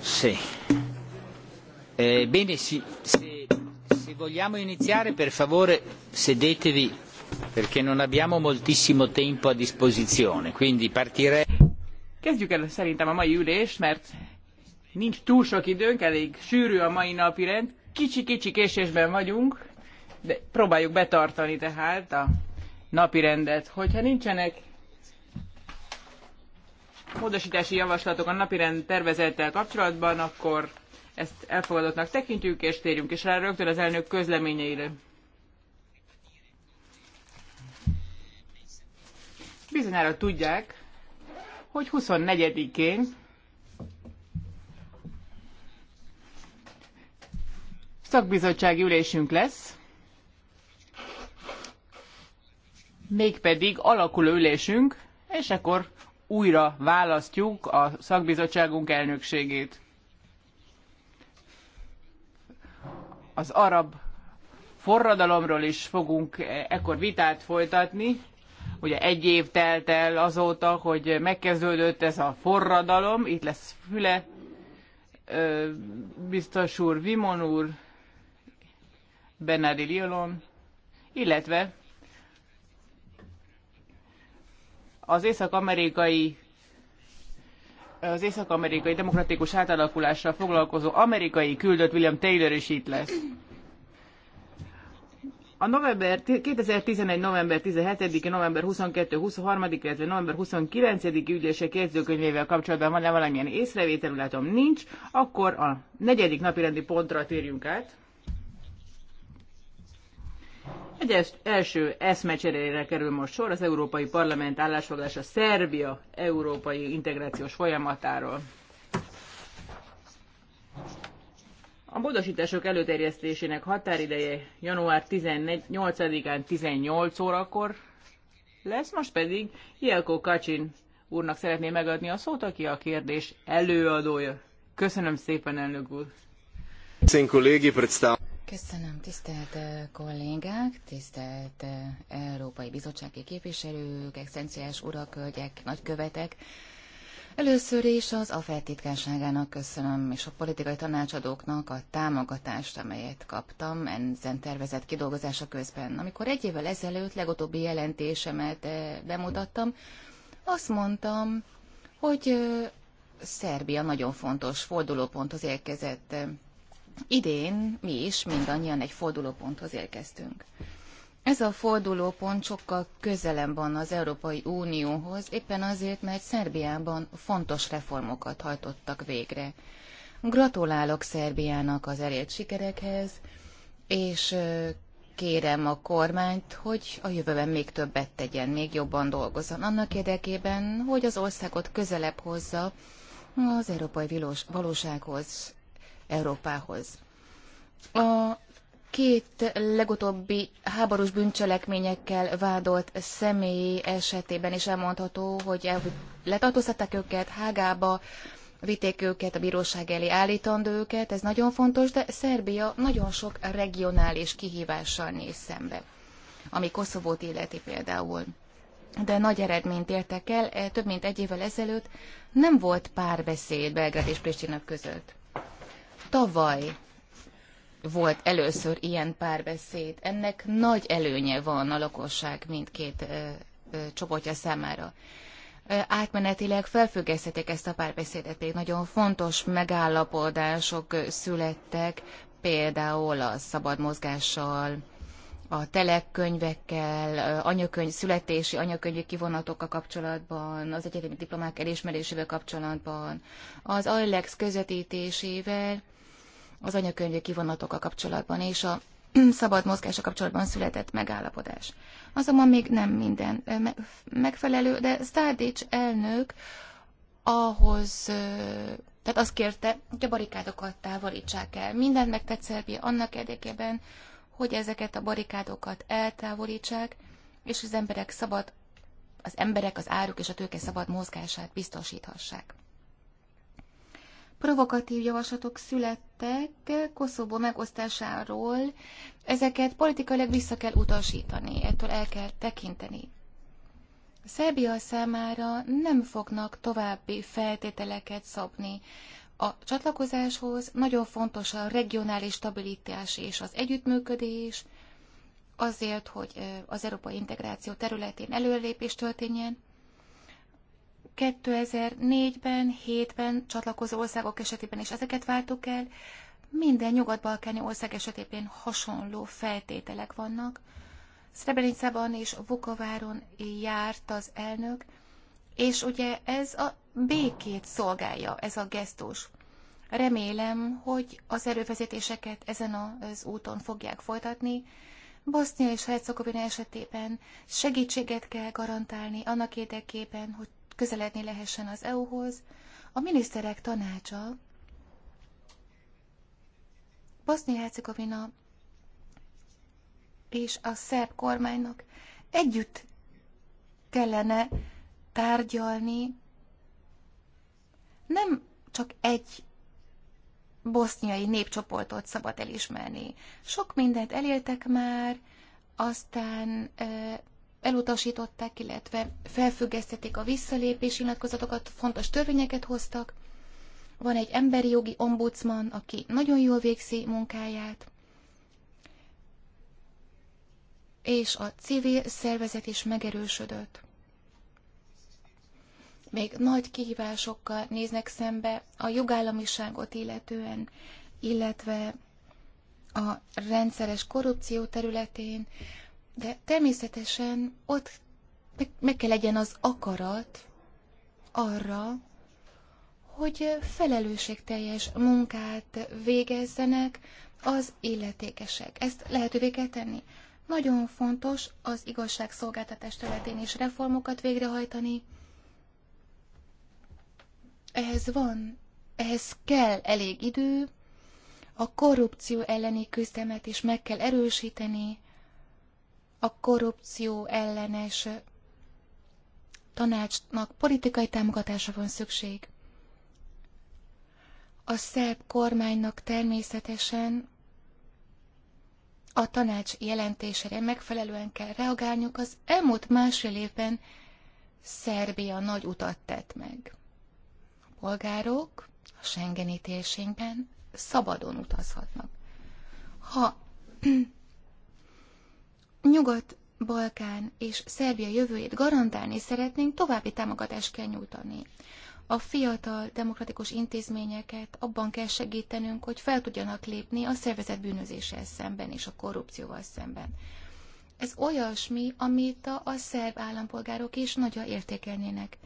Sì. Eh, bene, sì, se, se vogliamo iniziare, per favore sedetevi perché non abbiamo moltissimo tempo a disposizione, quindi partirei. Kezdjük el szerintem a mai ülést, mert nincs túl sok időnk, elég sűrű a mai napi rend. Kicsi-kicsi késésben vagyunk, de próbáljuk betartani tehát a napi rendet. Hogyha nincsenek módosítási javaslatok a napirend tervezettel kapcsolatban, akkor ezt elfogadottnak tekintjük, és térjünk is rá rögtön az elnök közleményeire. Bizonyára tudják, hogy 24-én szakbizottsági ülésünk lesz, mégpedig alakuló ülésünk, és akkor újra választjuk a szakbizottságunk elnökségét. Az arab forradalomról is fogunk ekkor vitát folytatni. Ugye egy év telt el azóta, hogy megkezdődött ez a forradalom. Itt lesz Füle, biztos úr, Vimon úr, Benedi illetve az észak-amerikai az észak-amerikai demokratikus átalakulással foglalkozó amerikai küldött William Taylor is itt lesz. A november, 2011. november 17 november 22 23 illetve november 29 ügyése kezdőkönyvével kapcsolatban van-e valamilyen észrevétel, látom nincs, akkor a negyedik napi rendi pontra térjünk át. Egy első eszmecserére kerül most sor az Európai Parlament állásfoglalása Szerbia európai integrációs folyamatáról. A módosítások előterjesztésének határideje január 18-án 18 órakor lesz, most pedig Jelko Kacsin úrnak szeretném megadni a szót, aki a kérdés előadója. Köszönöm szépen, elnök úr! Szén kollégi, predstav... Köszönöm, tisztelt kollégák, tisztelt Európai Bizottsági képviselők, excenciás urak, hölgyek, nagykövetek. Először is az AFET titkárságának köszönöm, és a politikai tanácsadóknak a támogatást, amelyet kaptam ezen tervezett kidolgozása közben. Amikor egy évvel ezelőtt legutóbbi jelentésemet bemutattam, azt mondtam, hogy Szerbia nagyon fontos fordulóponthoz érkezett idén mi is mindannyian egy fordulóponthoz érkeztünk. Ez a fordulópont sokkal közelebb van az Európai Unióhoz, éppen azért, mert Szerbiában fontos reformokat hajtottak végre. Gratulálok Szerbiának az elért sikerekhez, és kérem a kormányt, hogy a jövőben még többet tegyen, még jobban dolgozzon, annak érdekében, hogy az országot közelebb hozza az európai valósághoz. Európához. A két legutóbbi háborús bűncselekményekkel vádolt személy esetében is elmondható, hogy letartóztatták őket Hágába, vitték őket, a bíróság elé állítandó őket, ez nagyon fontos, de Szerbia nagyon sok regionális kihívással néz szembe, ami Koszovót illeti például. De nagy eredményt értek el, e, több mint egy évvel ezelőtt nem volt párbeszéd Belgrád és Pristina között tavaly volt először ilyen párbeszéd. Ennek nagy előnye van a lakosság mindkét ö, ö, csoportja számára. Ö, átmenetileg felfüggesztették ezt a párbeszédet, pedig nagyon fontos megállapodások születtek, például a szabad mozgással, a telekönyvekkel, anyakönyv, születési anyakönyvi kivonatokkal kapcsolatban, az egyetemi diplomák elismerésével kapcsolatban, az ALEX közvetítésével, az anyakönyvi kivonatokkal kapcsolatban és a szabad mozgása kapcsolatban született megállapodás. Azonban még nem minden megfelelő, de Stardics elnök ahhoz, tehát azt kérte, hogy a barikádokat távolítsák el. Mindent megtett Szerbia annak érdekében, hogy ezeket a barikádokat eltávolítsák, és az emberek szabad, az emberek, az áruk és a tőke szabad mozgását biztosíthassák provokatív javaslatok születtek Koszovó megosztásáról, ezeket politikailag vissza kell utasítani, ettől el kell tekinteni. Szerbia számára nem fognak további feltételeket szabni. A csatlakozáshoz nagyon fontos a regionális stabilitás és az együttműködés, azért, hogy az európai integráció területén előrelépés történjen, 2004-ben, 7-ben csatlakozó országok esetében is ezeket váltuk el. Minden nyugat-balkáni ország esetében hasonló feltételek vannak. Srebrenicában és Vukováron járt az elnök, és ugye ez a békét szolgálja, ez a gesztus. Remélem, hogy az erőfeszítéseket ezen az úton fogják folytatni. Bosznia és Hercegovina esetében segítséget kell garantálni annak érdekében, hogy közeledni lehessen az EU-hoz, a miniszterek tanácsa Bosznia-Hercegovina és a szerb kormánynak együtt kellene tárgyalni nem csak egy boszniai népcsoportot szabad elismerni. Sok mindent elértek már, aztán elutasították, illetve felfüggesztették a visszalépési nyilatkozatokat, fontos törvényeket hoztak. Van egy emberi jogi ombudsman, aki nagyon jól végzi munkáját, és a civil szervezet is megerősödött. Még nagy kihívásokkal néznek szembe a jogállamiságot illetően, illetve a rendszeres korrupció területén, de természetesen ott meg, kell legyen az akarat arra, hogy felelősségteljes munkát végezzenek az illetékesek. Ezt lehetővé kell tenni. Nagyon fontos az igazságszolgáltatás területén is reformokat végrehajtani. Ehhez van, ehhez kell elég idő, a korrupció elleni küzdelmet is meg kell erősíteni, a korrupció ellenes tanácsnak politikai támogatása van szükség. A szerb kormánynak természetesen a tanács jelentésére megfelelően kell reagálniuk. Az elmúlt másfél évben Szerbia nagy utat tett meg. A polgárok a Schengeni térségben szabadon utazhatnak. Ha Nyugat-Balkán és Szerbia jövőjét garantálni szeretnénk, további támogatást kell nyújtani. A fiatal demokratikus intézményeket abban kell segítenünk, hogy fel tudjanak lépni a szervezet bűnözéssel szemben és a korrupcióval szemben. Ez olyasmi, amit a, a szerb állampolgárok is nagyon értékelnének.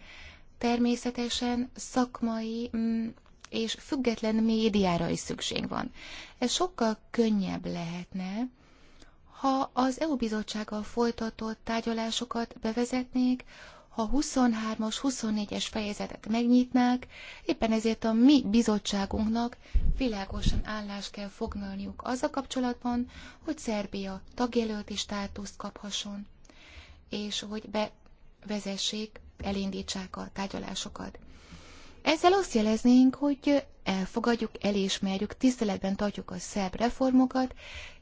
Természetesen szakmai mm, és független médiára is szükség van. Ez sokkal könnyebb lehetne, ha az EU bizottsággal folytatott tárgyalásokat bevezetnék, ha 23-as, 24-es fejezetet megnyitnák, éppen ezért a mi bizottságunknak világosan állást kell foglalniuk az a kapcsolatban, hogy Szerbia tagjelölti státuszt kaphasson, és hogy bevezessék, elindítsák a tárgyalásokat. Ezzel azt jeleznénk, hogy elfogadjuk, elismerjük, tiszteletben tartjuk a szerb reformokat,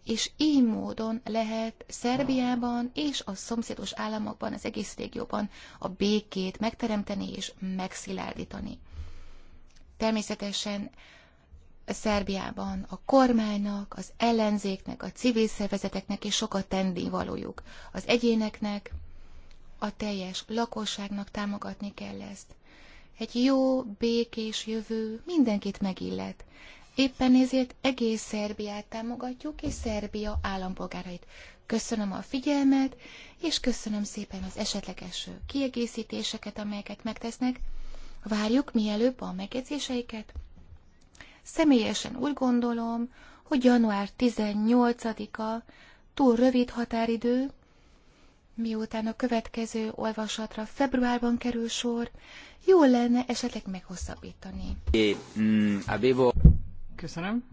és így módon lehet Szerbiában és a szomszédos államokban, az egész régióban a békét megteremteni és megszilárdítani. Természetesen Szerbiában a kormánynak, az ellenzéknek, a civil szervezeteknek és sokat tenni valójuk. Az egyéneknek, a teljes lakosságnak támogatni kell ezt egy jó, békés jövő mindenkit megillet. Éppen ezért egész Szerbiát támogatjuk, és Szerbia állampolgárait. Köszönöm a figyelmet, és köszönöm szépen az esetleges kiegészítéseket, amelyeket megtesznek. Várjuk mielőbb a megjegyzéseiket. Személyesen úgy gondolom, hogy január 18-a túl rövid határidő, miután a következő olvasatra februárban kerül sor, jó lenne esetleg meghosszabbítani. Köszönöm.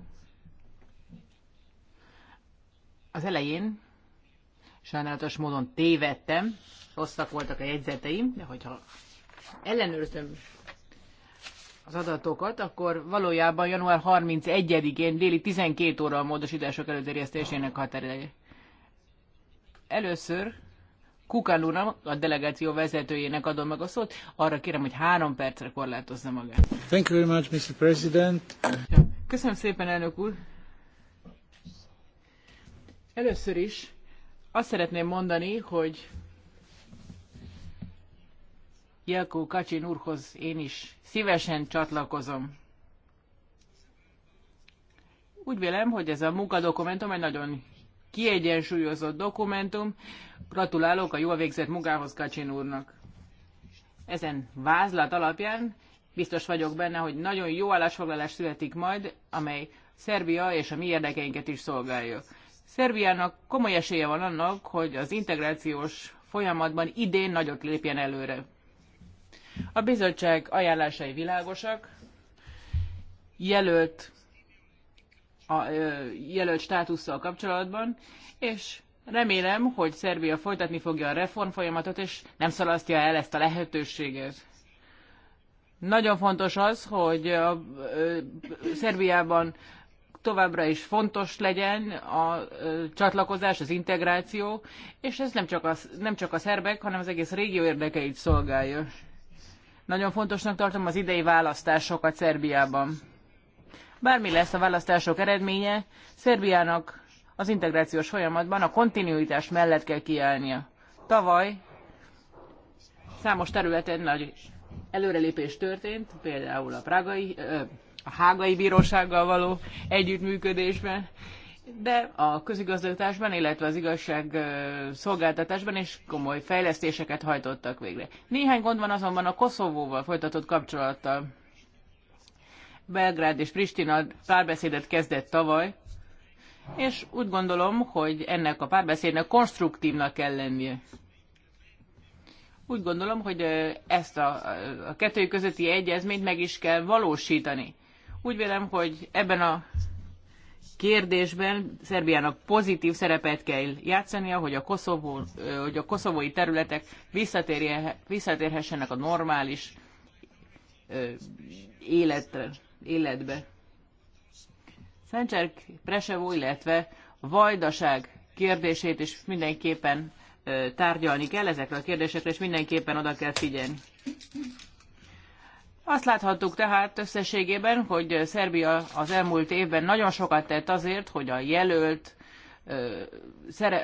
Az elején sajnálatos módon tévedtem, rosszak voltak a jegyzeteim, de hogyha ellenőrzöm az adatokat, akkor valójában január 31-én déli 12 óra a módosítások előterjesztésének határideje. Először Kukán úrnak, a delegáció vezetőjének adom meg a szót. Arra kérem, hogy három percre korlátozza magát. Thank you very much, Mr. President. Köszönöm szépen, elnök úr. Először is azt szeretném mondani, hogy Jelkó Kacsin úrhoz én is szívesen csatlakozom. Úgy vélem, hogy ez a munkadokumentum egy nagyon kiegyensúlyozott dokumentum. Gratulálok a jól végzett munkához Kacsin úrnak. Ezen vázlat alapján biztos vagyok benne, hogy nagyon jó állásfoglalás születik majd, amely Szerbia és a mi érdekeinket is szolgálja. Szerbiának komoly esélye van annak, hogy az integrációs folyamatban idén nagyot lépjen előre. A bizottság ajánlásai világosak, jelölt a jelölt státusszal kapcsolatban, és remélem, hogy Szerbia folytatni fogja a reformfolyamatot, és nem szalasztja el ezt a lehetőséget. Nagyon fontos az, hogy a, Szerbiában továbbra is fontos legyen a csatlakozás, az integráció, és ez nem csak, a, nem csak a szerbek, hanem az egész régió érdekeit szolgálja. Nagyon fontosnak tartom az idei választásokat Szerbiában. Bármi lesz a választások eredménye, Szerbiának az integrációs folyamatban a kontinuitás mellett kell kiállnia. Tavaly számos területen nagy előrelépés történt, például a, prágai, a hágai bírósággal való együttműködésben, de a közigazgatásban, illetve az igazság szolgáltatásban is komoly fejlesztéseket hajtottak végre. Néhány gond van azonban a Koszovóval folytatott kapcsolattal. Belgrád és Pristina párbeszédet kezdett tavaly, és úgy gondolom, hogy ennek a párbeszédnek konstruktívnak kell lennie. Úgy gondolom, hogy ezt a, a kettőjük közötti egyezményt meg is kell valósítani. Úgy vélem, hogy ebben a kérdésben Szerbiának pozitív szerepet kell játszania, hogy a, Koszovó, hogy a koszovói területek visszatérhessenek a normális életre életbe. Szentcserk Presevó, illetve a vajdaság kérdését is mindenképpen tárgyalni kell, ezekre a kérdésekre és mindenképpen oda kell figyelni. Azt láthattuk tehát összességében, hogy Szerbia az elmúlt évben nagyon sokat tett azért, hogy a jelölt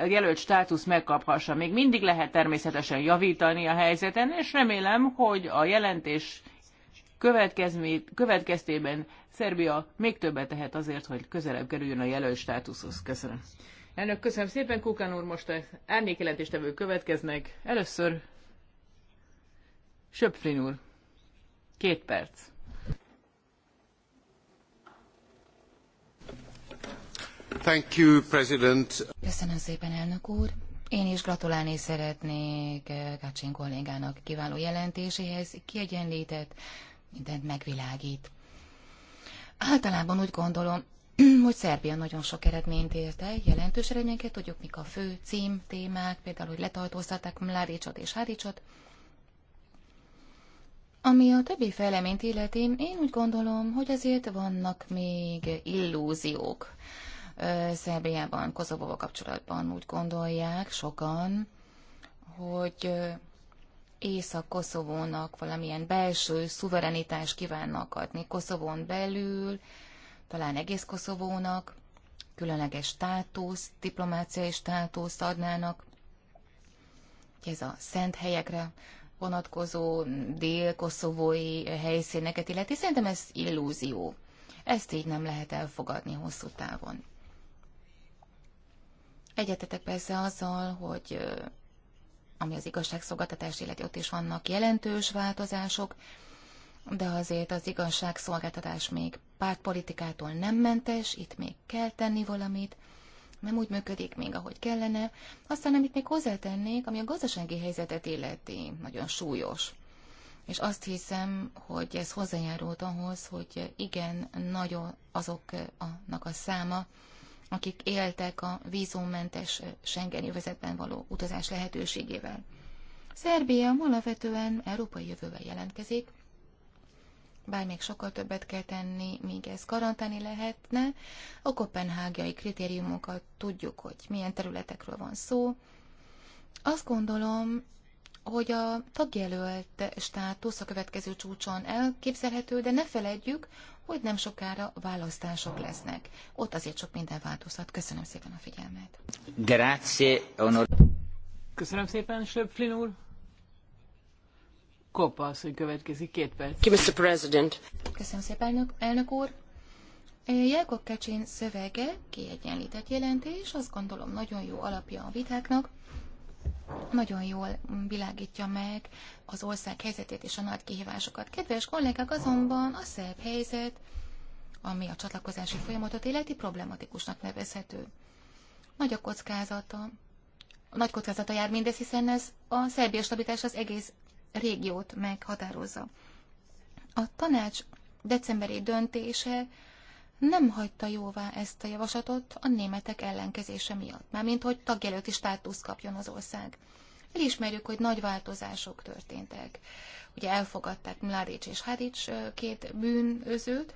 jelölt státusz megkaphassa. Még mindig lehet természetesen javítani a helyzeten, és remélem, hogy a jelentés következtében Szerbia még többet tehet azért, hogy közelebb kerüljön a jelölt státuszhoz. Köszönöm. Elnök, köszönöm szépen. Kukán úr, most árnyékjelentéstevők következnek. Először Söpfrin úr. Két perc. Thank you, President. Köszönöm szépen, elnök úr. Én is gratulálni szeretnék eh, Kacsin kollégának kiváló jelentéséhez, kiegyenlített mindent megvilágít. Általában úgy gondolom, hogy Szerbia nagyon sok eredményt ért el, jelentős eredményeket, tudjuk mik a fő cím, témák, például, hogy letartóztatták Mládicsot és Hádicsot. Ami a többi fejleményt illeti, én úgy gondolom, hogy azért vannak még illúziók. Szerbiában, Kozovóval kapcsolatban úgy gondolják sokan, hogy Észak-Koszovónak valamilyen belső szuverenitást kívánnak adni Koszovón belül, talán egész Koszovónak, különleges státusz, diplomáciai státuszt adnának. Ez a szent helyekre vonatkozó dél-koszovói helyszíneket illeti. Szerintem ez illúzió. Ezt így nem lehet elfogadni hosszú távon. Egyetetek persze azzal, hogy ami az igazságszolgáltatás illeti, ott is vannak jelentős változások, de azért az igazságszolgáltatás még pártpolitikától nem mentes, itt még kell tenni valamit, nem úgy működik még, ahogy kellene. Aztán, amit még hozzátennék, ami a gazdasági helyzetet illeti, nagyon súlyos. És azt hiszem, hogy ez hozzájárult ahhoz, hogy igen, nagyon azoknak eh, a száma, akik éltek a vízummentes Schengeni övezetben való utazás lehetőségével. Szerbia alapvetően európai jövővel jelentkezik, bár még sokkal többet kell tenni, míg ez karantáni lehetne, a kopenhágiai kritériumokat tudjuk, hogy milyen területekről van szó. Azt gondolom, hogy a tagjelölt státusz a következő csúcson elképzelhető, de ne feledjük, hogy nem sokára választások lesznek. Ott azért sok minden változhat. Köszönöm szépen a figyelmet. Grazie, onor. Köszönöm szépen, Söpflin úr. Kopasz, hogy következik két perc. Ki, Mr. President. Köszönöm szépen, elnök, elnök úr. Jelkok Kecsin szövege kiegyenlített jelentés, azt gondolom nagyon jó alapja a vitáknak nagyon jól világítja meg az ország helyzetét és a nagy kihívásokat. Kedves kollégák, azonban a szerb helyzet, ami a csatlakozási folyamatot életi problematikusnak nevezhető. Nagy a kockázata, nagy kockázata jár mindez, hiszen ez a szerbia stabilitás az egész régiót meghatározza. A tanács decemberi döntése nem hagyta jóvá ezt a javaslatot a németek ellenkezése miatt, mármint hogy tagjelölti státusz kapjon az ország. Elismerjük, hogy nagy változások történtek. Ugye elfogadták Mladic és Hadic két bűnözőt,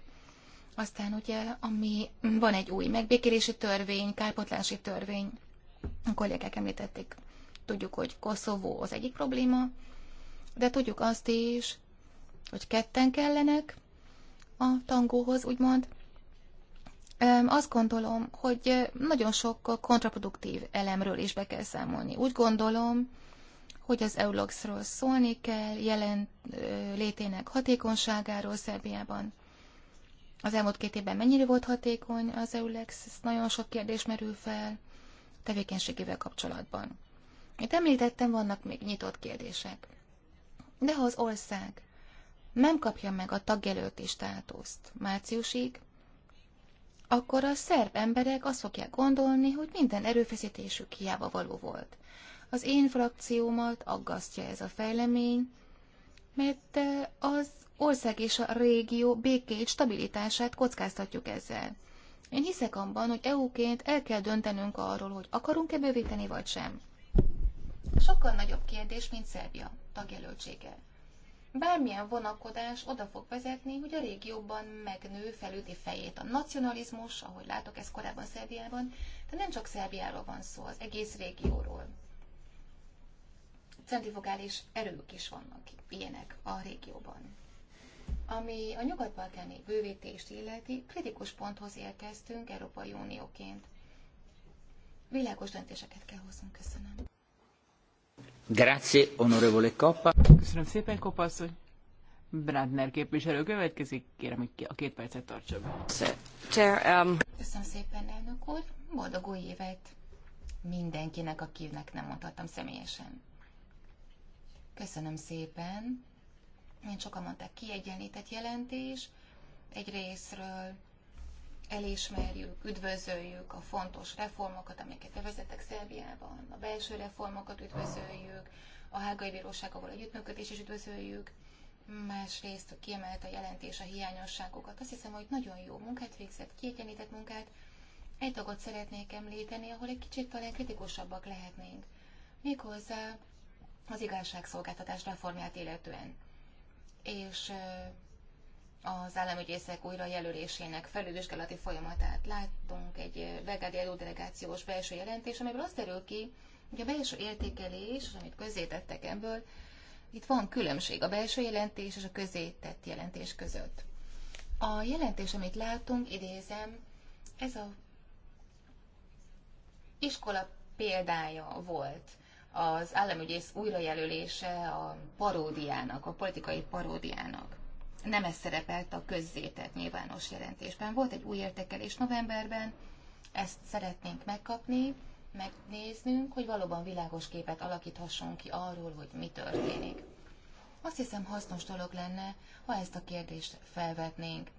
aztán ugye, ami van egy új megbékélési törvény, kárpotlási törvény, a kollégák említették, tudjuk, hogy Koszovó az egyik probléma, de tudjuk azt is, hogy ketten kellenek a tangóhoz, úgymond, azt gondolom, hogy nagyon sok kontraproduktív elemről is be kell számolni. Úgy gondolom, hogy az Euloxról szólni kell, jelen létének hatékonyságáról Szerbiában. Az elmúlt két évben mennyire volt hatékony az Eulex, ez nagyon sok kérdés merül fel tevékenységével kapcsolatban. Itt említettem, vannak még nyitott kérdések. De ha az ország nem kapja meg a tagjelölti státuszt márciusig, akkor a szerb emberek azt fogják gondolni, hogy minden erőfeszítésük hiába való volt. Az én frakciómat aggasztja ez a fejlemény, mert eh, az ország és a régió békét, stabilitását kockáztatjuk ezzel. Én hiszek abban, hogy EU-ként el kell döntenünk arról, hogy akarunk-e bővíteni vagy sem. Sokkal nagyobb kérdés, mint Szerbia tagjelöltsége bármilyen vonakodás oda fog vezetni, hogy a régióban megnő, felüti fejét a nacionalizmus, ahogy látok ez korábban Szerbiában, de nem csak Szerbiáról van szó, az egész régióról. Centrifugális erők is vannak ilyenek a régióban. Ami a nyugat-balkáni bővítést illeti, kritikus ponthoz érkeztünk Európai Unióként. Világos döntéseket kell hoznunk. Köszönöm. Grazie, onorevole Koppa. Köszönöm szépen, Koppa asszony. Brandner képviselő következik, kérem, hogy a két percet tartsa be. Chair, um... Köszönöm szépen, elnök úr. Boldog új évet mindenkinek, akinek nem mondhattam személyesen. Köszönöm szépen. Mint sokan mondták, kiegyenlített jelentés. Egy részről elismerjük, üdvözöljük a fontos reformokat, amiket bevezettek Szerbiában, a belső reformokat üdvözöljük, a hágai bíróság, ahol együttműködés is üdvözöljük, másrészt kiemelt a jelentés a hiányosságokat. Azt hiszem, hogy nagyon jó munkát végzett, kiegyenlített munkát. Egy dolgot szeretnék említeni, ahol egy kicsit talán kritikusabbak lehetnénk. Méghozzá az igazságszolgáltatás reformját illetően. És az államügyészek újrajelölésének felülvizsgálati folyamatát láttunk, egy Belgrádi delegációs belső jelentés, amiből azt derül ki, hogy a belső értékelés, amit közzétettek ebből, itt van különbség a belső jelentés és a közzétett jelentés között. A jelentés, amit látunk, idézem, ez a iskola példája volt az államügyész újrajelölése a paródiának, a politikai paródiának nem ez szerepelt a közzétett nyilvános jelentésben. Volt egy új értékelés novemberben, ezt szeretnénk megkapni, megnéznünk, hogy valóban világos képet alakíthassunk ki arról, hogy mi történik. Azt hiszem hasznos dolog lenne, ha ezt a kérdést felvetnénk.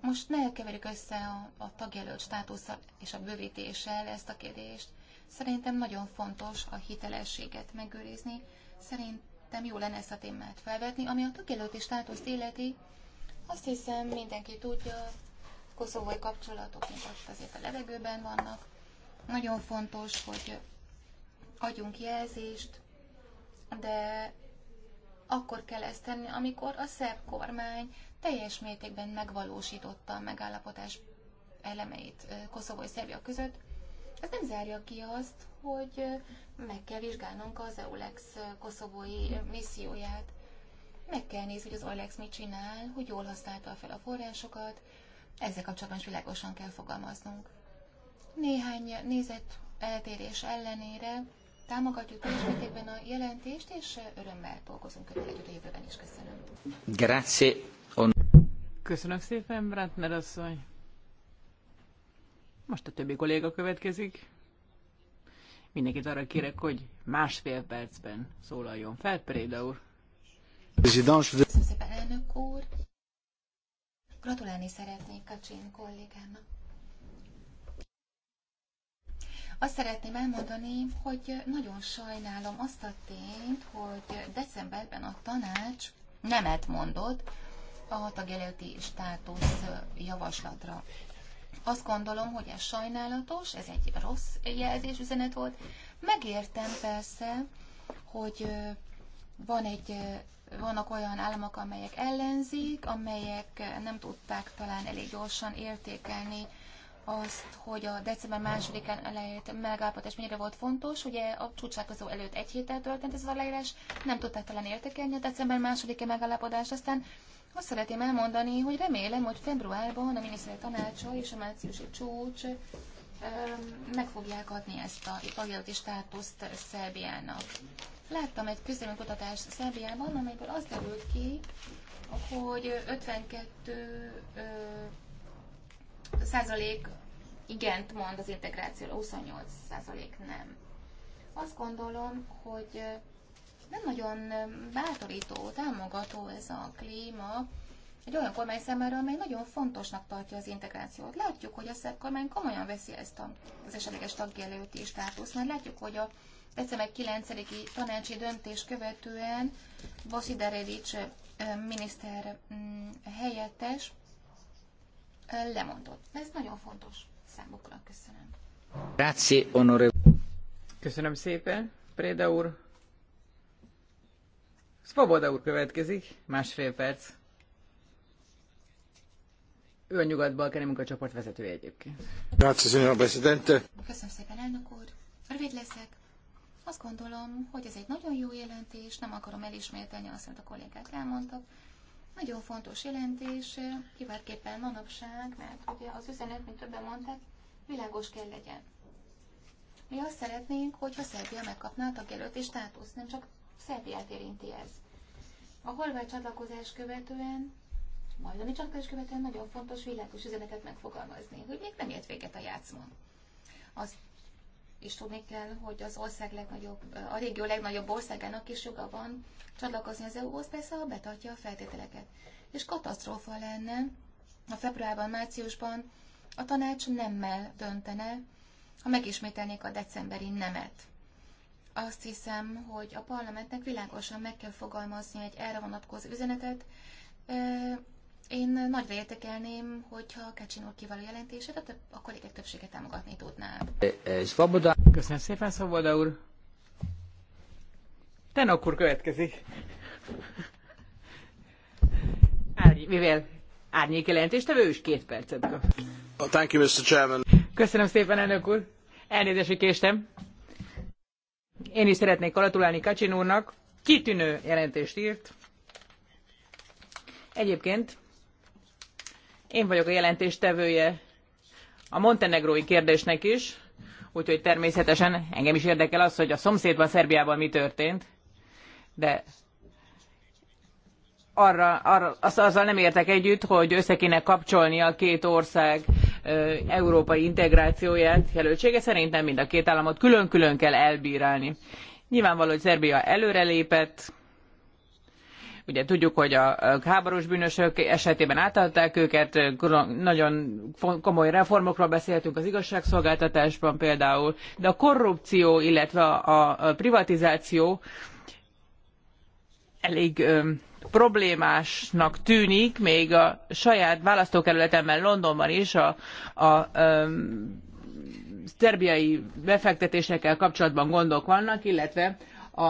Most ne keverjük össze a, a tagjelölt státusszal és a bővítéssel ezt a kérdést. Szerintem nagyon fontos a hitelességet megőrizni. Szerint vettem, jó lenne ezt a témát felvetni. Ami a tagjelölti státuszt illeti, azt hiszem mindenki tudja, koszovói kapcsolatok, mint ott azért a levegőben vannak. Nagyon fontos, hogy adjunk jelzést, de akkor kell ezt tenni, amikor a szerb kormány teljes mértékben megvalósította a megállapodás elemeit eh, koszovói Szerbia között. Ez nem zárja ki azt, hogy meg kell vizsgálnunk az EULEX koszovói misszióját. Meg kell nézni, hogy az EULEX mit csinál, hogy jól használta fel a forrásokat. Ezzel kapcsolatban is világosan kell fogalmaznunk. Néhány nézet eltérés ellenére támogatjuk teljes mértékben a jelentést, és örömmel dolgozunk önök együtt a jövőben is. Köszönöm. Grazie. On... Köszönöm szépen, Brantner asszony. Most a többi kolléga következik. Mindenkit arra kérek, hogy másfél percben szólaljon fel, Préda úr. Köszönöm szépen, elnök úr. Gratulálni szeretnék Kacsin kollégának. Azt szeretném elmondani, hogy nagyon sajnálom azt a tényt, hogy decemberben a tanács nemet mondott a tagjelölti státusz javaslatra. Azt gondolom, hogy ez sajnálatos, ez egy rossz jelzés üzenet volt. Megértem persze, hogy van egy, vannak olyan államok, amelyek ellenzik, amelyek nem tudták talán elég gyorsan értékelni azt, hogy a december másodikán elejét megállapodás mennyire volt fontos. Ugye a csúcsálkozó előtt egy héttel történt ez az aláírás, nem tudták talán értékelni a december másodikán megállapodást, aztán azt szeretném elmondani, hogy remélem, hogy februárban a miniszteri tanácsa és a márciusi csúcs meg fogják adni ezt a tagjelölti státuszt Szerbiának. Láttam egy kutatást Szerbiában, amelyből az derült ki, hogy 52 ö, százalék igent mond az integrációra, 28 százalék nem. Azt gondolom, hogy nem nagyon bátorító, támogató ez a klíma egy olyan kormány számára, amely nagyon fontosnak tartja az integrációt. Látjuk, hogy a szerb kormány komolyan veszi ezt a, az esetleges tagjelölti státuszt, mert látjuk, hogy a december 9-i tanácsi döntés követően Bosidarevics miniszter mm, helyettes lemondott. Ez nagyon fontos számukra. Köszönöm. Grazie, onore. Köszönöm szépen, Préda úr. Svoboda úr következik, másfél perc. Ő a nyugat-balkáni munkacsoport vezetője egyébként. Köszönöm szépen, elnök úr. Rövid leszek. Azt gondolom, hogy ez egy nagyon jó jelentés, nem akarom elismételni azt, amit a kollégák elmondtak. Nagyon fontos jelentés, kiváltképpen manapság, mert ugye az üzenet, mint többen mondták, világos kell legyen. Mi azt szeretnénk, hogyha Szerbia megkapná a tagjelölti státuszt, nem csak Szerbiát érinti ez. A horvát csatlakozás követően, majd majdani csatlakozás követően nagyon fontos világos üzenetet megfogalmazni, hogy még nem ért véget a játszma. Azt és tudni kell, hogy az ország legnagyobb, a régió legnagyobb országának is joga van csatlakozni az EU-hoz, persze, ha betartja a feltételeket. És katasztrófa lenne, a februárban, márciusban a tanács nemmel döntene, ha megismételnék a decemberi nemet. Azt hiszem, hogy a parlamentnek világosan meg kell fogalmazni egy erre vonatkozó üzenetet. Én nagyra értekelném, hogyha Kacsin úr kiváló jelentését, a, több, a kollégek többséget támogatni tudná. Köszönöm szépen, Szaboda úr. Ten akkor következik. mivel árnyék jelentéstevő is két percet kap. Thank you, Mr. Chairman. Köszönöm szépen, elnök úr. Elnézést, hogy késtem. Én is szeretnék gratulálni Kacsin úrnak. Kitűnő jelentést írt. Egyébként én vagyok a jelentéstevője a montenegrói kérdésnek is, úgyhogy természetesen engem is érdekel az, hogy a szomszédban, Szerbiában mi történt, de arra, arra, azzal nem értek együtt, hogy össze kéne kapcsolni a két ország európai integrációját jelöltsége. Szerintem mind a két államot külön-külön kell elbírálni. Nyilvánvaló, hogy Szerbia előrelépett, ugye tudjuk, hogy a háborús bűnösök esetében átadták őket, nagyon komoly reformokról beszéltünk az igazságszolgáltatásban például, de a korrupció, illetve a privatizáció elég problémásnak tűnik, még a saját választókerületemben, Londonban is a, a, a szerbiai befektetésekkel kapcsolatban gondok vannak, illetve a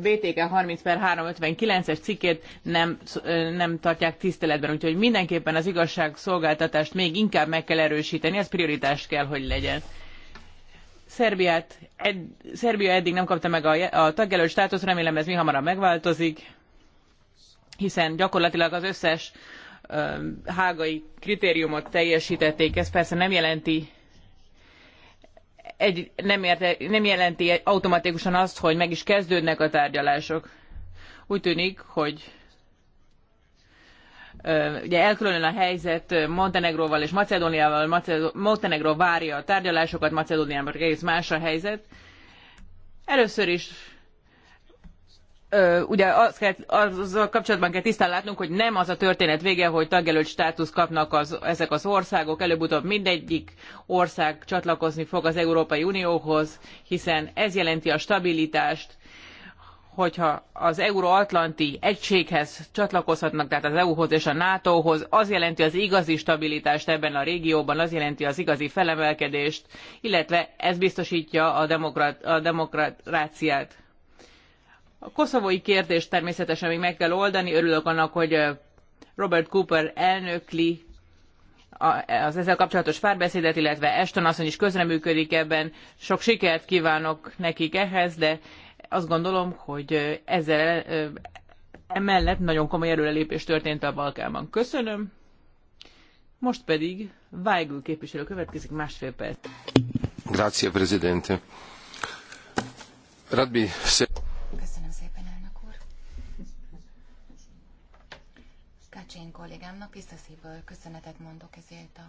BTK 30 per 359-es cikkét nem, nem tartják tiszteletben, úgyhogy mindenképpen az igazságszolgáltatást még inkább meg kell erősíteni, ez prioritás kell, hogy legyen. Szerbiát, ed, Szerbia eddig nem kapta meg a, a tagjelölt státuszt, remélem ez mi hamarabb megváltozik, hiszen gyakorlatilag az összes ö, hágai kritériumot teljesítették. Ez persze nem jelenti egy, nem, érte, nem jelenti automatikusan azt, hogy meg is kezdődnek a tárgyalások. Úgy tűnik, hogy ugye elkülönül a helyzet Montenegróval és Macedóniával, Montenegró várja a tárgyalásokat, Macedóniában egész más a helyzet. Először is ugye az kell, azzal kapcsolatban kell tisztán látnunk, hogy nem az a történet vége, hogy tagjelölt státusz kapnak az, ezek az országok, előbb-utóbb mindegyik ország csatlakozni fog az Európai Unióhoz, hiszen ez jelenti a stabilitást, hogyha az euróatlanti egységhez csatlakozhatnak, tehát az EU-hoz és a NATO-hoz, az jelenti az igazi stabilitást ebben a régióban, az jelenti az igazi felemelkedést, illetve ez biztosítja a, demokrat, a demokráciát. A koszovói kérdést természetesen még meg kell oldani. Örülök annak, hogy Robert Cooper elnökli az ezzel kapcsolatos párbeszédet, illetve Eston asszony is közreműködik ebben. Sok sikert kívánok nekik ehhez, de azt gondolom, hogy ezzel emellett nagyon komoly előrelépés történt a Balkánban. Köszönöm. Most pedig Weigl képviselő következik másfél perc. Grazie, Presidente. Radbi, Köszönöm szépen, elnök úr. Kacsén kollégámnak tiszta szívből köszönetet mondok ezért a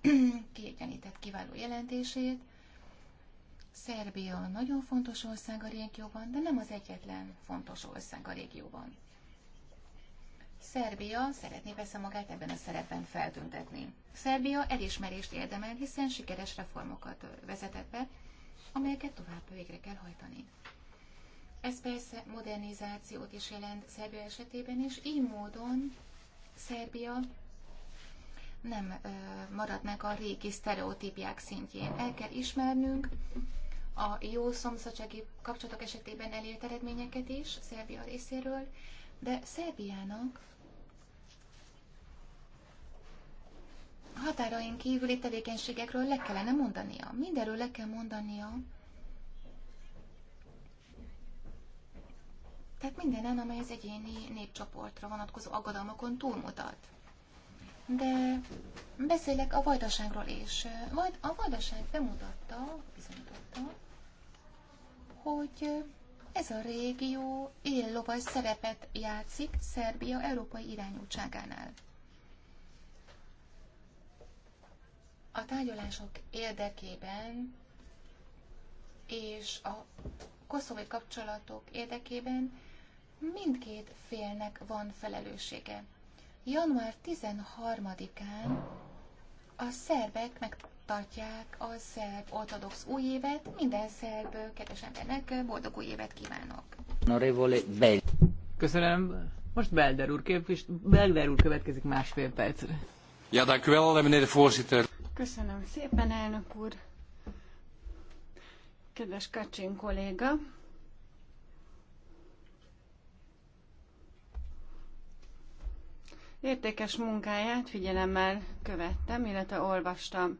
kiegyenített kiváló jelentését. Szerbia nagyon fontos ország a régióban, de nem az egyetlen fontos ország a régióban. Szerbia szeretné persze magát ebben a szerepben feltüntetni. Szerbia elismerést érdemel, hiszen sikeres reformokat vezetett be, amelyeket tovább végre kell hajtani. Ez persze modernizációt is jelent Szerbia esetében, és így módon Szerbia nem maradnak a régi sztereotípiák szintjén. El kell ismernünk, a jó szomszédsági kapcsolatok esetében elért eredményeket is Szerbia részéről, de Szerbiának határain kívüli tevékenységekről le kellene mondania. Mindenről le kell mondania. Tehát mindenen, amely az egyéni népcsoportra vonatkozó aggodalmakon túlmutat. De beszélek a vajdaságról is. a vajdaság bemutatta, bizonyította, hogy ez a régió éllovas szerepet játszik Szerbia európai irányultságánál. A tárgyalások érdekében és a koszovai kapcsolatok érdekében mindkét félnek van felelőssége. Január 13-án a szerbek meg tartják a szerb ortodox új évet. Minden szerb kedves embernek boldog új évet kívánok. Köszönöm. Most Belder úr, képvis, Belder úr következik másfél percre. Ja, dank u de Köszönöm szépen, elnök úr. Kedves Kacsin kolléga, Értékes munkáját figyelemmel követtem, illetve olvastam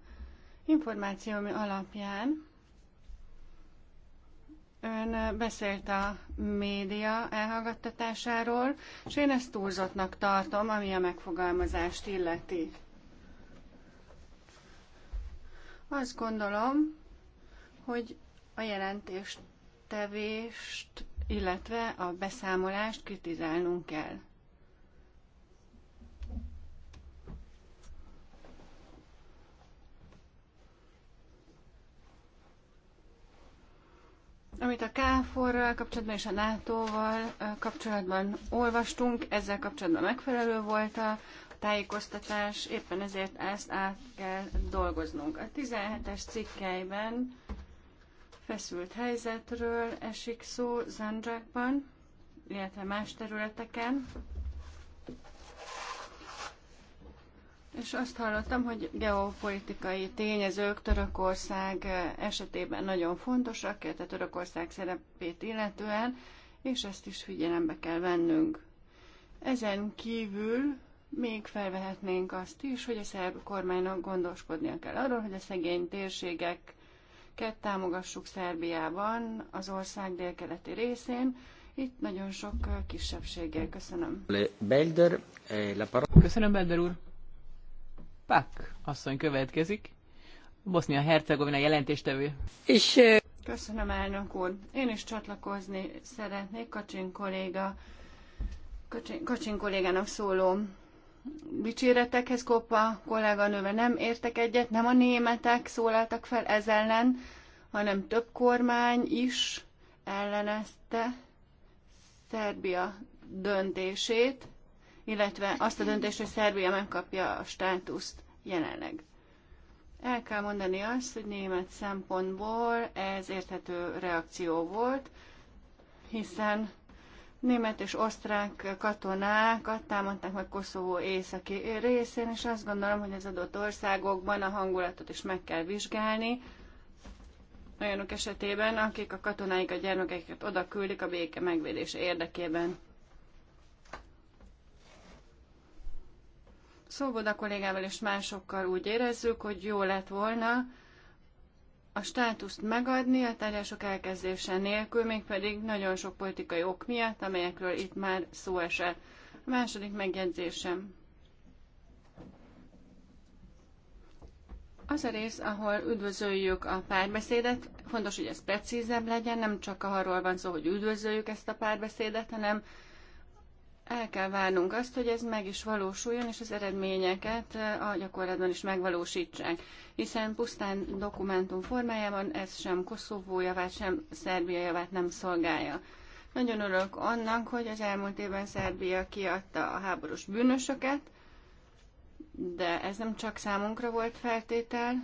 információm alapján ön beszélt a média elhallgattatásáról, és én ezt túlzottnak tartom, ami a megfogalmazást illeti. Azt gondolom, hogy a jelentéstevést, illetve a beszámolást kritizálnunk kell. Amit a KFOR-ral kapcsolatban és a NATO-val kapcsolatban olvastunk, ezzel kapcsolatban megfelelő volt a tájékoztatás, éppen ezért ezt át kell dolgoznunk. A 17-es cikkeiben feszült helyzetről esik szó Zandzsákban, illetve más területeken. És azt hallottam, hogy geopolitikai tényezők Törökország esetében nagyon fontosak, a Törökország szerepét illetően, és ezt is figyelembe kell vennünk. Ezen kívül még felvehetnénk azt is, hogy a szerb kormánynak gondoskodnia kell arról, hogy a szegény térségeket támogassuk Szerbiában, az ország délkeleti részén. Itt nagyon sok kisebbséggel. Köszönöm. Belder, eh, Köszönöm, Belder úr. Pak asszony következik. bosnia hercegovina jelentéstevő. És... Köszönöm, elnök úr. Én is csatlakozni szeretnék Kacsin kolléga, Kacsin, Kacsin kollégának szóló dicséretekhez Koppa kolléganővel nem értek egyet, nem a németek szólaltak fel ez ellen, hanem több kormány is ellenezte Szerbia döntését, illetve azt a döntést, hogy Szerbia megkapja a státuszt jelenleg. El kell mondani azt, hogy német szempontból ez érthető reakció volt, hiszen német és osztrák katonákat támadták meg Koszovó északi részén, és azt gondolom, hogy az adott országokban a hangulatot is meg kell vizsgálni, olyanok esetében, akik a katonáikat, gyermekeiket oda küldik a béke megvédése érdekében. Szóboda kollégával és másokkal úgy érezzük, hogy jó lett volna a státuszt megadni a tárgyások elkezdése nélkül, mégpedig nagyon sok politikai ok miatt, amelyekről itt már szó esett. A második megjegyzésem. Az a rész, ahol üdvözöljük a párbeszédet, fontos, hogy ez precízebb legyen, nem csak arról van szó, hogy üdvözöljük ezt a párbeszédet, hanem el kell várnunk azt, hogy ez meg is valósuljon, és az eredményeket a gyakorlatban is megvalósítsák. Hiszen pusztán dokumentum formájában ez sem Koszovó javát, sem Szerbia javát nem szolgálja. Nagyon örülök annak, hogy az elmúlt évben Szerbia kiadta a háborús bűnösöket, de ez nem csak számunkra volt feltétel,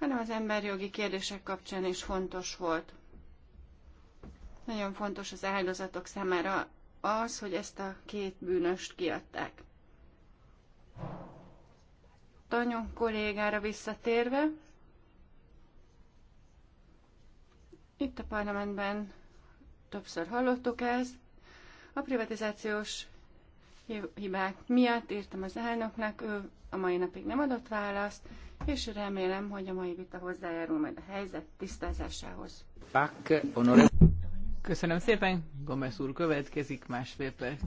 hanem az emberjogi kérdések kapcsán is fontos volt. Nagyon fontos az áldozatok számára az, hogy ezt a két bűnöst kiadták. Tanyó kollégára visszatérve, itt a parlamentben többször hallottuk ezt, a privatizációs hibák miatt írtam az elnöknek, ő a mai napig nem adott választ, és remélem, hogy a mai vita hozzájárul majd a helyzet tisztázásához. Back, Köszönöm szépen, Gomez úr következik, másfél perc.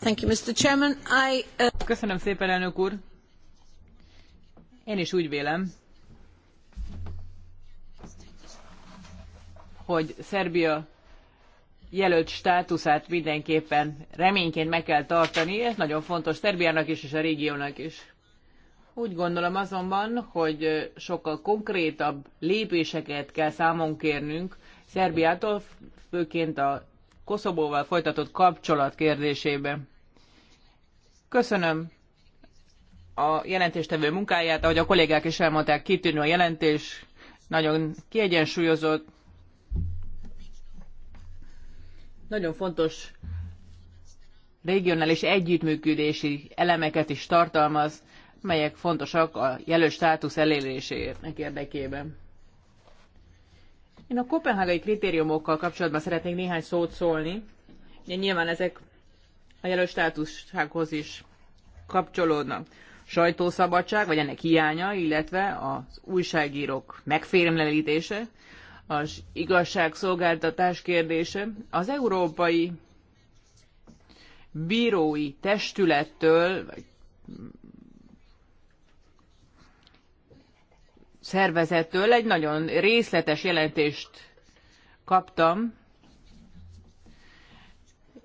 Thank you, Mr. Chairman. I, uh... Köszönöm szépen, elnök úr. Én is úgy vélem, hogy Szerbia jelölt státuszát mindenképpen reményként meg kell tartani. Ez nagyon fontos Szerbiának is és a régiónak is. Úgy gondolom azonban, hogy sokkal konkrétabb lépéseket kell számon kérnünk Szerbiától, főként a Koszobóval folytatott kapcsolat kérdésébe. Köszönöm a jelentéstevő munkáját, ahogy a kollégák is elmondták, kitűnő a jelentés, nagyon kiegyensúlyozott, nagyon fontos regionális együttműködési elemeket is tartalmaz melyek fontosak a jelölt státusz elérésének érdekében. Én a kopenhágai kritériumokkal kapcsolatban szeretnék néhány szót szólni. Ugye nyilván ezek a jelölt státuszához is kapcsolódnak. Sajtószabadság, vagy ennek hiánya, illetve az újságírók megfélemlelítése, az igazságszolgáltatás kérdése. Az európai bírói testülettől, vagy szervezettől egy nagyon részletes jelentést kaptam.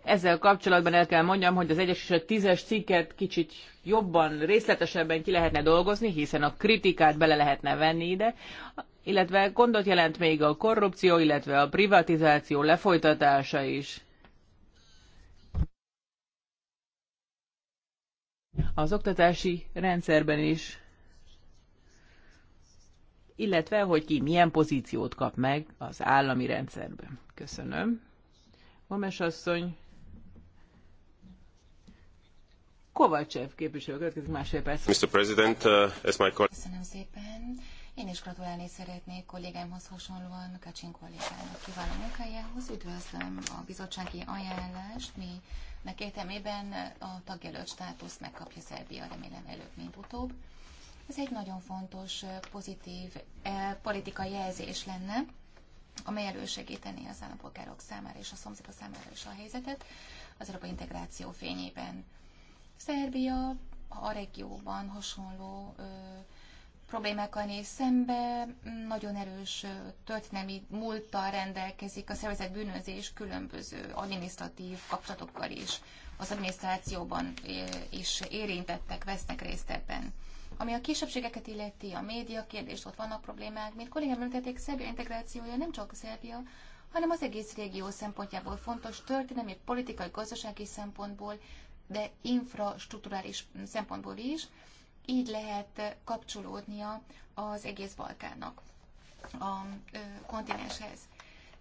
Ezzel kapcsolatban el kell mondjam, hogy az egyes és a tízes cikket kicsit jobban, részletesebben ki lehetne dolgozni, hiszen a kritikát bele lehetne venni ide, illetve gondot jelent még a korrupció, illetve a privatizáció lefolytatása is. Az oktatási rendszerben is illetve hogy ki milyen pozíciót kap meg az állami rendszerben. Köszönöm. Mames asszony. Kovácsev képviselő következik másfél perc. Mr. President, uh, ez my Köszönöm szépen. Én is gratulálni szeretnék kollégámhoz hasonlóan, Kacsin kollégának kiváló munkájához. Üdvözlöm a bizottsági ajánlást, mi megértemében a tagjelölt státuszt megkapja Szerbia, remélem előbb, mint utóbb. Ez egy nagyon fontos, pozitív politikai jelzés lenne, amely elősegíteni az állampolgárok számára és a szomszédok számára is a helyzetet az európai integráció fényében. Szerbia a regióban hasonló ö, problémákkal néz szembe, nagyon erős történelmi múlttal rendelkezik a szervezet bűnözés különböző adminisztratív kapcsolatokkal is. Az adminisztrációban is érintettek, vesznek részt ebben. Ami a kisebbségeket illeti, a média kérdést, ott vannak problémák, mint kollégám említették, Szerbia integrációja nem csak Szerbia, hanem az egész régió szempontjából fontos történelmi, politikai, gazdasági szempontból, de infrastruktúrális szempontból is, így lehet kapcsolódnia az egész Balkánnak a kontinenshez.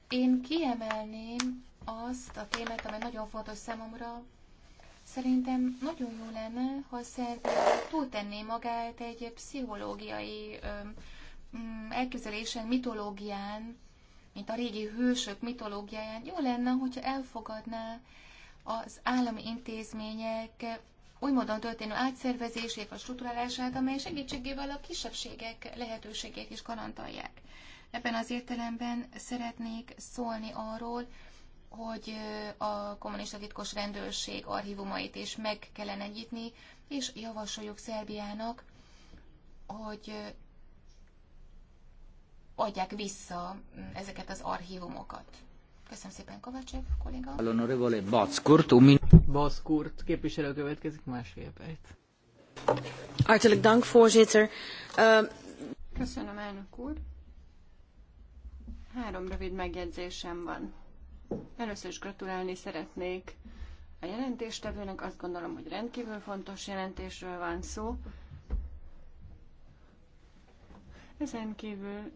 Én kiemelném azt a témát, amely nagyon fontos számomra, Szerintem nagyon jó lenne, ha Szerbia túltenné magát egy pszichológiai mm, elképzelésen, mitológián, mint a régi hősök mitológiáján. Jó lenne, hogyha elfogadná az állami intézmények úgy módon történő átszervezését a struktúrálását, amely segítségével a kisebbségek lehetőségét is garantálják. Ebben az értelemben szeretnék szólni arról, hogy a kommunista titkos rendőrség archívumait is meg kellene nyitni, és javasoljuk Szerbiának, hogy adják vissza ezeket az archívumokat. Köszönöm szépen, Kovácsev kolléga. L'onorevole Backurt, um... Backurt, képviselő következik másfél perc. Hartelijk dank, voorzitter. Ehm, Köszönöm, elnök úr. Három rövid megjegyzésem van. Először is gratulálni szeretnék a jelentéstevőnek. Azt gondolom, hogy rendkívül fontos jelentésről van szó. Ezen kívül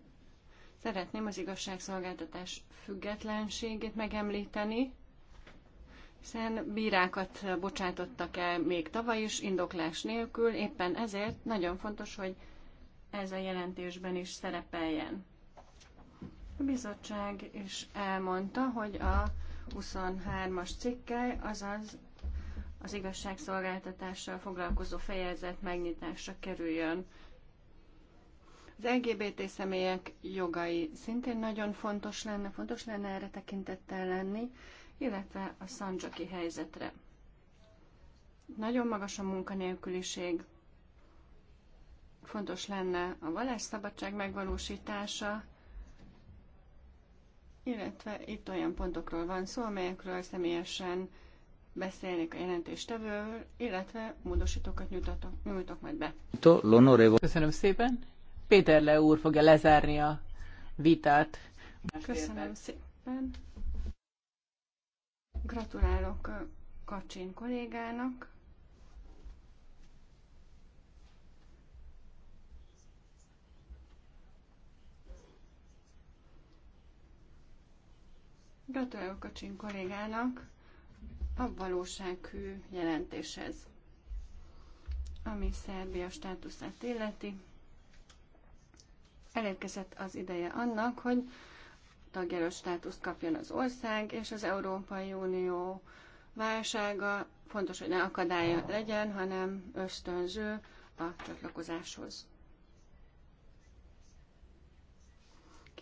szeretném az igazságszolgáltatás függetlenségét megemlíteni, hiszen bírákat bocsátottak el még tavaly is, indoklás nélkül, éppen ezért nagyon fontos, hogy ez a jelentésben is szerepeljen. A bizottság is elmondta, hogy a 23-as cikkely, azaz az igazságszolgáltatással foglalkozó fejezet megnyitásra kerüljön. Az LGBT személyek jogai szintén nagyon fontos lenne, fontos lenne erre tekintettel lenni, illetve a szandzsaki helyzetre. Nagyon magas a munkanélküliség, fontos lenne a vallásszabadság megvalósítása, illetve itt olyan pontokról van szó, amelyekről személyesen beszélnék a jelentéstevőről, illetve módosítókat nyújtok, nyújtok majd be. Köszönöm szépen. Péter Le úr fogja lezárni a vitát. Köszönöm szépen. Gratulálok uh, Kacsin kollégának. Gratulálok a csin kollégának a valósághű jelentéshez, ami Szerbia státuszát illeti. Elérkezett az ideje annak, hogy tagjelölt státuszt kapjon az ország, és az Európai Unió válsága fontos, hogy ne akadálya legyen, hanem ösztönző a csatlakozáshoz.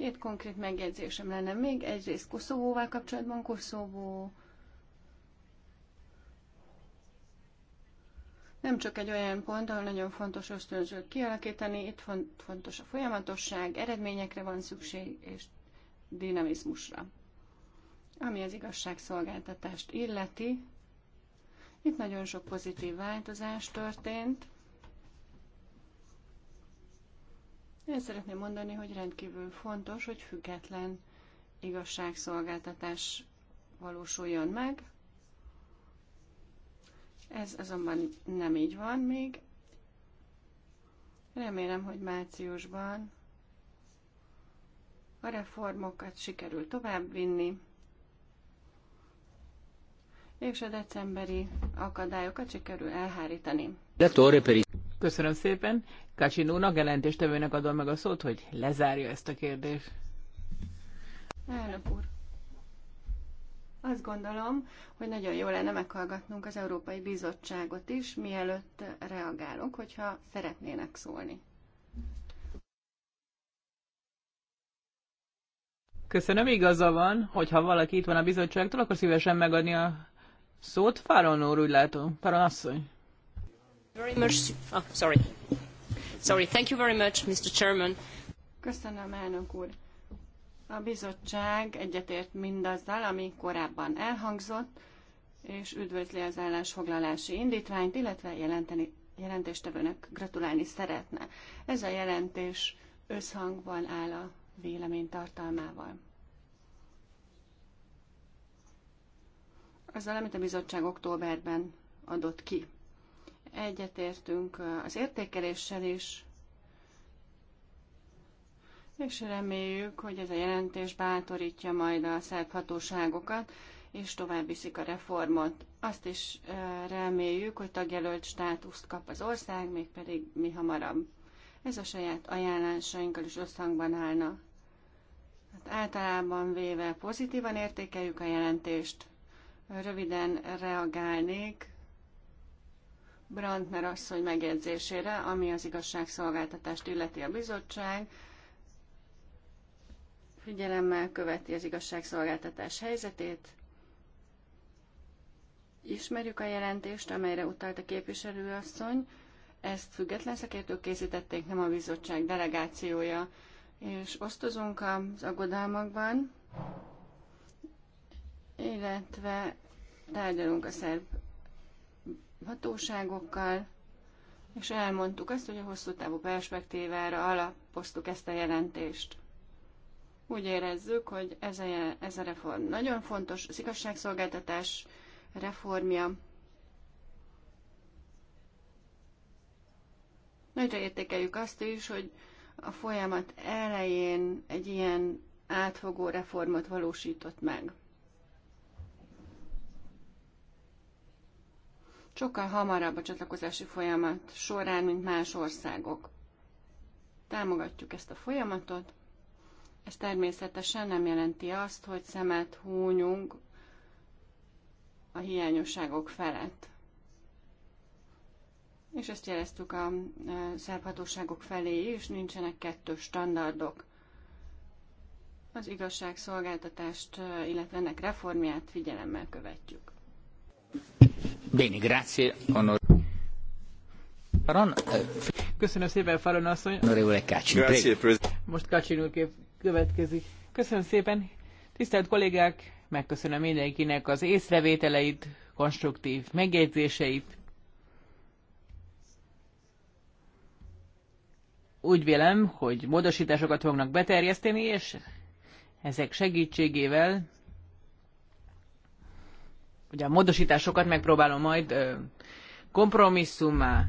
Két konkrét megjegyzésem lenne még. Egyrészt Koszovóval kapcsolatban Koszovó nem csak egy olyan pont, ahol nagyon fontos ösztönzőt kialakítani, itt fontos a folyamatosság, eredményekre van szükség és dinamizmusra. Ami az igazságszolgáltatást illeti, itt nagyon sok pozitív változás történt. Én szeretném mondani, hogy rendkívül fontos, hogy független igazságszolgáltatás valósuljon meg. Ez azonban nem így van még. Remélem, hogy márciusban a reformokat sikerül továbbvinni, és a decemberi akadályokat sikerül elhárítani. Köszönöm szépen. Kacsi úrnak, jelentéstevőnek adom meg a szót, hogy lezárja ezt a kérdést. Elnök úr, azt gondolom, hogy nagyon jó lenne meghallgatnunk az Európai Bizottságot is, mielőtt reagálunk, hogyha szeretnének szólni. Köszönöm, igaza van, hogyha valaki itt van a bizottságtól, akkor szívesen megadni a szót. Fáron úr, úgy látom. Fáron asszony. Oh, Köszönöm, elnök úr. A bizottság egyetért mindazzal, ami korábban elhangzott, és üdvözli az állásfoglalási indítványt, illetve jelenteni, jelentéstevőnek gratulálni szeretne. Ez a jelentés összhangban áll a vélemény tartalmával. Azzal, amit a bizottság októberben adott ki egyetértünk az értékeléssel is, és reméljük, hogy ez a jelentés bátorítja majd a szerb hatóságokat, és tovább viszik a reformot. Azt is reméljük, hogy tagjelölt státuszt kap az ország, mégpedig mi hamarabb. Ez a saját ajánlásainkkal is összhangban állna. Hát általában véve pozitívan értékeljük a jelentést. Röviden reagálnék Brandner asszony megjegyzésére, ami az igazságszolgáltatást illeti a bizottság, figyelemmel követi az igazságszolgáltatás helyzetét. Ismerjük a jelentést, amelyre utalt a képviselőasszony. Ezt független szakértők készítették, nem a bizottság delegációja. És osztozunk az aggodalmakban, illetve tárgyalunk a szerb hatóságokkal, és elmondtuk azt, hogy a hosszú távú perspektívára alapoztuk ezt a jelentést. Úgy érezzük, hogy ez a, ez a reform nagyon fontos, az igazságszolgáltatás reformja. Nagyra értékeljük azt is, hogy a folyamat elején egy ilyen átfogó reformot valósított meg. sokkal hamarabb a csatlakozási folyamat során, mint más országok. Támogatjuk ezt a folyamatot. Ez természetesen nem jelenti azt, hogy szemet húnyunk a hiányosságok felett. És ezt jeleztük a e, szerb hatóságok felé is, nincsenek kettős standardok. Az igazságszolgáltatást, e, illetve ennek reformját figyelemmel követjük. Bene, grazie, onor... Köszönöm szépen, Faron asszony. Honorevole Kácsin. Grazie, Most Kácsin úr kép következik. Köszönöm szépen. Tisztelt kollégák, megköszönöm mindenkinek az észrevételeit, konstruktív megjegyzéseit. Úgy vélem, hogy módosításokat fognak beterjeszteni, és ezek segítségével ugye a módosításokat megpróbálom majd kompromisszummá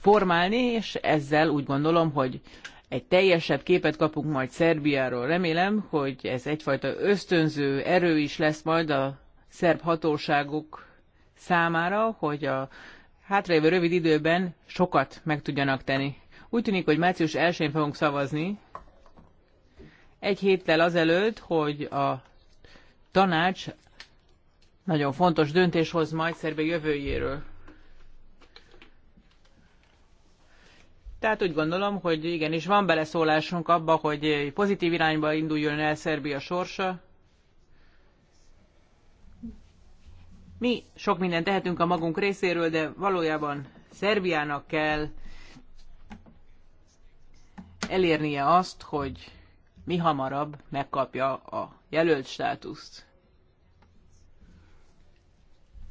formálni, és ezzel úgy gondolom, hogy egy teljesebb képet kapunk majd Szerbiáról. Remélem, hogy ez egyfajta ösztönző erő is lesz majd a szerb hatóságok számára, hogy a hátralévő rövid időben sokat meg tudjanak tenni. Úgy tűnik, hogy március 1-én fogunk szavazni, egy héttel azelőtt, hogy a tanács nagyon fontos döntés hoz majd Szerbia jövőjéről. Tehát úgy gondolom, hogy igenis van beleszólásunk abba, hogy pozitív irányba induljon el Szerbia sorsa. Mi sok mindent tehetünk a magunk részéről, de valójában Szerbiának kell elérnie azt, hogy mi hamarabb megkapja a jelölt státuszt.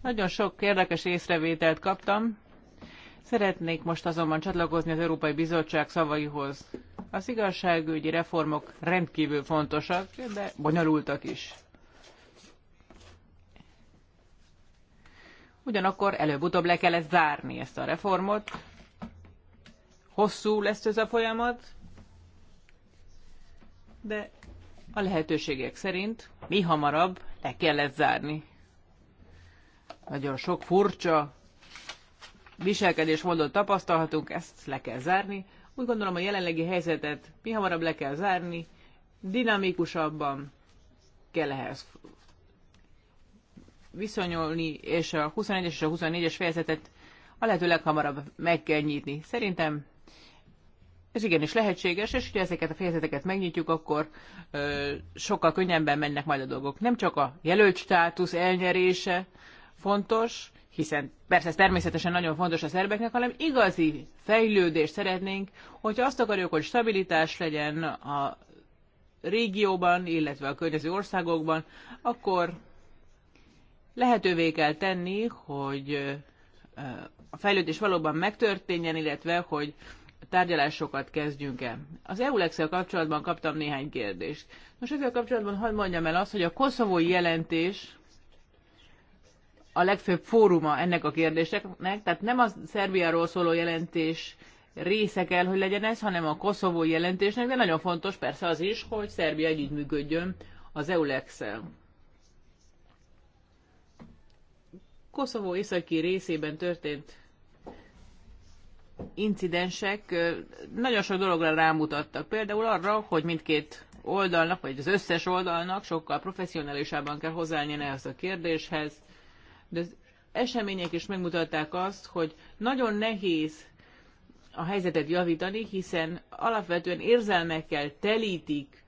Nagyon sok érdekes észrevételt kaptam. Szeretnék most azonban csatlakozni az Európai Bizottság szavaihoz. Az igazságügyi reformok rendkívül fontosak, de bonyolultak is. Ugyanakkor előbb-utóbb le kellett zárni ezt a reformot. Hosszú lesz ez a folyamat, de a lehetőségek szerint mi hamarabb le kellett zárni nagyon sok furcsa viselkedésmódot tapasztalhatunk, ezt le kell zárni. Úgy gondolom a jelenlegi helyzetet mi hamarabb le kell zárni, dinamikusabban kell ehhez viszonyolni, és a 21-es és a 24-es fejezetet a lehető leghamarabb meg kell nyitni. Szerintem ez igenis lehetséges, és hogyha ezeket a fejezeteket megnyitjuk, akkor ö, sokkal könnyebben mennek majd a dolgok. Nem csak a jelölt státusz elnyerése, fontos, hiszen persze ez természetesen nagyon fontos a szerbeknek, hanem igazi fejlődést szeretnénk, hogyha azt akarjuk, hogy stabilitás legyen a régióban, illetve a környező országokban, akkor lehetővé kell tenni, hogy a fejlődés valóban megtörténjen, illetve hogy tárgyalásokat kezdjünk el. Az eulex kapcsolatban kaptam néhány kérdést. Most ezzel kapcsolatban hadd mondjam el azt, hogy a koszovói jelentés a legfőbb fóruma ennek a kérdéseknek, tehát nem a Szerbiáról szóló jelentés része kell, hogy legyen ez, hanem a koszovói jelentésnek, de nagyon fontos persze az is, hogy Szerbia együttműködjön az EULEX-el. Koszovó északi részében történt incidensek nagyon sok dologra rámutattak. Például arra, hogy mindkét oldalnak, vagy az összes oldalnak sokkal professzionálisabban kell hozzáállni ehhez a kérdéshez de az események is megmutatták azt, hogy nagyon nehéz a helyzetet javítani, hiszen alapvetően érzelmekkel telítik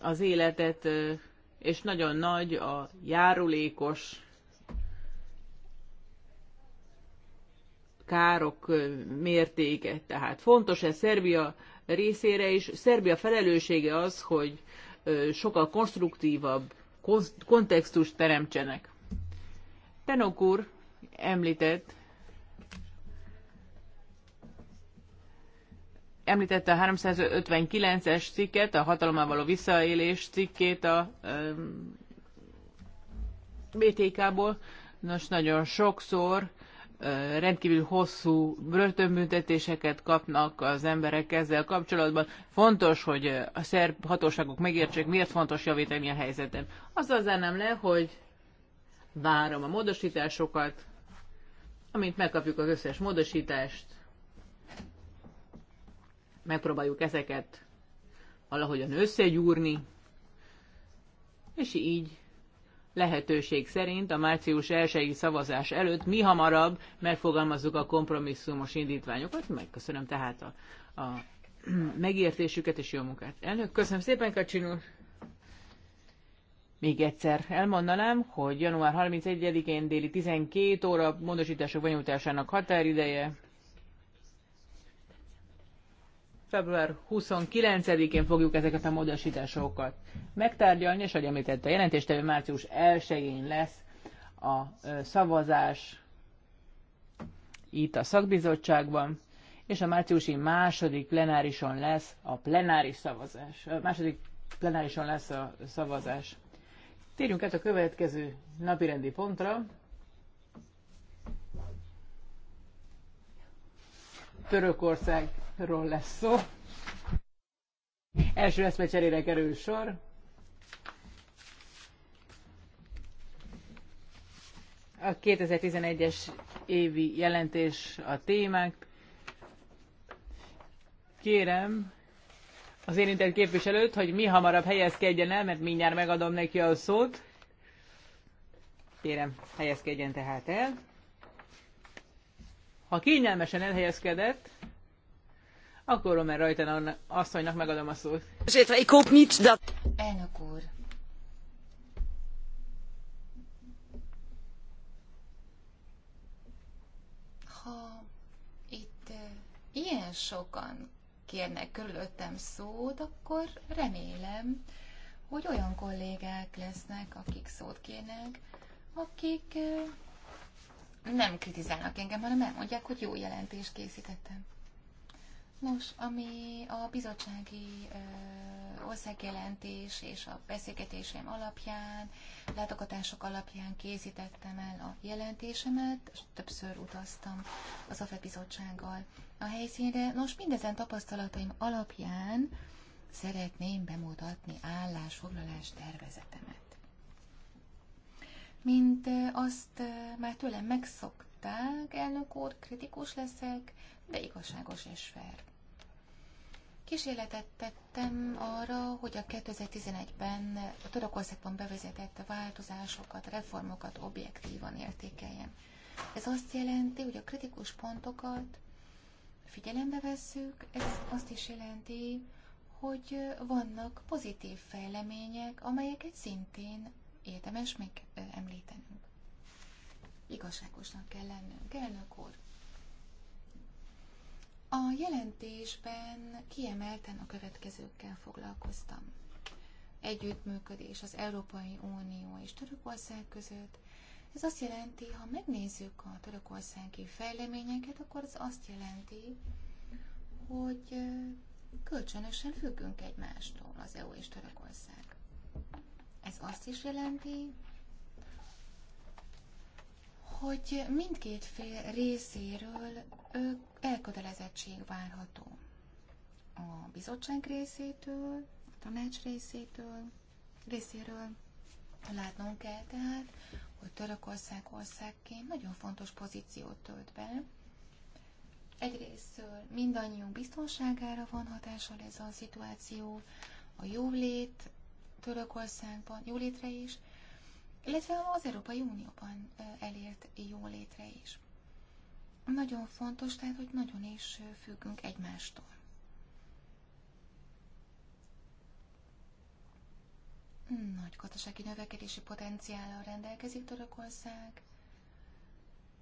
az életet, és nagyon nagy a járulékos károk mértéke. Tehát fontos ez Szerbia részére is. Szerbia felelőssége az, hogy sokkal konstruktívabb kontextust teremtsenek. Tenok úr említett, említette a 359-es cikket, a hatalommal való visszaélés cikkét a BTK-ból. Nos, nagyon sokszor rendkívül hosszú börtönbüntetéseket kapnak az emberek ezzel kapcsolatban. Fontos, hogy a szerb hatóságok megértsék, miért fontos javítani a helyzeten. Azzal zárnám le, hogy várom a módosításokat, amint megkapjuk az összes módosítást, megpróbáljuk ezeket valahogyan összegyúrni, és így lehetőség szerint a március 1 szavazás előtt mi hamarabb megfogalmazzuk a kompromisszumos indítványokat. Megköszönöm tehát a, a megértésüket és jó munkát. Elnök, köszönöm szépen, Kacsinus! Még egyszer elmondanám, hogy január 31-én déli 12 óra módosítások benyújtásának határideje. Február 29-én fogjuk ezeket a módosításokat megtárgyalni, és ahogy említette a jelentéstevő, március 1-én lesz a szavazás itt a szakbizottságban, és a márciusi második plenárison lesz a plenáris szavazás. A második plenárison lesz a szavazás. Térjünk át a következő napirendi pontra. Törökországról lesz szó. Első eszmecserére kerül sor. A 2011-es évi jelentés a témák. Kérem, az érintett képviselőt, hogy mi hamarabb helyezkedjen el, mert mindjárt megadom neki a szót. Kérem, helyezkedjen tehát el. Ha kényelmesen elhelyezkedett, akkor már rajta asszonynak megadom a szót. Elnök úr, ha itt eh, ilyen sokan kérnek körülöttem szót, akkor remélem, hogy olyan kollégák lesznek, akik szót kérnek, akik nem kritizálnak engem, hanem elmondják, hogy jó jelentést készítettem. Nos, ami a bizottsági ö, országjelentés és a beszélgetésem alapján, látogatások alapján készítettem el a jelentésemet, és többször utaztam az AFE bizottsággal a helyszínre. Nos, mindezen tapasztalataim alapján szeretném bemutatni állásfoglalás tervezetemet. Mint azt már tőlem megszokták, elnök úr, kritikus leszek, de igazságos és fair. Kísérletet tettem arra, hogy a 2011-ben a Törökországban bevezetett változásokat, reformokat objektívan értékeljem. Ez azt jelenti, hogy a kritikus pontokat figyelembe vesszük, ez azt is jelenti, hogy vannak pozitív fejlemények, amelyeket szintén érdemes megemlítenünk. Igazságosnak kell lennünk, elnök úr. A jelentésben kiemelten a következőkkel foglalkoztam. Együttműködés az Európai Unió és Törökország között, ez azt jelenti, ha megnézzük a törökországi fejleményeket, akkor ez azt jelenti, hogy kölcsönösen függünk egymástól az EU és Törökország. Ez azt is jelenti, hogy mindkét fél részéről elkötelezettség várható. A bizottság részétől, a tanács részétől, részéről látnunk kell tehát, hogy Törökország országként nagyon fontos pozíciót tölt be. Egyrészt mindannyiunk biztonságára van hatással ez a szituáció, a jólét Törökországban, jólétre is, illetve az Európai Unióban elért jólétre is. Nagyon fontos, tehát, hogy nagyon is függünk egymástól. Nagy gazdasági növekedési potenciállal rendelkezik Törökország.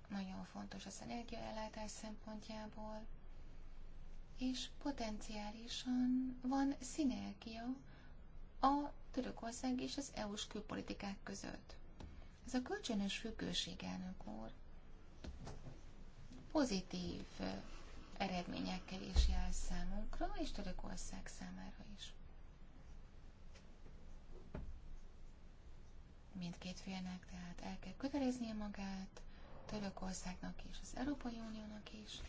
Nagyon fontos az energiaellátás szempontjából. És potenciálisan van szinergia a Törökország és az EU-s külpolitikák között. Ez a kölcsönös függőség, elnök úr, pozitív eredményekkel is jár számunkra, és Törökország számára is. mindkét félnek, tehát el kell köteleznie magát, Törökországnak és az Európai Uniónak is.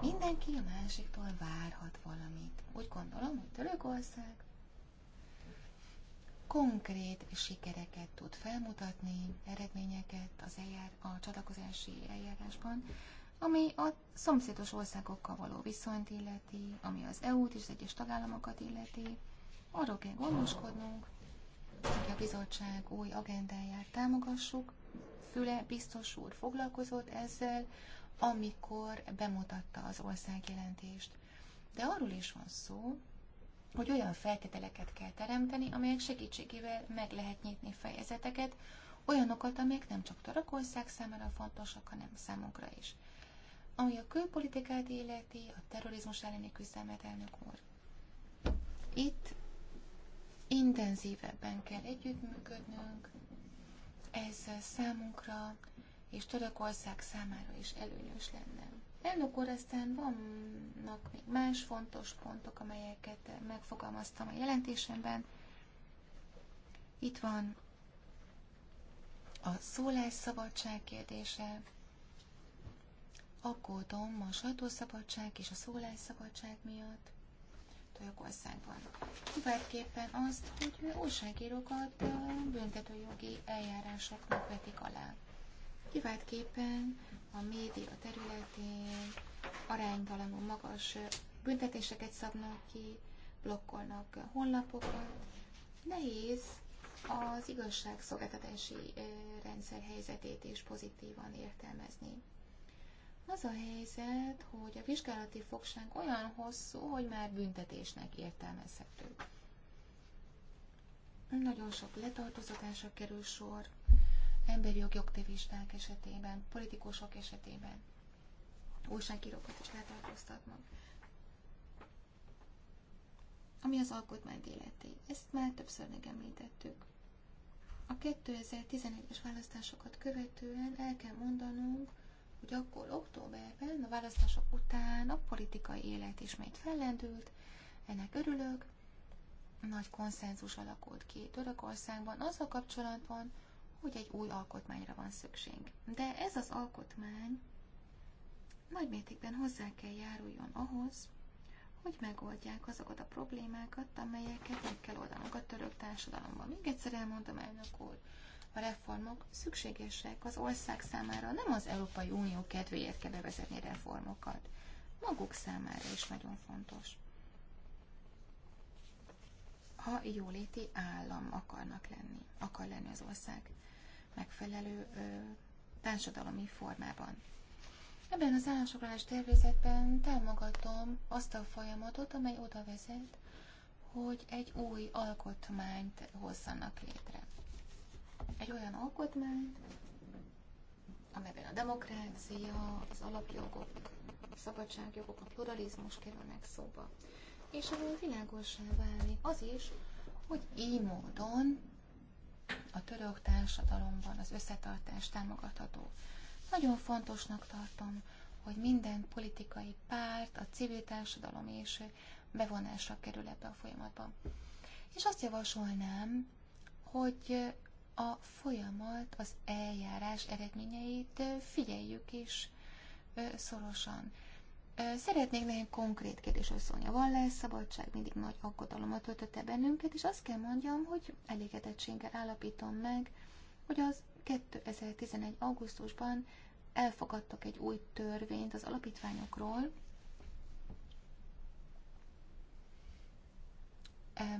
Mindenki a másiktól várhat valamit. Úgy gondolom, hogy Törökország konkrét sikereket tud felmutatni, eredményeket az eljár, a csatlakozási eljárásban, ami a szomszédos országokkal való viszonyt illeti, ami az EU-t és az egyes tagállamokat illeti, arról kell gondoskodnunk, hogy a bizottság új agendáját támogassuk. Füle biztos úr foglalkozott ezzel, amikor bemutatta az országjelentést. De arról is van szó, hogy olyan feltételeket kell teremteni, amelyek segítségével meg lehet nyitni fejezeteket, olyanokat, amelyek nem csak Törökország számára fontosak, hanem számunkra is. Ami a külpolitikát életi, a terrorizmus elleni küzdelmet, elnök úr. Itt intenzívebben kell együttműködnünk, ez számunkra és Törökország számára is előnyös lenne. Elnök úr, aztán vannak még más fontos pontok, amelyeket megfogalmaztam a jelentésemben. Itt van a szólásszabadság kérdése. Aggódom a sajtószabadság és a szólásszabadság miatt. Törökországban. Következőképpen azt, hogy újságírókat büntetőjogi eljárásoknak vetik alá. Kiváltképpen a média területén aránytalanul magas büntetéseket szabnak ki, blokkolnak honlapokat. Nehéz az igazságszolgáltatási rendszer helyzetét is pozitívan értelmezni. Az a helyzet, hogy a vizsgálati fogság olyan hosszú, hogy már büntetésnek értelmezhető. Nagyon sok letartóztatásra kerül sor, emberi jogjogtévisták esetében, politikusok esetében. Újságírókat is letartóztatnak. Ami az alkotmány életé, ezt már többször megemlítettük. A 2011-es választásokat követően el kell mondanunk, hogy akkor októberben, a választások után a politikai élet ismét fellendült, ennek örülök, nagy konszenzus alakult ki Törökországban azzal kapcsolatban, hogy egy új alkotmányra van szükség. De ez az alkotmány nagy mértékben hozzá kell járuljon ahhoz, hogy megoldják azokat a problémákat, amelyeket meg kell oldanunk a török társadalomban. Még egyszer elmondom, elnök úr, a reformok szükségesek az ország számára, nem az Európai Unió kedvéért kell bevezetni reformokat. Maguk számára is nagyon fontos. Ha jóléti állam akarnak lenni, akar lenni az ország megfelelő ö, társadalmi formában. Ebben az állásfoglalás tervezetben támogatom azt a folyamatot, amely oda vezet, hogy egy új alkotmányt hozzanak létre egy olyan alkotmányt, amelyben a demokrácia, az alapjogok, a szabadságjogok, a pluralizmus kerülnek szóba. És ahol világosá válni az is, hogy így módon a török társadalomban az összetartás támogatható. Nagyon fontosnak tartom, hogy minden politikai párt, a civil társadalom és bevonásra kerül ebbe a folyamatba. És azt javasolnám, hogy a folyamat, az eljárás eredményeit figyeljük is szorosan. Szeretnék néhány konkrét kérdés szólni. A vallás szabadság mindig nagy aggodalomat töltötte bennünket, és azt kell mondjam, hogy elégedettséggel állapítom meg, hogy az 2011. augusztusban elfogadtak egy új törvényt az alapítványokról,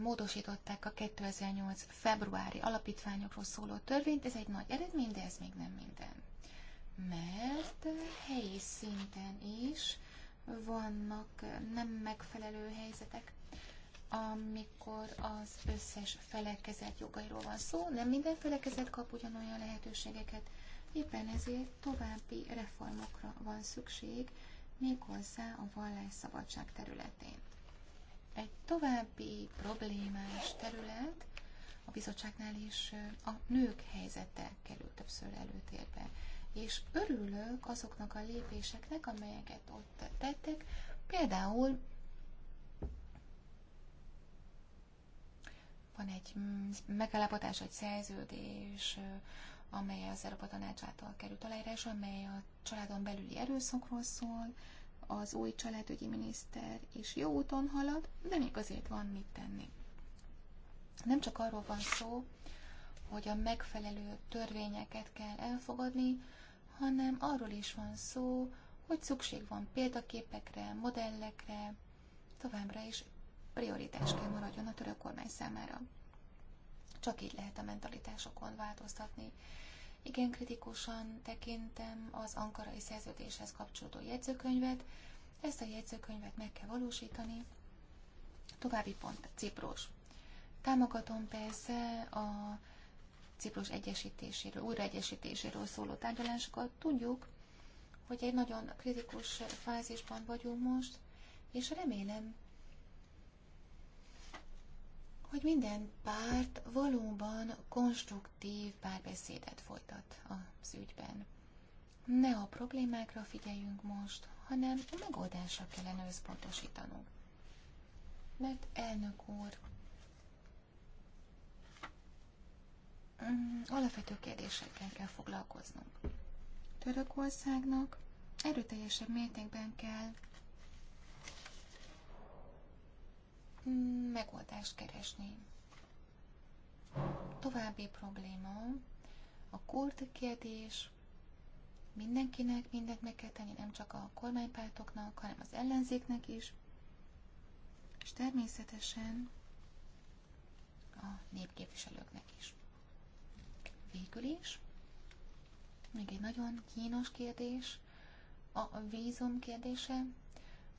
módosították a 2008. februári alapítványokról szóló törvényt, ez egy nagy eredmény, de ez még nem minden. Mert helyi szinten is vannak nem megfelelő helyzetek, amikor az összes felekezet jogairól van szó, nem minden felekezet kap ugyanolyan lehetőségeket, éppen ezért további reformokra van szükség, méghozzá a vallásszabadság területén. Egy további problémás terület a bizottságnál is a nők helyzete került többször előtérbe. És örülök azoknak a lépéseknek, amelyeket ott tettek, például van egy megállapotás, egy szerződés, amely az Európa Tanács által került aláírás, amely a családon belüli erőszakról szól, az új családügyi miniszter is jó úton halad, de még azért van mit tenni. Nem csak arról van szó, hogy a megfelelő törvényeket kell elfogadni, hanem arról is van szó, hogy szükség van példaképekre, modellekre, továbbra is prioritás kell maradjon a török kormány számára. Csak így lehet a mentalitásokon változtatni. Igen kritikusan tekintem az ankarai szerződéshez kapcsolódó jegyzőkönyvet. Ezt a jegyzőkönyvet meg kell valósítani. További pont, Ciprus. Támogatom persze a Ciprus egyesítéséről, újraegyesítéséről szóló tárgyalásokat. Tudjuk, hogy egy nagyon kritikus fázisban vagyunk most, és remélem hogy minden párt valóban konstruktív párbeszédet folytat az ügyben. Ne a problémákra figyeljünk most, hanem a megoldásra kellene összpontosítanunk. Mert elnök úr, mm, alapvető kérdésekkel kell foglalkoznunk. Törökországnak erőteljesebb mértékben kell megoldást keresni. További probléma a kurd kérdés. Mindenkinek mindent meg kell tenni, nem csak a kormánypártoknak, hanem az ellenzéknek is. És természetesen a népképviselőknek is. Végül is, még egy nagyon kínos kérdés, a vízum kérdése,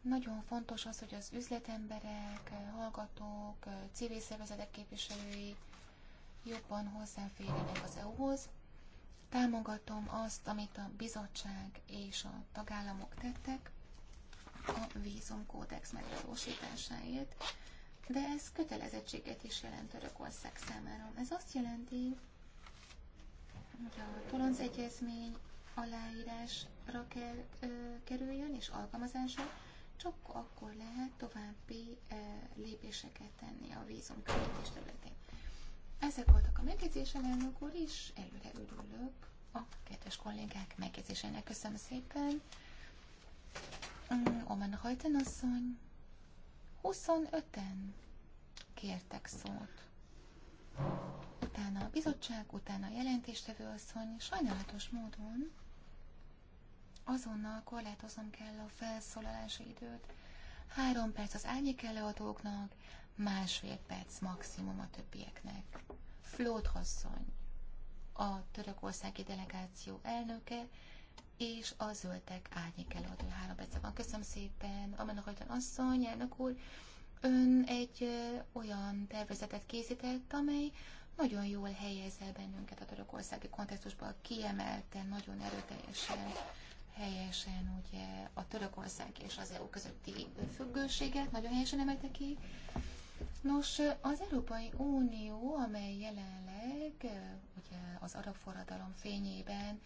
nagyon fontos az, hogy az üzletemberek, hallgatók, civil szervezetek képviselői jobban hozzáférjenek az EU-hoz. Támogatom azt, amit a bizottság és a tagállamok tettek a vízumkódex megvalósításáért, de ez kötelezettséget is jelent Törökország számára. Ez azt jelenti, hogy a Tolonc Egyezmény aláírásra kell ö, kerüljön és alkalmazásra, csak akkor lehet további lépéseket tenni a vízum könnyítés területén. Ezek voltak a megjegyzésem, elnök úr, és előre örülök a kedves kollégák megjegyzésének. Köszönöm szépen. Oman Hajten asszony, 25-en kértek szót. Utána a bizottság, utána a jelentéstevő asszony, sajnálatos módon azonnal korlátoznom kell a felszólalási időt. Három perc az árnyék előadóknak, másfél perc maximum a többieknek. Flót Hasszony, a törökországi delegáció elnöke, és a zöldek árnyék előadó három perc van. Köszönöm szépen, Amenak Ajtan asszony, elnök úr. Ön egy ö, olyan tervezetet készített, amely nagyon jól helyez el bennünket a törökországi kontextusban, kiemelte nagyon erőteljesen helyesen ugye a Törökország és az EU közötti függőséget, nagyon helyesen emelte ki. Nos, az Európai Unió, amely jelenleg ugye az arab forradalom fényében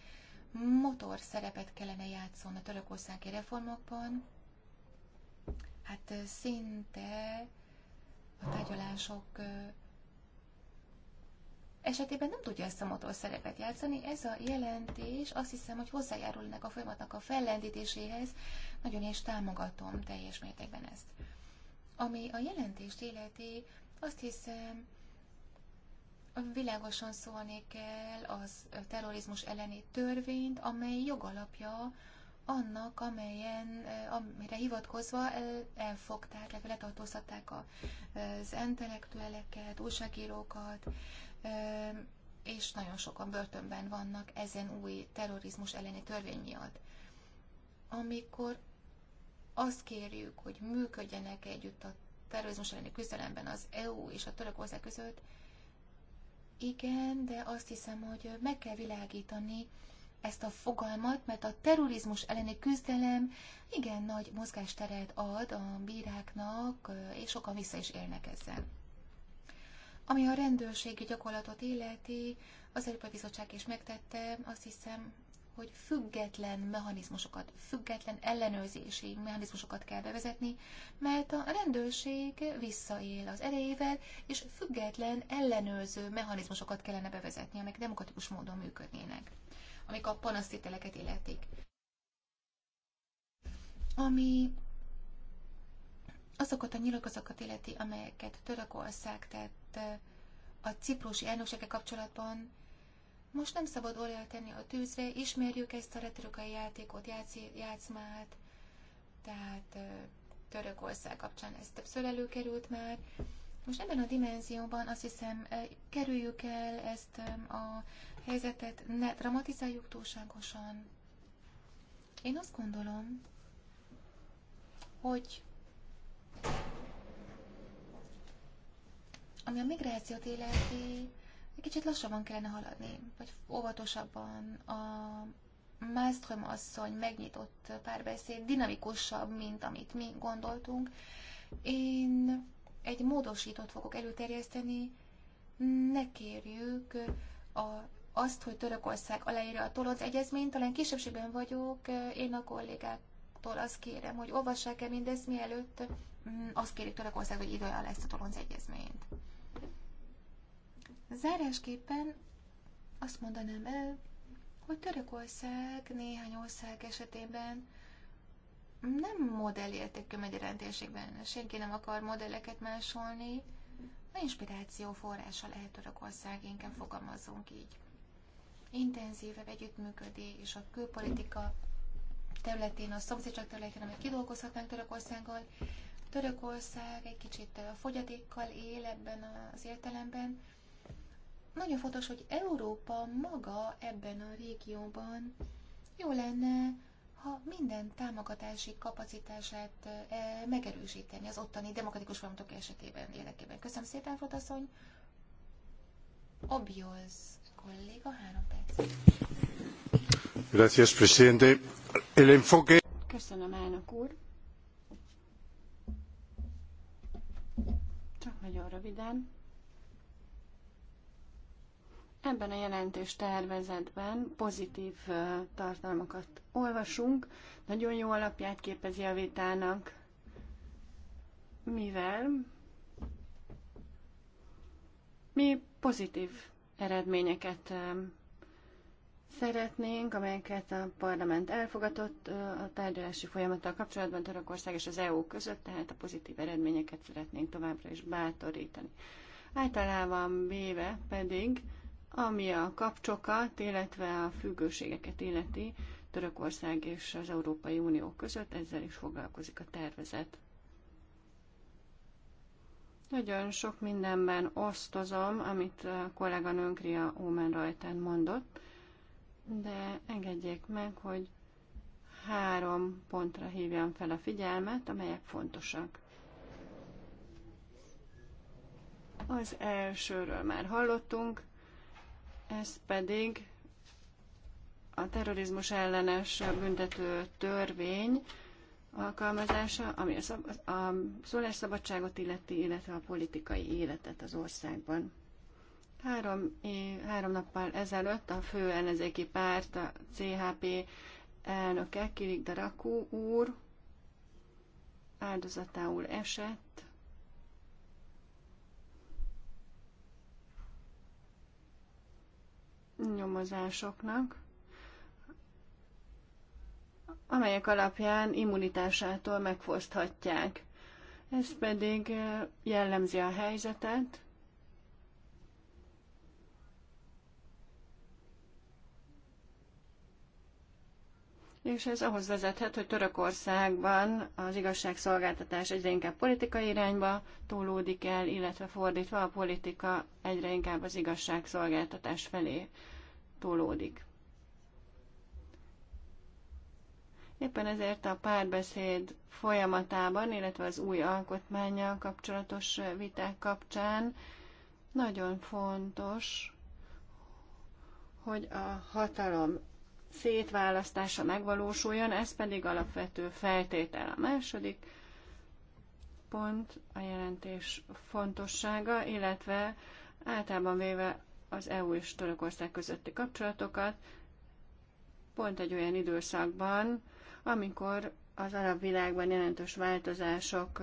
motor szerepet kellene játszon a törökországi reformokban, hát szinte a tárgyalások esetében nem tudja ezt a motor szerepet játszani. Ez a jelentés azt hiszem, hogy hozzájárul ennek a folyamatnak a fellendítéséhez. Nagyon is támogatom teljes mértékben ezt. Ami a jelentést életi, azt hiszem, világosan szólni kell az terrorizmus elleni törvényt, amely jogalapja annak, amelyen, amire hivatkozva elfogták, letartóztatták az intellektueleket, újságírókat, és nagyon sokan börtönben vannak ezen új terrorizmus elleni törvény miatt. Amikor azt kérjük, hogy működjenek együtt a terrorizmus elleni küzdelemben az EU és a török között, igen, de azt hiszem, hogy meg kell világítani, ezt a fogalmat, mert a terrorizmus elleni küzdelem igen nagy mozgásteret ad a bíráknak, és sokan vissza is élnek ezzel. Ami a rendőrségi gyakorlatot illeti, az Európai Bizottság is megtette, azt hiszem, hogy független mechanizmusokat, független ellenőrzési mechanizmusokat kell bevezetni, mert a rendőrség visszaél az erejével, és független ellenőrző mechanizmusokat kellene bevezetni, amelyek demokratikus módon működnének amik a panasztételeket illetik. Ami azokat a nyilatkozatokat illeti, amelyeket Törökország tett a ciprusi elnöksége kapcsolatban, most nem szabad olajat tenni a tűzre, ismerjük ezt a retorikai játékot, játszi, játszmát, tehát Törökország kapcsán ez többször előkerült már. Most ebben a dimenzióban azt hiszem kerüljük el ezt a helyzetet ne dramatizáljuk túlságosan. Én azt gondolom, hogy ami a migrációt illeti, egy kicsit lassabban kellene haladni, vagy óvatosabban. A Malmström asszony megnyitott párbeszéd dinamikusabb, mint amit mi gondoltunk. Én egy módosítót fogok előterjeszteni, ne kérjük a azt, hogy Törökország aláírja a Tolonc egyezményt, talán kisebbségben vagyok, eh, én a kollégáktól azt kérem, hogy olvassák el mindezt, mielőtt mm, azt kérik Törökország, hogy idője alá ezt a Tolonc egyezményt. Zárásképpen azt mondanám el, hogy Törökország néhány ország esetében nem modellértékű rendőrségben, Senki nem akar modelleket másolni. A inspiráció forrása lehet Törökország, inkább fogalmazunk így intenzívebb együttműködés a külpolitika területén, a szomszédság területén, amit kidolgozhatnánk Törökországgal. Törökország egy kicsit a fogyatékkal él ebben az értelemben. Nagyon fontos, hogy Európa maga ebben a régióban jó lenne, ha minden támogatási kapacitását e, megerősíteni az ottani demokratikus folyamatok esetében érdekében. Köszönöm szépen, Frodasszony! Obvious Gracias, presidente. El enfoque... Köszönöm, elnök úr. Csak nagyon röviden. Ebben a jelentés tervezetben pozitív tartalmakat olvasunk, nagyon jó alapját képezi a vitának, mivel mi pozitív eredményeket szeretnénk, amelyeket a parlament elfogadott a tárgyalási folyamattal kapcsolatban Törökország és az EU között, tehát a pozitív eredményeket szeretnénk továbbra is bátorítani. Általában véve pedig, ami a kapcsokat, illetve a függőségeket illeti Törökország és az Európai Unió között, ezzel is foglalkozik a tervezet. Nagyon sok mindenben osztozom, amit a kolléganőnk Ria Omen rajtán mondott, de engedjék meg, hogy három pontra hívjam fel a figyelmet, amelyek fontosak. Az elsőről már hallottunk, ez pedig a terrorizmus ellenes büntető törvény, alkalmazása, ami a, szab- a szólásszabadságot illeti, illetve a politikai életet az országban. Három, három nappal ezelőtt a fő ellenzéki párt, a CHP elnöke, Kirik Darakú úr áldozatául esett, nyomozásoknak amelyek alapján immunitásától megfoszthatják. Ez pedig eh, jellemzi a helyzetet, És ez ahhoz vezethet, hogy Törökországban az igazságszolgáltatás egyre inkább politikai irányba tólódik el, illetve fordítva a politika egyre inkább az igazságszolgáltatás felé tólódik. Éppen ezért a párbeszéd folyamatában, illetve az új alkotmányjal kapcsolatos viták kapcsán nagyon fontos, hogy a hatalom szétválasztása megvalósuljon, ez pedig alapvető feltétel. A második pont a jelentés fontossága, illetve általában véve az EU és Törökország közötti kapcsolatokat, pont egy olyan időszakban, amikor az arab világban jelentős változások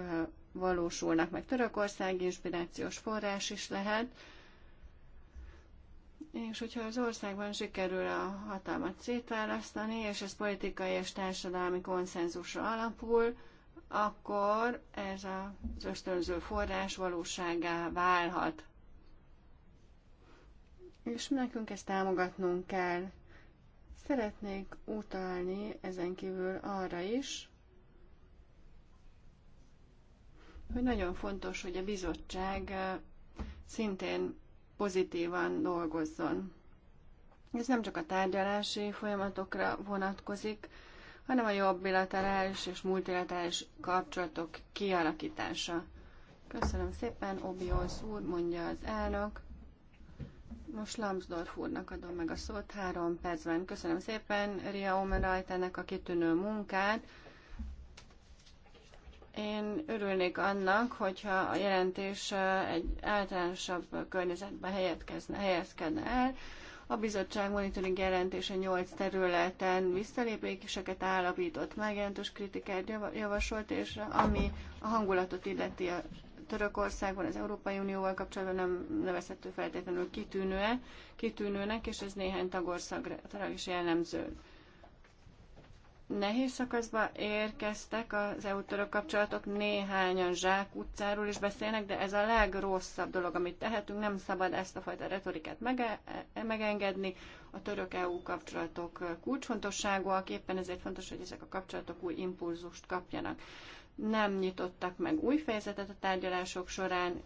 valósulnak meg. Törökország inspirációs forrás is lehet, és hogyha az országban sikerül a hatalmat szétválasztani, és ez politikai és társadalmi konszenzusra alapul, akkor ez az ösztönző forrás valóságá válhat. És nekünk ezt támogatnunk kell. Szeretnék utalni ezen kívül arra is, hogy nagyon fontos, hogy a bizottság eh, szintén pozitívan dolgozzon. Ez nem csak a tárgyalási folyamatokra vonatkozik, hanem a jobb bilaterális és multilaterális kapcsolatok kialakítása. Köszönöm szépen, Obiós úr, mondja az elnök. Most Lambsdorff úrnak adom meg a szót három percben. Köszönöm szépen Ria ennek a kitűnő munkát. Én örülnék annak, hogyha a jelentés egy általánosabb környezetben helyezkedne, el. A bizottság monitoring jelentése 8 területen visszalépéseket állapított meg, kritikát javasolt, és ami a hangulatot illeti a Törökországban az Európai Unióval kapcsolatban nem nevezhető feltétlenül kitűnő kitűnőnek, és ez néhány tagországra is jellemző. Nehéz szakaszba érkeztek az EU-török kapcsolatok, néhányan zsák utcáról is beszélnek, de ez a legrosszabb dolog, amit tehetünk, nem szabad ezt a fajta retorikát mege- megengedni. A török-EU kapcsolatok kulcsfontosságúak, éppen ezért fontos, hogy ezek a kapcsolatok új impulzust kapjanak nem nyitottak meg új fejezetet a tárgyalások során,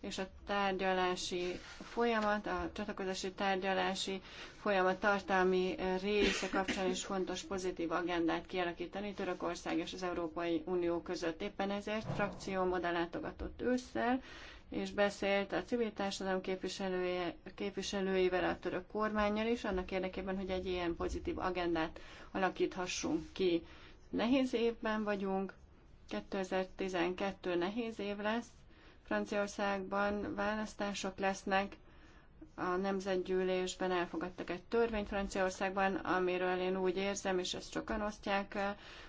és a tárgyalási folyamat, a csatlakozási tárgyalási folyamat tartalmi része kapcsán is fontos pozitív agendát kialakítani Törökország és az Európai Unió között. Éppen ezért frakcióm oda látogatott ősszel, és beszélt a civil társadalom képviselője, képviselőivel, a török kormányjal is, annak érdekében, hogy egy ilyen pozitív agendát alakíthassunk ki. Nehéz évben vagyunk, 2012 nehéz év lesz, Franciaországban választások lesznek, a nemzetgyűlésben elfogadtak egy törvényt Franciaországban, amiről én úgy érzem, és ezt sokan osztják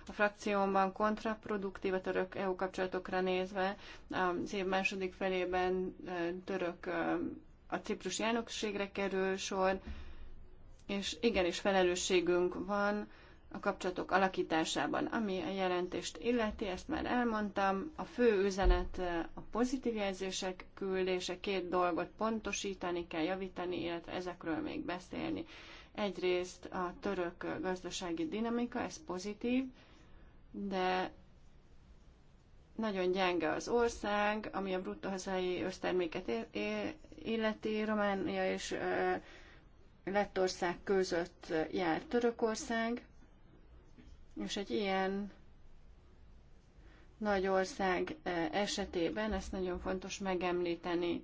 a frakciómban, kontraproduktív a török EU kapcsolatokra nézve. Az év második felében e, török e, a ciprusi elnökségre kerül sor, és igenis felelősségünk van, a kapcsolatok alakításában. Ami a jelentést illeti, ezt már elmondtam, a fő üzenet eh, a pozitív jelzések küldése, két dolgot pontosítani kell, javítani, illetve ezekről még beszélni. Egyrészt a török gazdasági dinamika, ez pozitív, de nagyon gyenge az ország, ami a bruttó hazai összterméket illeti, Románia és eh, Lettország között jár Törökország. És egy ilyen nagy ország eh, esetében ezt nagyon fontos megemlíteni.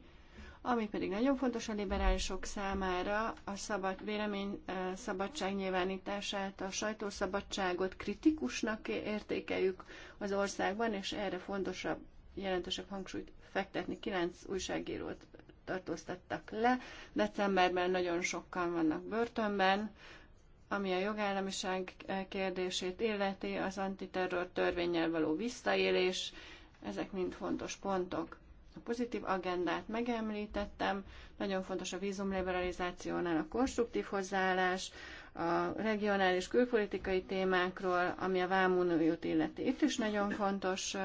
Ami pedig nagyon fontos a liberálisok számára, a szabad, vélemény eh, szabadság nyilvánítását, a sajtószabadságot kritikusnak értékeljük az országban, és erre fontosabb, jelentősebb hangsúlyt fektetni. Kilenc újságírót tartóztattak le, decemberben nagyon sokan vannak börtönben, ami a jogállamiság kérdését illeti, az antiterror törvényel való visszaélés, ezek mind fontos pontok. A pozitív agendát megemlítettem, nagyon fontos a vízumliberalizációnál a konstruktív hozzáállás, a regionális külpolitikai témákról, ami a vámunőjút illeti. Itt is nagyon fontos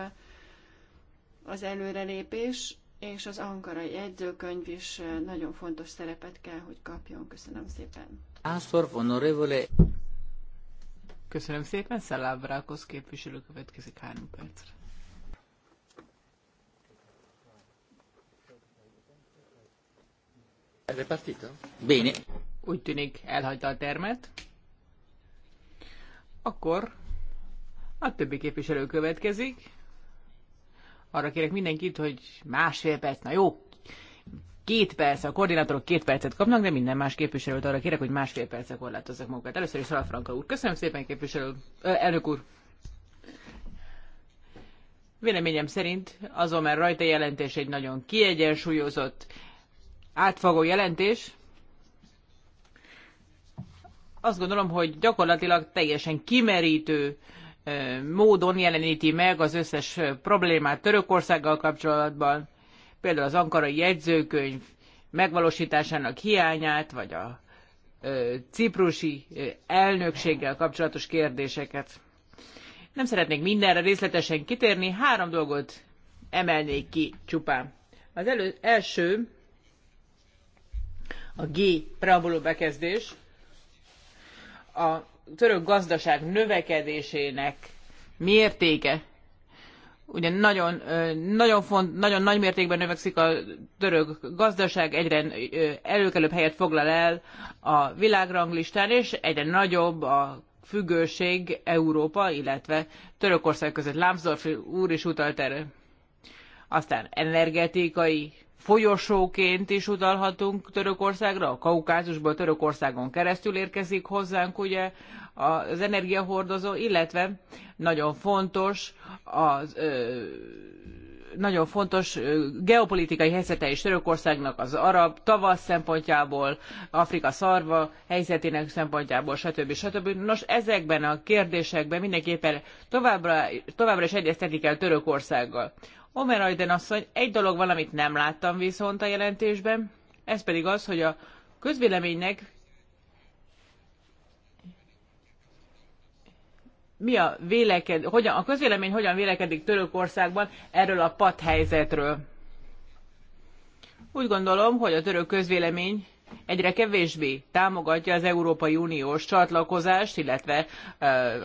az előrelépés, és az ankarai jegyzőkönyv is eh, nagyon fontos szerepet kell, hogy kapjon. Köszönöm szépen. Ászorf, honorevole. Köszönöm szépen, Szelláv Rákosz képviselő következik három percre. Béni. Bene. Úgy tűnik, elhagyta a termet. Akkor a többi képviselő következik arra kérek mindenkit, hogy másfél perc, na jó, két perc, a koordinátorok két percet kapnak, de minden más képviselőt arra kérek, hogy másfél percet korlátozzak magukat. Először is Szalafranka úr. Köszönöm szépen, képviselő, ö, elnök úr. Véleményem szerint azon, mert rajta jelentés egy nagyon kiegyensúlyozott, átfogó jelentés, azt gondolom, hogy gyakorlatilag teljesen kimerítő módon jeleníti meg az összes problémát Törökországgal kapcsolatban, például az ankarai jegyzőkönyv megvalósításának hiányát, vagy a ciprusi elnökséggel kapcsolatos kérdéseket. Nem szeretnék mindenre részletesen kitérni, három dolgot emelnék ki csupán. Az elő, első a G preambuló bekezdés. A török gazdaság növekedésének mértéke. Ugye nagyon, nagyon, font, nagyon nagy mértékben növekszik a török gazdaság, egyre előkelőbb helyet foglal el a világranglistán, és egyre nagyobb a függőség Európa, illetve Törökország között. Lámszorfi úr is utalt erre. Aztán energetikai folyosóként is utalhatunk Törökországra, a Kaukázusból Törökországon keresztül érkezik hozzánk ugye az energiahordozó, illetve nagyon fontos az ö, nagyon fontos geopolitikai helyzete is Törökországnak az arab tavasz szempontjából, Afrika szarva helyzetének szempontjából, stb. stb. Nos, ezekben a kérdésekben mindenképpen továbbra, továbbra is egyeztetni kell Törökországgal. Omerajden asszony, egy dolog valamit nem láttam viszont a jelentésben, ez pedig az, hogy a közvéleménynek mi a véleked, hogyan, a közvélemény hogyan vélekedik Törökországban erről a pat helyzetről. Úgy gondolom, hogy a török közvélemény egyre kevésbé támogatja az Európai Uniós csatlakozást, illetve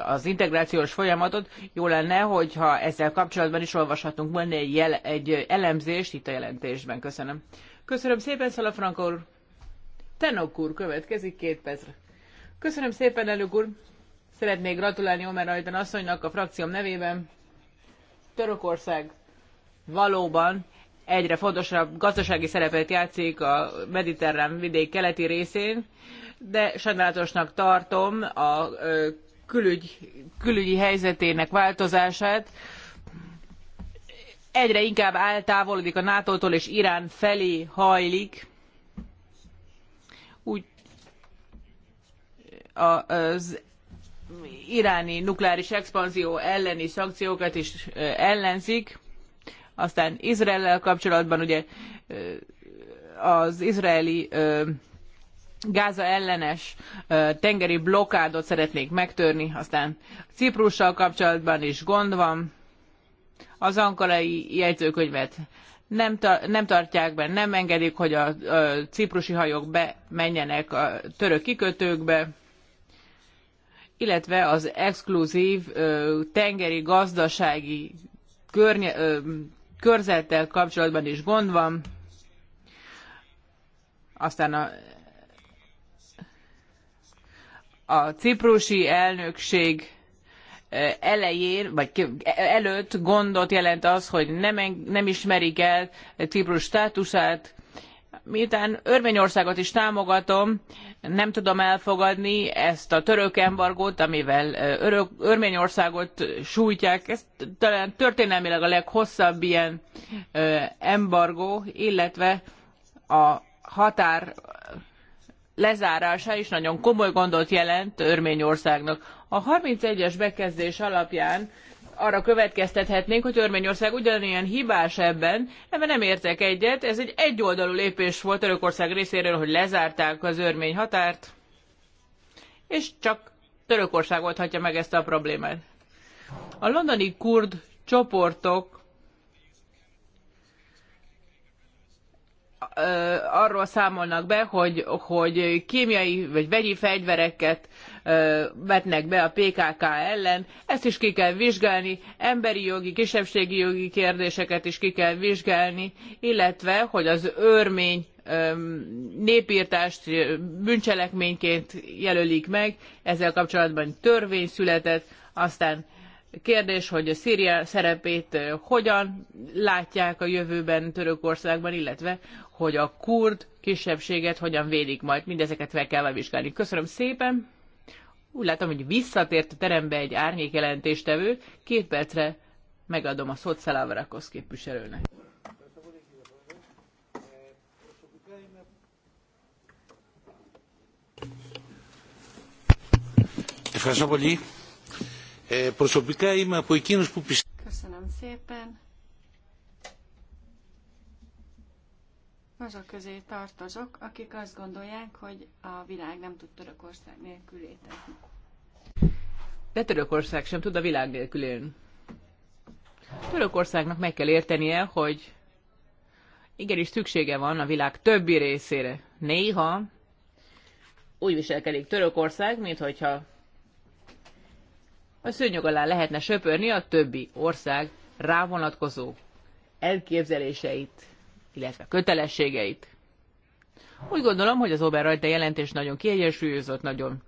az integrációs folyamatot. Jó lenne, hogyha ezzel kapcsolatban is olvashatunk volna egy, jel, egy elemzést itt a jelentésben. Köszönöm. Köszönöm szépen, Szalafrank úr. Tenok úr következik két percre. Köszönöm szépen, elnök úr. Szeretnék gratulálni Omer Ajdan asszonynak a frakcióm nevében. Törökország valóban egyre fontosabb gazdasági szerepet játszik a mediterrán vidék keleti részén, de sajnálatosnak tartom a külügy, külügyi helyzetének változását. Egyre inkább eltávolodik a NATO-tól és Irán felé hajlik. Úgy az iráni nukleáris expanzió elleni szankciókat is ellenzik aztán Izraellel kapcsolatban ugye az izraeli Gáza ellenes tengeri blokádot szeretnék megtörni, aztán Ciprussal kapcsolatban is gond van. Az ankarai jegyzőkönyvet nem, ta- nem tartják be, nem engedik, hogy a, a ciprusi hajók bemenjenek a török kikötőkbe, illetve az exkluzív ö, tengeri gazdasági környe, ö, körzettel kapcsolatban is gond van. Aztán a, a ciprusi elnökség elején, vagy előtt gondot jelent az, hogy nem, nem ismerik el Ciprus státusát, miután Örményországot is támogatom, nem tudom elfogadni ezt a török embargót, amivel Örményországot sújtják. Ez talán történelmileg a leghosszabb ilyen embargó, illetve a határ lezárása is nagyon komoly gondot jelent Örményországnak. A one es bekezdés alapján arra következtethetnénk, hogy Törvényország ugyanilyen hibás ebben, ebben nem értek egyet. Ez egy egyoldalú lépés volt Törökország részéről, hogy lezárták az örmény határt, és csak Törökország oldhatja meg ezt a problémát. A londoni kurd csoportok arról számolnak be, hogy, hogy kémiai vagy vegyi fegyvereket vetnek be a PKK ellen. Ezt is ki kell vizsgálni, emberi jogi, kisebbségi jogi kérdéseket is ki kell vizsgálni, illetve, hogy az örmény népírtást bűncselekményként jelölik meg, ezzel kapcsolatban törvény született, aztán kérdés, hogy a Szíria szerepét hogyan látják a jövőben Törökországban, illetve hogy a kurd kisebbséget hogyan védik majd. Mindezeket fel kell vizsgálni. Köszönöm szépen! Úgy látom, hogy visszatért a terembe egy árnyék jelentéstevő. Két percre megadom a szót Szelávrakosz képviselőnek. Köszönöm szépen. azok közé tartozok, akik azt gondolják, hogy a világ nem tud Törökország nélkül létezni. De Törökország sem tud a világ nélkül élni. Törökországnak meg kell értenie, hogy igenis szüksége van a világ többi részére. Néha úgy viselkedik Törökország, mintha a szőnyog alá lehetne söpörni a többi ország rávonatkozó elképzeléseit, illetve kötelességeit. Úgy gondolom, hogy az Ober rajta jelentés nagyon kiegyensúlyozott, nagyon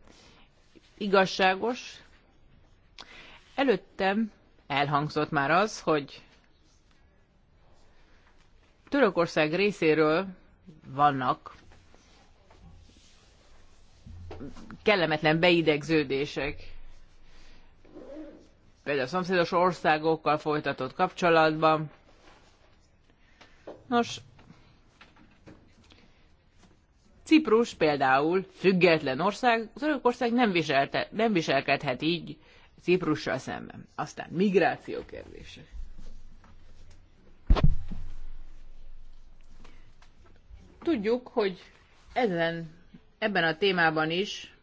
igazságos. Előttem elhangzott már az, hogy Törökország részéről vannak kellemetlen beidegződések. Például a szomszédos országokkal folytatott kapcsolatban Nos, Ciprus például független ország, Törökország nem, viselte, nem viselkedhet így Ciprussal szemben. Aztán migráció kérdése. Tudjuk, hogy ezen, ebben a témában is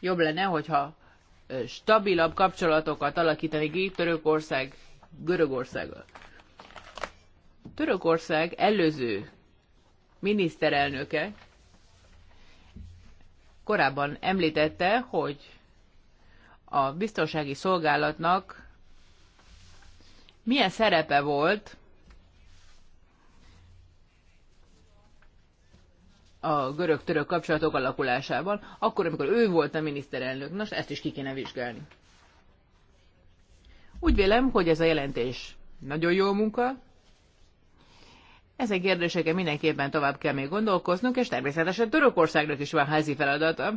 jobb lenne, hogyha stabilabb kapcsolatokat alakítani ki Törökország Görögországgal. Törökország előző miniszterelnöke korábban említette, hogy a biztonsági szolgálatnak milyen szerepe volt a görög-török kapcsolatok alakulásában, akkor, amikor ő volt a miniszterelnök. Nos, ezt is ki kéne vizsgálni. Úgy vélem, hogy ez a jelentés nagyon jó munka, ezen kérdéseken mindenképpen tovább kell még gondolkoznunk, és természetesen Törökországnak is van házi feladata.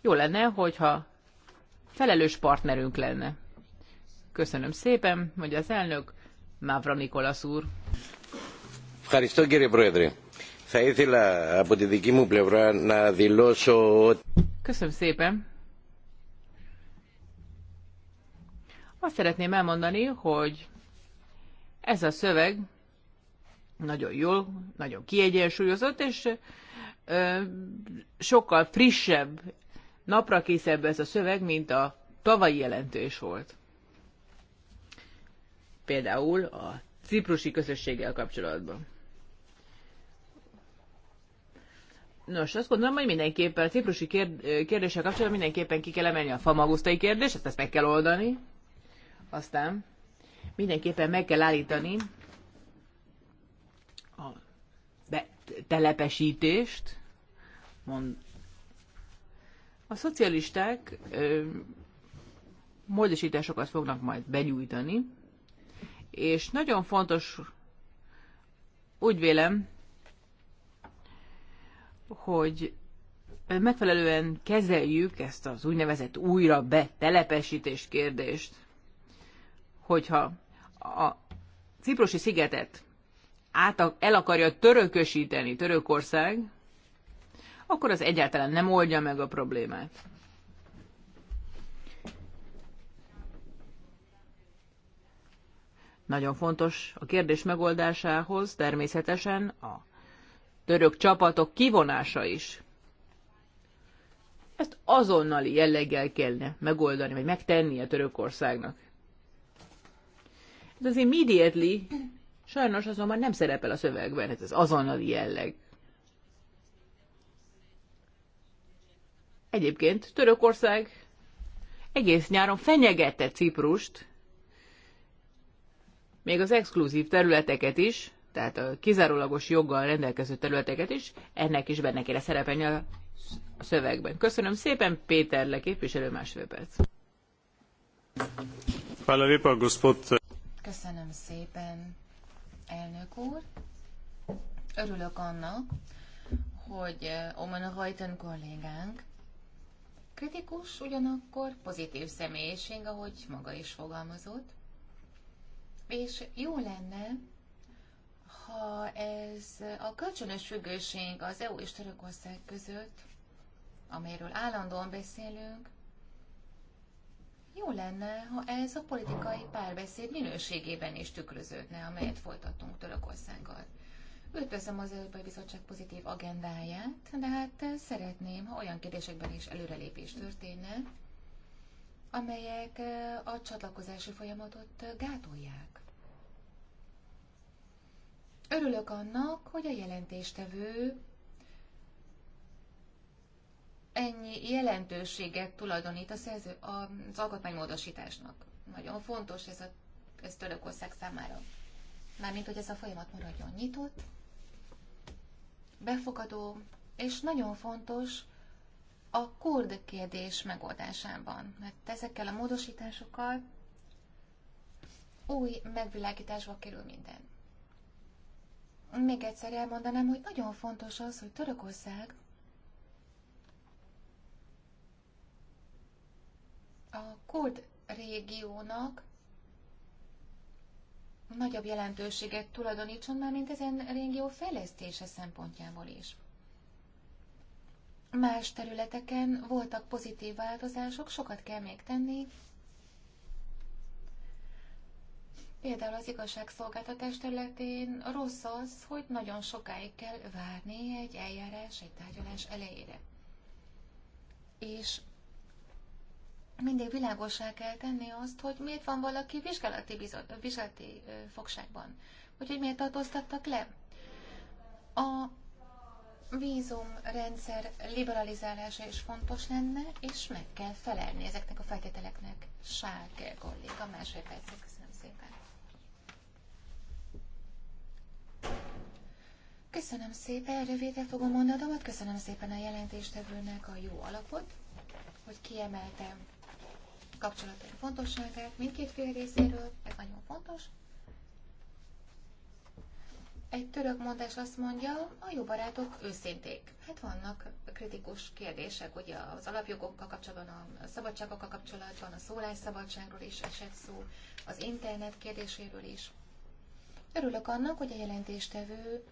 Jó lenne, hogyha felelős partnerünk lenne. Köszönöm szépen, hogy az elnök Mávra Nikolas úr. Köszönöm szépen. Azt szeretném elmondani, hogy ez a szöveg nagyon jól, nagyon kiegyensúlyozott, és ö, sokkal frissebb, naprakészebb ez a szöveg, mint a tavalyi jelentés volt. Például a ciprusi közösséggel kapcsolatban. Nos, azt gondolom, hogy mindenképpen a ciprusi kérdéssel kapcsolatban mindenképpen ki kell emelni a famagusztai kérdést, ezt meg kell oldani. Aztán mindenképpen meg kell állítani a telepesítést. Mond. A szocialisták ö, módosításokat fognak majd benyújtani, és nagyon fontos, úgy vélem, hogy megfelelően kezeljük ezt az úgynevezett újra betelepesítés kérdést. Hogyha a Ciprusi szigetet át, el akarja törökösíteni Törökország, akkor az egyáltalán nem oldja meg a problémát. Nagyon fontos a kérdés megoldásához természetesen a török csapatok kivonása is. Ezt azonnali jelleggel kellene megoldani, vagy megtenni a Törökországnak. Ez hát az immediately sajnos azonban nem szerepel a szövegben, hát ez az azonnali jelleg. Egyébként Törökország egész nyáron fenyegette Ciprust, még az exkluzív területeket is, tehát a kizárólagos joggal rendelkező területeket is, ennek is benne kéne szerepelni a szövegben. Köszönöm szépen, Péter leképviselő másfél perc. Köszönöm szépen, elnök úr. Örülök annak, hogy eh, Oman Rajten kollégánk kritikus, ugyanakkor pozitív személyiség, ahogy maga is fogalmazott. És jó lenne, ha ez a kölcsönös függőség az EU és Törökország között, amiről állandóan beszélünk, jó lenne, ha ez a politikai párbeszéd minőségében is tükröződne, amelyet folytattunk Törökországgal. Üdvözlöm az Európai Bizottság pozitív agendáját, de hát szeretném, ha olyan kérdésekben is előrelépés történne, amelyek eh, a csatlakozási folyamatot eh, gátolják. Örülök annak, hogy a jelentéstevő ennyi jelentőséget tulajdonít a szerző az alkotmánymódosításnak. Nagyon fontos ez, a, ez Törökország számára. Mármint, hogy ez a folyamat maradjon nyitott, befogadó, és nagyon fontos a kurd kérdés megoldásában. Mert ezekkel a módosításokkal új megvilágításba kerül minden. Még egyszer elmondanám, hogy nagyon fontos az, hogy Törökország A kult régiónak nagyobb jelentőséget tulajdonítson már, mint ezen régió fejlesztése szempontjából is. Más területeken voltak pozitív változások, sokat kell még tenni. Például az igazságszolgáltatás területén rossz az, hogy nagyon sokáig kell várni egy eljárás, egy tárgyalás elejére. És mindig világosá kell tenni azt, hogy miért van valaki vizsgálati, bizot, vizsgálati fogságban, úgyhogy miért tartóztattak le. A vízumrendszer liberalizálása is fontos lenne, és meg kell felelni ezeknek a feltételeknek. Sárke kolléga, másfél percet, köszönöm szépen. Köszönöm szépen, rövidre fogom mondatomat, köszönöm szépen a jelentéstevőnek a jó alapot, hogy kiemeltem kapcsolatai fontosságát mindkét fél részéről, ez nagyon fontos. Egy török mondás azt mondja, a jó barátok őszinték. Hát vannak kritikus kérdések, ugye az alapjogokkal kapcsolatban, a szabadságokkal kapcsolatban, a szólásszabadságról is esett szó, az internet kérdéséről is. Örülök annak, hogy a jelentéstevő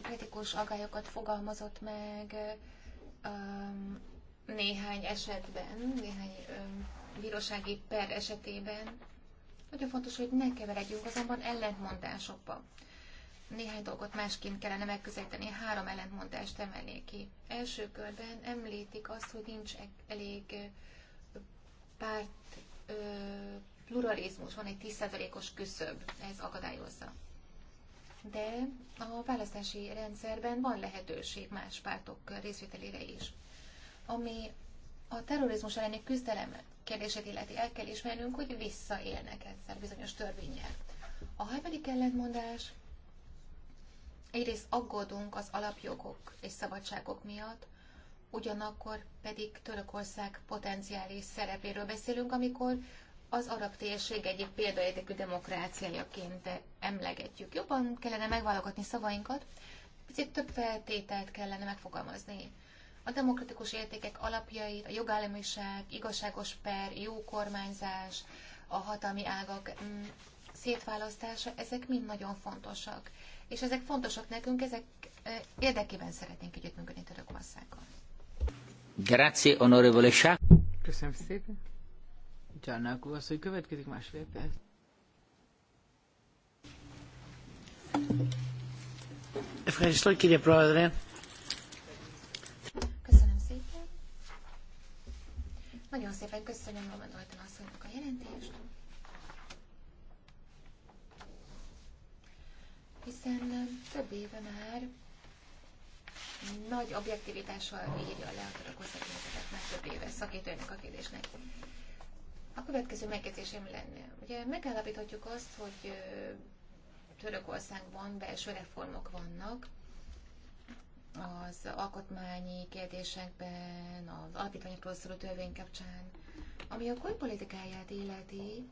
kritikus agályokat fogalmazott meg, néhány esetben, néhány bírósági per esetében nagyon fontos, hogy ne keveredjünk azonban ellentmondásokba. Néhány dolgot másként kellene megközelíteni, három ellentmondást emelnék ki. Első körben említik azt, hogy nincs e- elég párt ö, pluralizmus, van egy 10%-os küszöb, ez akadályozza. De a választási rendszerben van lehetőség más pártok részvételére is. Ami a terrorizmus elleni küzdelem kérdését illeti, el kell ismernünk, hogy visszaélnek ezzel bizonyos törvényel. A harmadik ellentmondás, egyrészt aggódunk az alapjogok és szabadságok miatt, ugyanakkor pedig Törökország potenciális szerepéről beszélünk, amikor az arab térség egyik példaértékű demokráciájaként emlegetjük. Jobban kellene megválogatni szavainkat, picit több feltételt kellene megfogalmazni a demokratikus értékek alapjait, a jogállamiság, igazságos per, jó kormányzás, a hatalmi ágak mm, szétválasztása, ezek mind nagyon fontosak. És ezek fontosak nekünk, ezek érdekében szeretnénk együttműködni Törökországgal. Grazie, onorevole Köszönöm szépen. Csarnákú az, hogy következik másfél perc. Ευχαριστώ Nagyon szépen köszönöm Roman Dalton asszonynak a jelentést. Hiszen több éve már nagy objektivitással írja le a törökoszatnézetet már több éve szakítőnek a kérdésnek. A következő megjegyzésem lenne. Ugye megállapíthatjuk azt, hogy Törökországban belső reformok vannak, az alkotmányi kérdésekben, az alapítványokról szóló törvény kapcsán, ami a külpolitikáját illeti,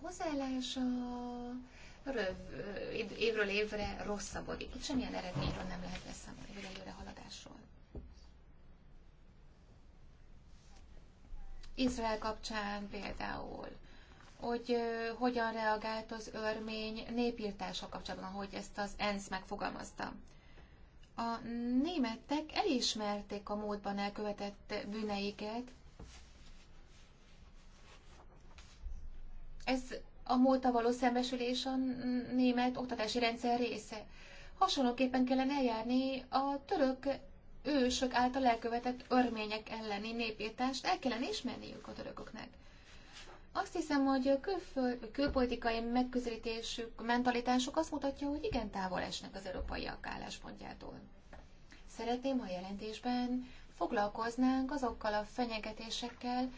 hozzáállása röv, évről évre rosszabbodik. Itt semmilyen eredményről nem lehet beszámolni, vagy előre haladásról. Izrael kapcsán például hogy hogyan reagált az örmény népírtása kapcsolatban, ahogy ezt az ENSZ megfogalmazta. A németek elismerték a módban elkövetett bűneiket. Ez a múlta való szembesülés a német oktatási rendszer része. Hasonlóképpen kellene eljárni a török ősök által elkövetett örmények elleni népírtást, el kellene ismerniük a törököknek. Azt hiszem, hogy külföld, külpolitikai megközelítésük, mentalitásuk azt mutatja, hogy igen távol esnek az európaiak álláspontjától. Szeretném, ha jelentésben foglalkoznánk azokkal a fenyegetésekkel,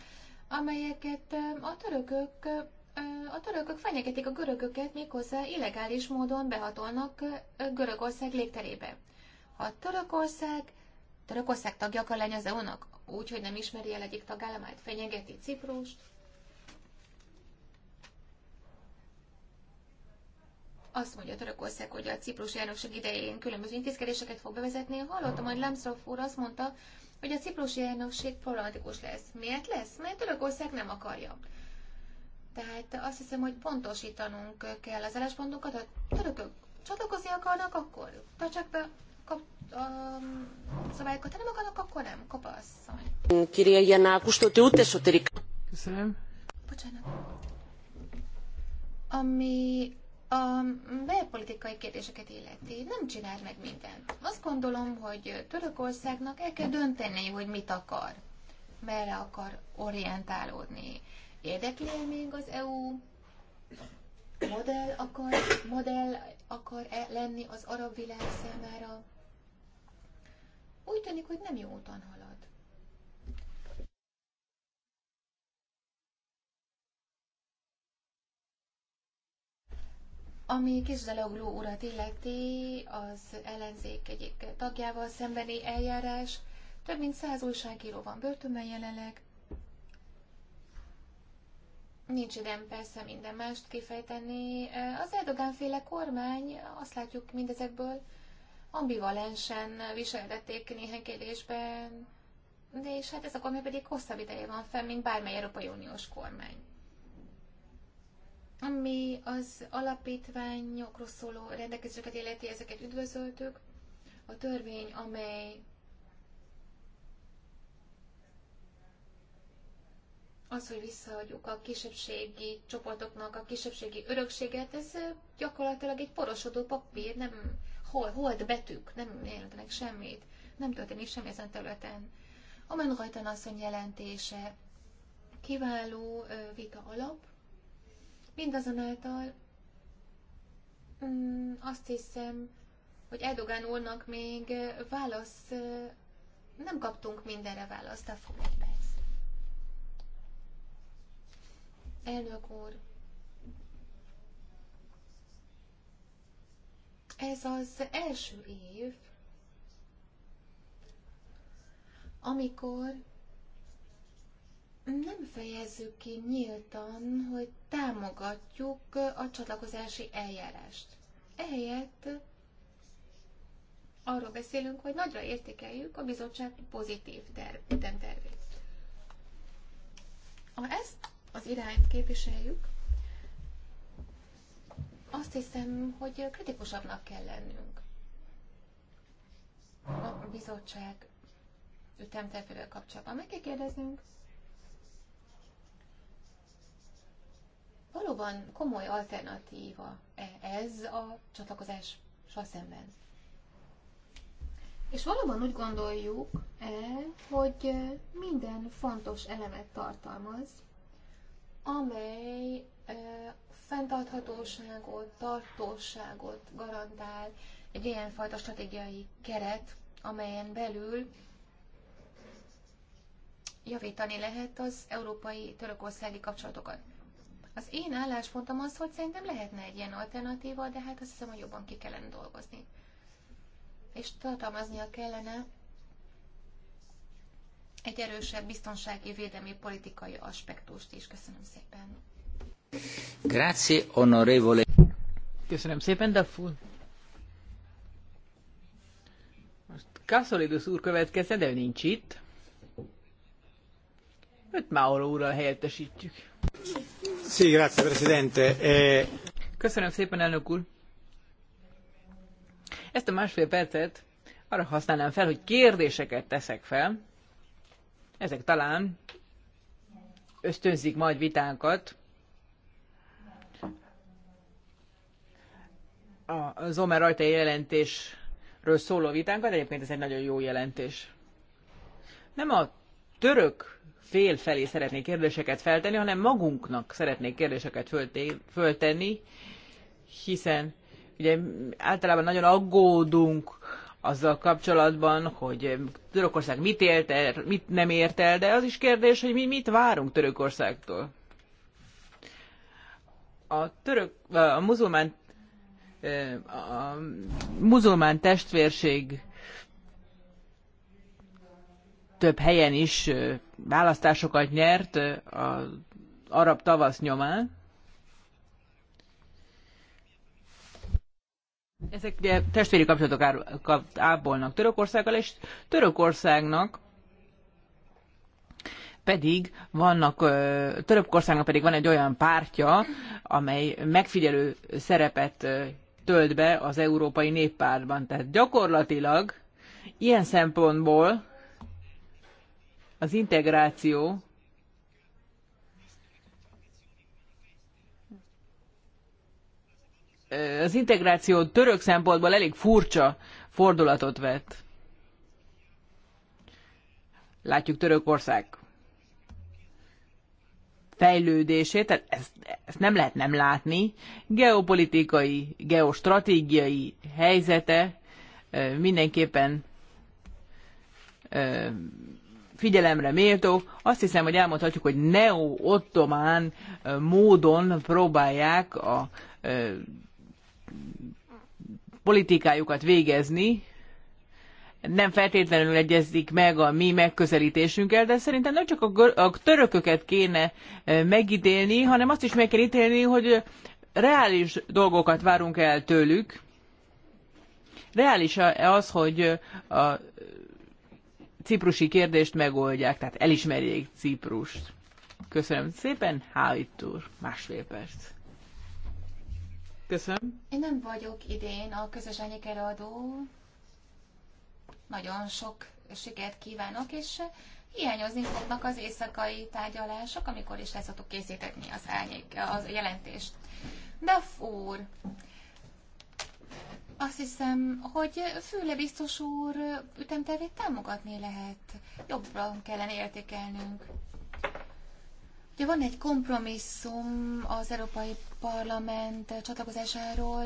amelyeket a törökök a törökök fenyegetik a görögöket, méghozzá illegális módon behatolnak Görögország légterébe. Ha Törökország, Törökország tagja akar lenni az EU-nak, úgyhogy nem ismeri el egyik tagállamát, fenyegeti Ciprust, Azt mondja Törökország, hogy a ciprusi elnökség idején különböző intézkedéseket fog bevezetni. Hallottam, hogy Lamsdorff úr azt mondta, hogy a ciprusi elnökség problematikus lesz. Miért lesz? Mert Törökország nem akarja. Tehát azt hiszem, hogy pontosítanunk kell az álláspontunkat. Ha törökök csatlakozni akarnak, akkor tartsák be kap, a szabályokat, ha nem akarnak, akkor nem. Kapasszony. Köszönöm. Bocsánat. Ami a belpolitikai kérdéseket illeti, nem csinál meg mindent. Azt gondolom, hogy Törökországnak el kell dönteni, hogy mit akar, merre akar orientálódni. Érdekli -e még az EU modell akar, modell akar -e lenni az arab világ számára? Úgy tűnik, hogy nem jó úton halad. Ami Kizsdalogló urat illeti, az ellenzék egyik tagjával szembeni eljárás, több mint száz újságíró van börtönben jelenleg. Nincs idem persze minden mást kifejteni. Az Erdogán féle kormány, azt látjuk mindezekből, ambivalensen viseltették néhány kérdésben, de és hát ez a kormány pedig hosszabb ideje van fenn, mint bármely Európai Uniós kormány. Ami az alapítványokról szóló rendelkezéseket illeti, ezeket üdvözöltük. A törvény, amely az, hogy visszaadjuk a kisebbségi csoportoknak a kisebbségi örökséget, ez gyakorlatilag egy porosodó papír, nem hol, hold betűk, nem jelentenek semmit, nem történik semmi ezen területen. A Rajtan asszony jelentése kiváló vita alap, Mindazonáltal mm, azt hiszem, hogy Erdogán úrnak még válasz, nem kaptunk mindenre választ, a fog egy perc. Elnök úr, ez az első év, amikor nem fejezzük ki nyíltan, hogy támogatjuk a csatlakozási eljárást. Ehelyett arról beszélünk, hogy nagyra értékeljük a bizottság pozitív terv, ütemtervét. Ha ezt az irányt képviseljük, azt hiszem, hogy kritikusabbnak kell lennünk a bizottság ütemtervével kapcsolatban. Meg kell kérdeznünk, Valóban komoly alternatíva e ez a csatlakozással szemben. És valóban úgy gondoljuk, e, hogy minden fontos elemet tartalmaz, amely e, fenntarthatóságot, tartóságot garantál egy ilyen fajta stratégiai keret, amelyen belül javítani lehet az európai-törökországi kapcsolatokat. Az én álláspontom az, hogy szerintem lehetne egy ilyen alternatíva, de hát azt hiszem, hogy jobban ki kellene dolgozni. És tartalmaznia kellene egy erősebb biztonsági védelmi politikai aspektust is. Köszönöm szépen. Grazie, onorevole. Köszönöm szépen, Daffur. Most Kasszolidus úr következne, de ő nincs itt. Öt Mauro úrral helyettesítjük. E Köszönöm szépen, elnök úr. Ezt a másfél percet arra használnám fel, hogy kérdéseket teszek fel. Ezek talán ösztönzik majd vitánkat. A Zomer rajta jelentésről szóló vitánkat, egyébként ez egy nagyon jó jelentés. Nem a török fél felé szeretnék kérdéseket feltenni, hanem magunknak szeretnék kérdéseket föltenni, hiszen ugye általában nagyon aggódunk azzal kapcsolatban, hogy Törökország mit élt el, mit nem ért el, de az is kérdés, hogy mi mit várunk Törökországtól. A, török, a muzulmán a muzulmán testvérség több helyen is választásokat nyert az arab tavasz nyomán. Ezek ugye testvéri kapcsolatokat ápolnak Törökországgal, és Törökországnak pedig vannak, Törökországnak pedig van egy olyan pártja, amely megfigyelő szerepet tölt be az Európai Néppártban. Tehát gyakorlatilag ilyen szempontból az integráció az integráció török szempontból elég furcsa fordulatot vett. Látjuk Törökország fejlődését, tehát ezt, ezt nem lehet nem látni. Geopolitikai, geostratégiai helyzete mindenképpen figyelemre méltó. Azt hiszem, hogy elmondhatjuk, hogy neo-ottomán módon próbálják a politikájukat végezni, nem feltétlenül egyezik meg a mi megközelítésünkkel, de szerintem nem csak a, törököket kéne megítélni, hanem azt is meg kell ítélni, hogy reális dolgokat várunk el tőlük. Reális az, hogy a ciprusi kérdést megoldják, tehát elismerjék Ciprust. Köszönöm szépen, Hájt úr, másfél perc. Köszönöm. Én nem vagyok idén a közös anyik Nagyon sok sikert kívánok, és hiányozni fognak az éjszakai tárgyalások, amikor is lesz tudok készíteni az, árnyék, az jelentést. De fúr, azt hiszem, hogy Főle biztos úr ütemtervét támogatni lehet. Jobban kellene értékelnünk. Ugye van egy kompromisszum az Európai Parlament csatlakozásáról.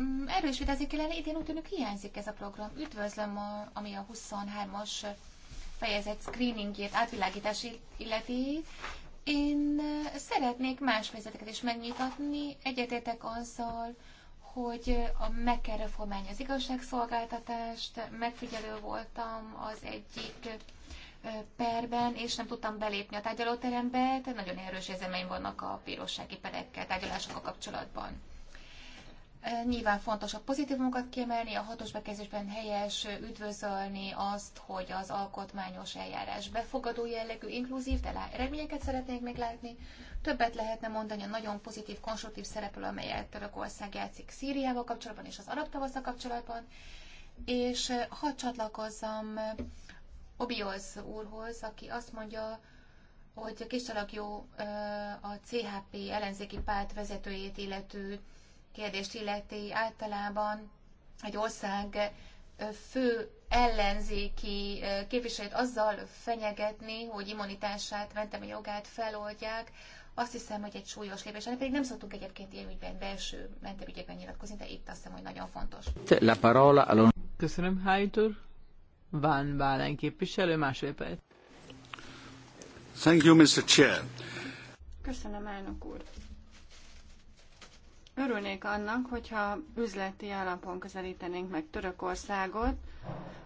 Mm, Erős vitázni kellene, idén úgy tűnik hiányzik ez a program. Üdvözlöm, a, ami a 23-as fejezet screeningjét, átvilágítását illeti. Én szeretnék más fejezeteket is megnyitatni. Egyetértek azzal, hogy a, meg kell reformálni az igazságszolgáltatást, megfigyelő voltam az egyik perben, és nem tudtam belépni a tárgyalóterembe, tehát nagyon erős érzemeim vannak a bírósági perekkel, tárgyalásokkal kapcsolatban. Nyilván fontos a pozitívumokat kiemelni, a hatos bekezdésben helyes üdvözölni azt, hogy az alkotmányos eljárás befogadó jellegű, inkluzív, de eredményeket szeretnénk meglátni. Többet lehetne mondani a nagyon pozitív, konstruktív szerepről, amelyet Törökország játszik Szíriával kapcsolatban és az arab tavaszra kapcsolatban. És eh, hadd csatlakozzam eh, Obioz úrhoz, aki azt mondja, hogy Kistalak jó a CHP eh, ellenzéki párt vezetőjét illető kérdést illeti, általában egy ország fő ellenzéki képviselőt azzal fenyegetni, hogy immunitását, mentemi jogát feloldják, azt hiszem, hogy egy súlyos lépés. Ennek pedig nem szoktunk egyébként ilyen ügyben, belső ügyekben nyilatkozni, de itt azt hiszem, hogy nagyon fontos. La parola Köszönöm, Hájtor. Van Bálen képviselő, másfél perc. Thank you, Mr. Chair. Köszönöm, elnök úr. Örülnék annak, hogyha üzleti alapon közelítenénk meg Törökországot.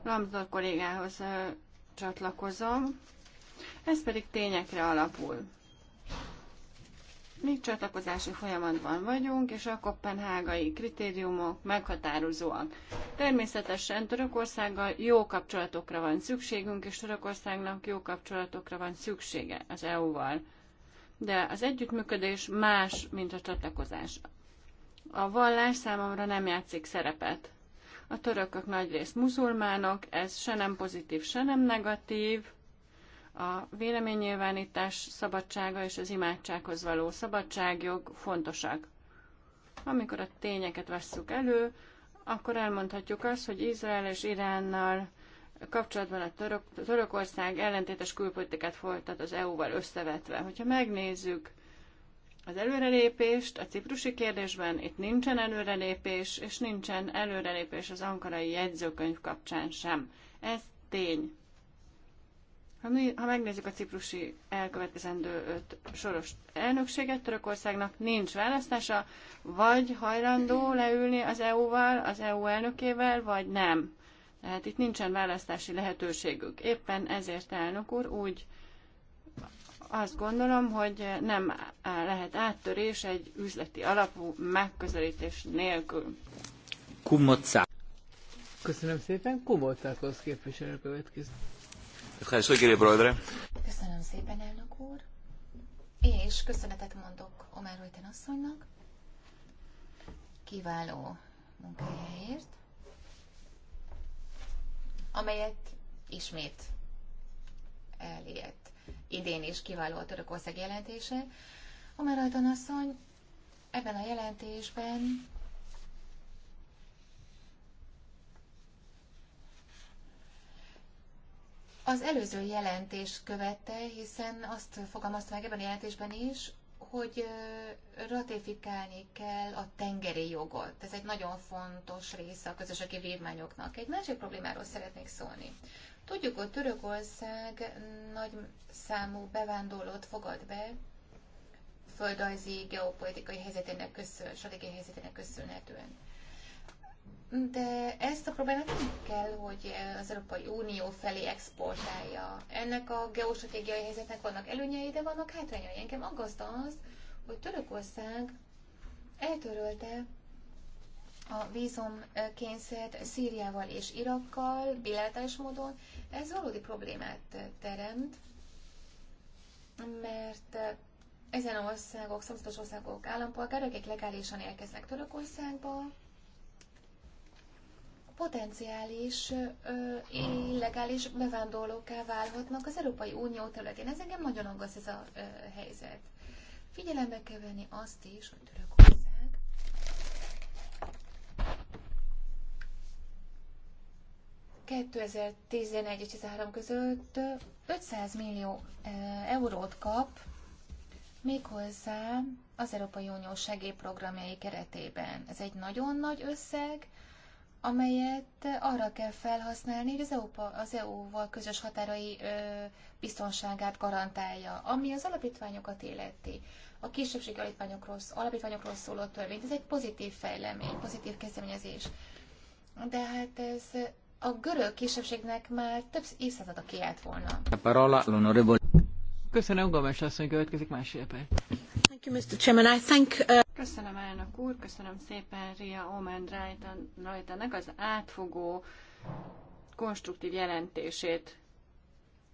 Lambdor kollégához csatlakozom. Ez pedig tényekre alapul. Mi csatlakozási folyamatban vagyunk, és a kopenhágai kritériumok meghatározóak. Természetesen Törökországgal jó kapcsolatokra van szükségünk, és Törökországnak jó kapcsolatokra van szüksége az EU-val. De az együttműködés más, mint a csatlakozás. A vallás számomra nem játszik szerepet. A törökök nagyrészt muzulmánok, ez se nem pozitív, se nem negatív. A véleménynyilvánítás szabadsága és az imádsághoz való szabadságjog fontosak. Amikor a tényeket vesszük elő, akkor elmondhatjuk azt, hogy Izrael és Iránnal kapcsolatban a török, Törökország ellentétes külpolitikát folytat az EU-val összevetve. Hogyha megnézzük az előrelépést a ciprusi kérdésben, itt nincsen előrelépés, és nincsen előrelépés az ankarai jegyzőkönyv kapcsán sem. Ez tény. Ha, mi, ha megnézzük a ciprusi elkövetkezendő öt soros elnökséget, Törökországnak nincs választása, vagy hajlandó leülni az EU-val, az EU elnökével, vagy nem. Tehát itt nincsen választási lehetőségük. Éppen ezért elnök úr úgy azt gondolom, hogy nem lehet áttörés egy üzleti alapú megközelítés nélkül. Kumocá. Köszönöm szépen. Kumocákhoz képviselő következő. Köszönöm szépen, elnök úr. És köszönetet mondok Omer Rojten asszonynak. Kiváló munkájáért, amelyet ismét elért idén is kiváló a Törökország jelentése. A Ajtan asszony ebben a jelentésben az előző jelentés követte, hiszen azt fogalmazta meg ebben a jelentésben is, hogy ratifikálni kell a tengeri jogot. Ez egy nagyon fontos része a közösségi vívmányoknak. Egy másik problémáról szeretnék szólni. Tudjuk, hogy Törökország nagy számú bevándorlót fogad be, földrajzi, geopolitikai helyzetének köszön, stratégiai helyzetének köszönhetően. De ezt a problémát nem kell, hogy az Európai Unió felé exportálja. Ennek a geostratégiai helyzetnek vannak előnyei, de vannak hátrányai. Engem aggaszt az, hogy Törökország eltörölte a vízumkényszert Szíriával és Irakkal bilátás módon, ez valódi problémát teremt, mert ezen országok, szomszédos országok állampolgárok, akik legálisan érkeznek Törökországba, potenciális ö, illegális bevándorlóká válhatnak az Európai Unió területén. Ez engem nagyon aggaszt ez a ö, helyzet. Figyelembe kell venni azt is, hogy 2011 és 2013 között 500 millió e, eurót kap, méghozzá az Európai Unió segélyprogramjai keretében. Ez egy nagyon nagy összeg, amelyet arra kell felhasználni, hogy az, EU, az EU-val közös határai ö, e, biztonságát garantálja, ami az alapítványokat életi. A kisebbségi alapítványokról, alapítványokról szóló törvényt, ez egy pozitív fejlemény, pozitív kezdeményezés. De hát ez a görög kisebbségnek már több évszázada kiállt volna. A parola Köszönöm, Gomes asszony, következik másfél perc. Thank you, Mr. Chairman. I thank, uh... Köszönöm, elnök úr, köszönöm szépen Ria Omen Rajtanek az átfogó konstruktív jelentését.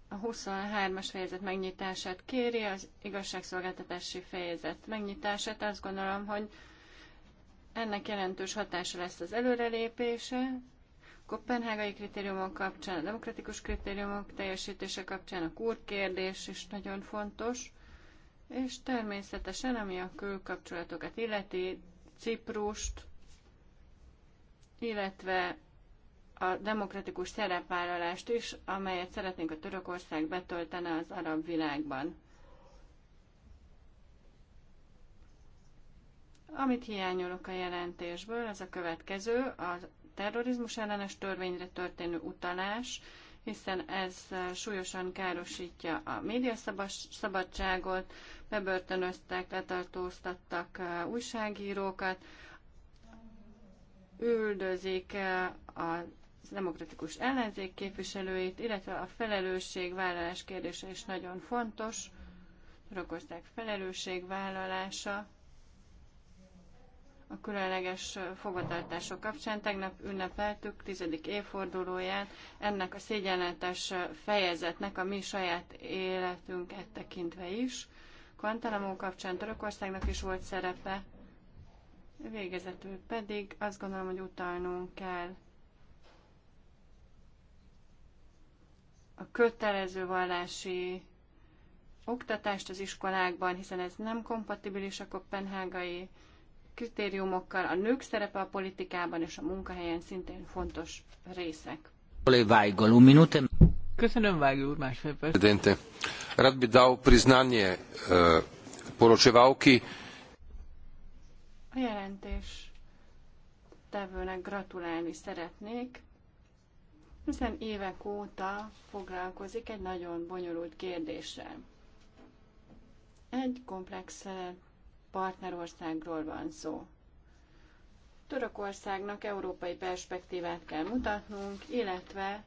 A 23-as fejezet megnyitását kéri, az igazságszolgáltatási fejezet megnyitását. Azt gondolom, hogy ennek jelentős hatása lesz az előrelépése, kopenhágai kritériumok kapcsán, a demokratikus kritériumok teljesítése kapcsán a kérdés is nagyon fontos, és természetesen, ami a külkapcsolatokat illeti, Ciprust, illetve a demokratikus szerepvállalást is, amelyet szeretnénk a Törökország betöltene az arab világban. Amit hiányolok a jelentésből, az a következő, az terrorizmus ellenes törvényre történő utalás, hiszen ez súlyosan károsítja a médiaszabadságot, bebörtönöztek, letartóztattak újságírókat, üldözik a demokratikus ellenzék képviselőit, illetve a felelősségvállalás kérdése is nagyon fontos. Törökország felelősségvállalása a különleges fogvatartások kapcsán. Tegnap ünnepeltük tizedik évfordulóját ennek a szégyenletes fejezetnek a mi saját életünket tekintve is. Guantanamo kapcsán Törökországnak is volt szerepe, végezetül pedig azt gondolom, hogy utalnunk kell a kötelező vallási oktatást az iskolákban, hiszen ez nem kompatibilis a kopenhágai kritériumokkal, a nők szerepe a politikában és a munkahelyen szintén fontos részek. E Köszönöm, Vágy úr, másfél perc. Rád bi dao priznanje eh, poročevalki. A jelentés tevőnek gratulálni szeretnék, hiszen évek óta foglalkozik egy nagyon bonyolult kérdéssel. Egy komplex eh, partnerországról van szó. Törökországnak európai perspektívát kell mutatnunk, illetve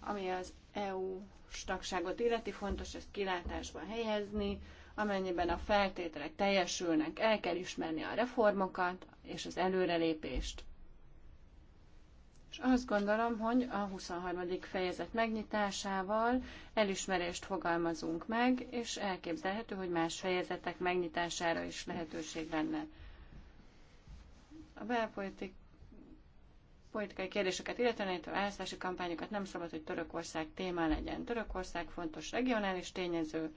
ami az EU tagságot illeti, fontos ezt kilátásba helyezni, amennyiben a feltételek teljesülnek, el kell ismerni a reformokat és az előrelépést. És azt gondolom, hogy a 23. fejezet megnyitásával elismerést fogalmazunk meg, és elképzelhető, hogy más fejezetek megnyitására is lehetőség lenne. A belpolitikai kérdéseket, illetően a választási kampányokat nem szabad, hogy Törökország téma legyen. Törökország fontos regionális tényező,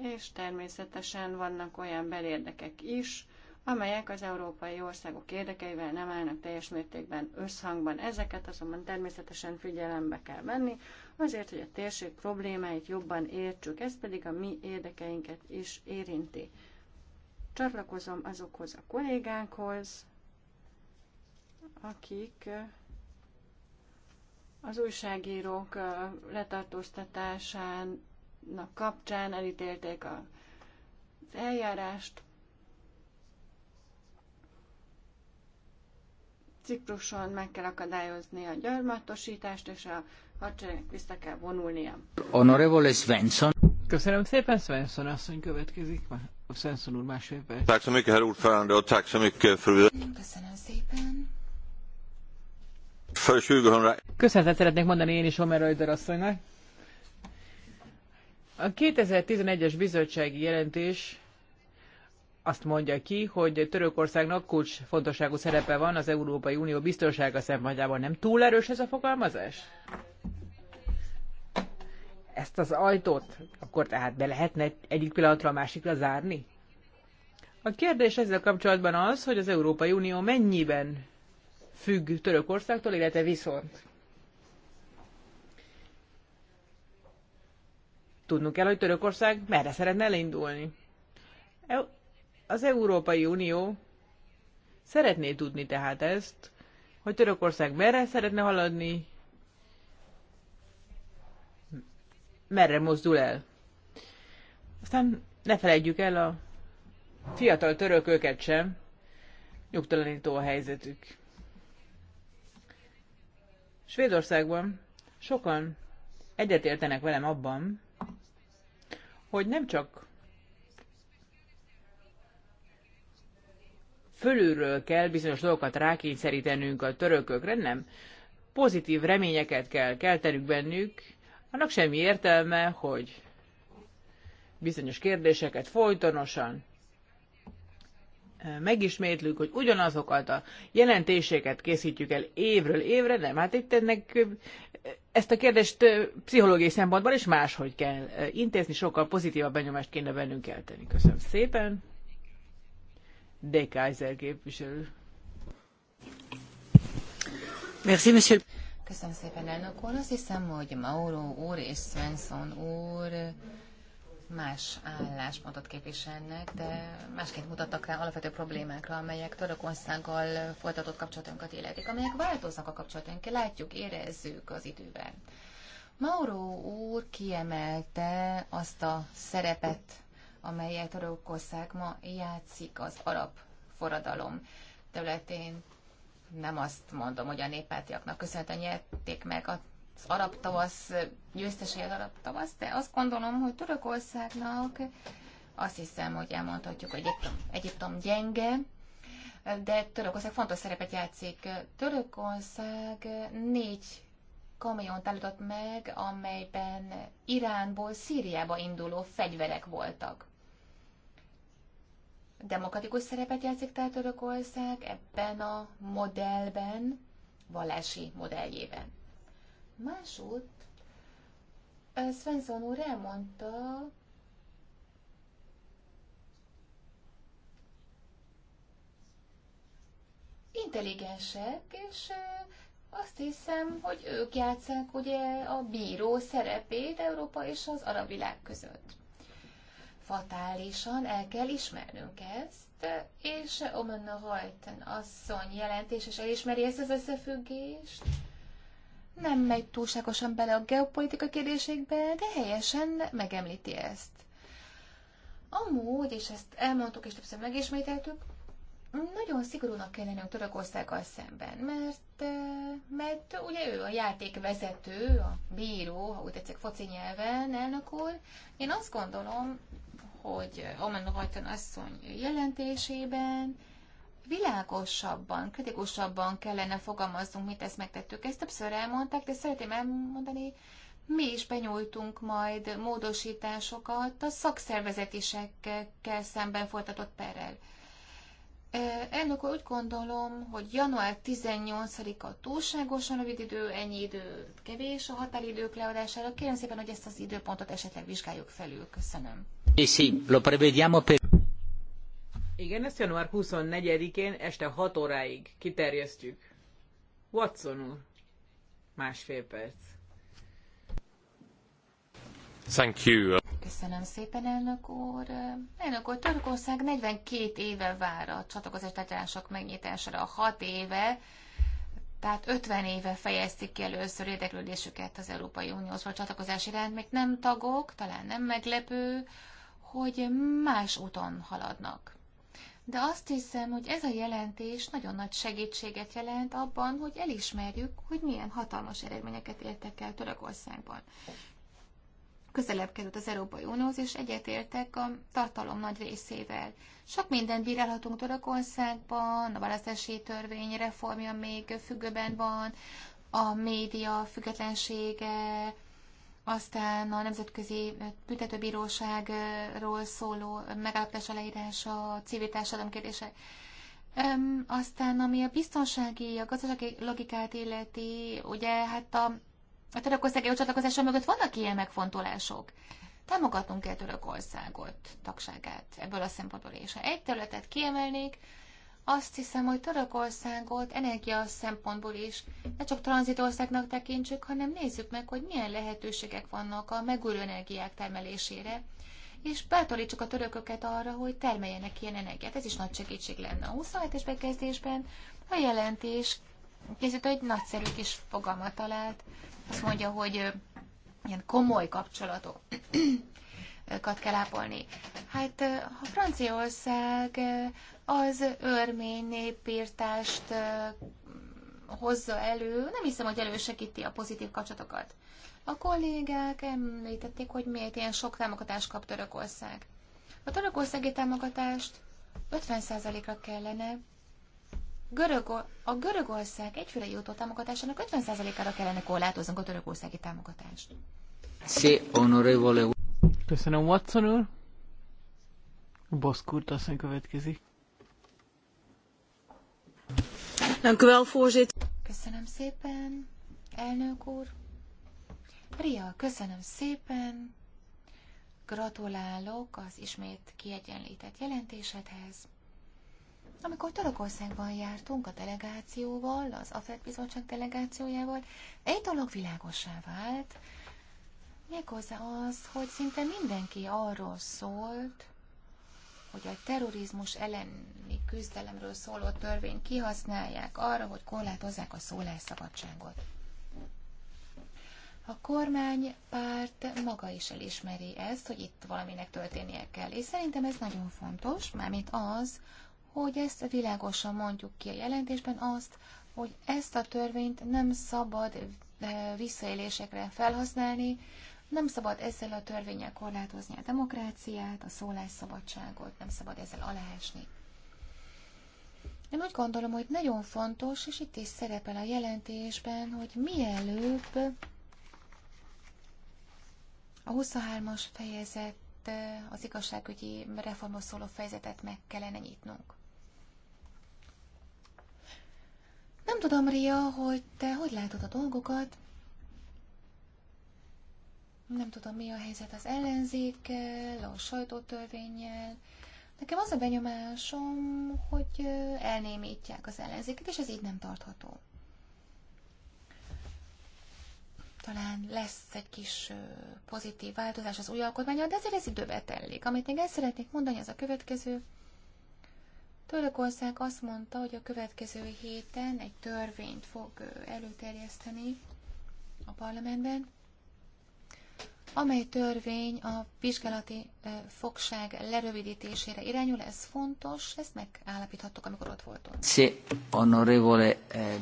és természetesen vannak olyan belérdekek is, amelyek az európai országok érdekeivel nem állnak teljes mértékben összhangban. Ezeket azonban természetesen figyelembe kell venni, azért, hogy a térség problémáit jobban értsük, ez pedig a mi érdekeinket is érinti. Csatlakozom azokhoz a kollégánkhoz, akik az újságírók letartóztatásának kapcsán elítélték az eljárást, Cipruson meg kell akadályozni a gyarmatosítást, és a hadseregnek vissza kell vonulnia. Honorable Svensson. Köszönöm szépen, Svensson asszony következik. Svensson úr másfél perc. herr Köszönöm szépen. För Köszönetet szeretnék mondani én is Homer Reuter asszonynak. A 2011-es bizottsági jelentés azt mondja ki, hogy Törökországnak kulcs fontosságú szerepe van az Európai Unió biztonsága szempontjában. Nem túl erős ez a fogalmazás? Ezt az ajtót akkor tehát be lehetne egyik pillanatra a másikra zárni? A kérdés ezzel kapcsolatban az, hogy az Európai Unió mennyiben függ Törökországtól, illetve viszont. Tudnunk kell, hogy Törökország merre szeretne elindulni. Az Európai Unió szeretné tudni tehát ezt, hogy Törökország merre szeretne haladni, merre mozdul el. Aztán ne felejtjük el a fiatal törököket sem, nyugtalanító a helyzetük. Svédországban sokan egyetértenek velem abban, hogy nem csak fölülről kell bizonyos dolgokat rákényszerítenünk a törökökre, nem. Pozitív reményeket kell keltenünk bennük, annak semmi értelme, hogy bizonyos kérdéseket folytonosan eh, megismétlünk, hogy ugyanazokat a jelentéseket készítjük el évről évre, nem, hát itt ennek eh, ezt a kérdést eh, pszichológiai szempontból is máshogy kell intézni, sokkal pozitívabb benyomást kéne bennünk eltenni. Köszönöm szépen! De Kaiser képviselő. Merci, monsieur. Köszönöm szépen, elnök úr. Azt hiszem, hogy Mauro úr és Svensson úr más álláspontot képviselnek, de másként mutattak rá alapvető problémákra, amelyek Törökországgal folytatott kapcsolatunkat illetik, amelyek változnak a kapcsolatunk, látjuk, érezzük az időben. Mauro úr kiemelte azt a szerepet, amelyet törökország ma játszik az arab forradalom területén. Nem azt mondom, hogy a néppártiaknak köszönhetően nyerték meg az arab tavasz, győztesei az arab tavasz, de azt gondolom, hogy Törökországnak azt hiszem, hogy elmondhatjuk, hogy Egyiptom, Egyiptom gyenge, de Törökország fontos szerepet játszik. Törökország négy kamiont állított meg, amelyben Iránból Szíriába induló fegyverek voltak demokratikus szerepet játszik tehát Törökország ebben a modellben, vallási modelljében. Másút Svensson úr elmondta, intelligensek, és azt hiszem, hogy ők játszák ugye a bíró szerepét Európa és az arab világ között fatálisan el kell ismernünk ezt, és Omanna Hajten asszony jelentés, és elismeri ezt az összefüggést. Nem megy túlságosan bele a geopolitika kérdésekbe, de helyesen megemlíti ezt. Amúgy, és ezt elmondtuk és többször megismételtük, nagyon szigorúnak kell lennünk Törökországgal szemben, mert, eh, mert ugye ő a játékvezető, a bíró, ha úgy tetszik foci nyelven, elnök úr. Én azt gondolom, hogy Omen Rajton asszony jelentésében világosabban, kritikusabban kellene fogalmaznunk, mint ezt megtettük. Ezt többször elmondták, de szeretném elmondani, mi is benyújtunk majd módosításokat a szakszervezetisekkel szemben folytatott perrel. Elnök úgy gondolom, hogy január 18-a túlságosan rövid idő, ennyi idő kevés a határidők leadására. Kérem szépen, hogy ezt az időpontot esetleg vizsgáljuk felül. Köszönöm. Igen, ezt január 24-én este 6 óráig kiterjesztjük. Watson úr, másfél perc. Thank you. Köszönöm szépen, elnök úr. Elnök úr, Törökország 42 éve vár a csatlakozás tárgyalások megnyitására, 6 éve, tehát 50 éve fejezték ki először érdeklődésüket az Európai Unióhoz való csatlakozás iránt, még nem tagok, talán nem meglepő, hogy más úton haladnak. De azt hiszem, hogy ez a jelentés nagyon nagy segítséget jelent abban, hogy elismerjük, hogy milyen hatalmas eredményeket értek el Törökországban. Közelebb került az Európai Unióhoz, és egyetértek a tartalom nagy részével. Sok mindent bírálhatunk Törökországban, a választási törvény reformja még függőben van, a média függetlensége, aztán a Nemzetközi Büntetőbíróságról szóló megállapodás aláírása, a civil társadalom kérdése. aztán ami a biztonsági, a gazdasági logikát illeti, ugye hát a, a törökországi csatlakozása mögött vannak ilyen megfontolások. Támogatunk-e Törökországot, tagságát ebből a szempontból is. Ha egy területet kiemelnék, azt hiszem, hogy Törökországot energia szempontból is ne csak tranzitországnak tekintsük, hanem nézzük meg, hogy milyen lehetőségek vannak a megújuló energiák termelésére, és bátorítsuk a törököket arra, hogy termeljenek ilyen energiát. Ez is nagy segítség lenne. A 27-es bekezdésben a jelentés készítő egy nagyszerű kis fogalmat talált. Azt mondja, hogy ilyen komoly kapcsolatok kat kell ápolni. Hát a Franciaország az örmény népírtást hozza elő, nem hiszem, hogy elősegíti a pozitív kapcsolatokat. A kollégák említették, hogy miért ilyen sok támogatást kap Törökország. A törökországi támogatást 50%-ra kellene, Görög, a Görögország egyfőre jutó támogatásának 50%-ára kellene korlátoznunk a törökországi támogatást. Sí, honorevole Köszönöm Watson úr. Boszkurt aztán következik. Köszönöm szépen, elnök úr. Ria, köszönöm szépen. Gratulálok az ismét kiegyenlített jelentésedhez. Amikor Törökországban jártunk a delegációval, az AFED bizottság delegációjával, egy dolog világosá vált, Méghozzá az, hogy szinte mindenki arról szólt, hogy a terrorizmus elleni küzdelemről szóló törvényt kihasználják arra, hogy korlátozzák a szólásszabadságot. A kormánypárt maga is elismeri ezt, hogy itt valaminek történnie kell, és szerintem ez nagyon fontos, mármint az, hogy ezt világosan mondjuk ki a jelentésben azt, hogy ezt a törvényt nem szabad eh, visszaélésekre felhasználni, nem szabad ezzel a törvényel korlátozni a demokráciát, a szólásszabadságot, nem szabad ezzel aláesni. Én úgy gondolom, hogy nagyon fontos, és itt is szerepel a jelentésben, hogy mielőbb a 23-as fejezet, az igazságügyi reformos szóló fejezetet meg kellene nyitnunk. Nem tudom, Ria, hogy te hogy látod a dolgokat. Nem tudom, mi a helyzet az ellenzékkel, a sajtótörvényel. Nekem az a benyomásom, hogy elnémítják az ellenzéket, és ez így nem tartható. Talán lesz egy kis pozitív változás az új alkotmányon, de ezért ez időbe tellik. Amit még el szeretnék mondani, az a következő. Törökország azt mondta, hogy a következő héten egy törvényt fog előterjeszteni a parlamentben, amely törvény a vizsgálati fogság lerövidítésére irányul, ez fontos, ezt megállapíthattuk, amikor ott voltunk. Eh,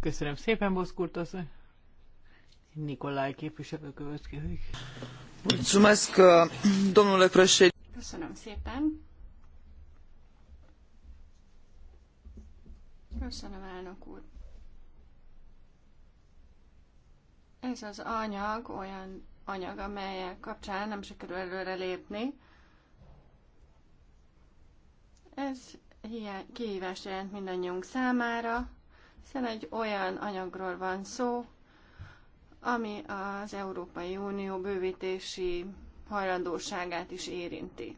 Köszönöm szépen, Boszkurt asszony. Nikolaj képviselő következik. Eh, Köszönöm szépen. Köszönöm, elnök úr. Ez az anyag olyan anyag, amelyek kapcsán nem sikerül előre lépni. Ez kihívást jelent mindannyiunk számára, hiszen egy olyan anyagról van szó, ami az Európai Unió bővítési hajlandóságát is érinti.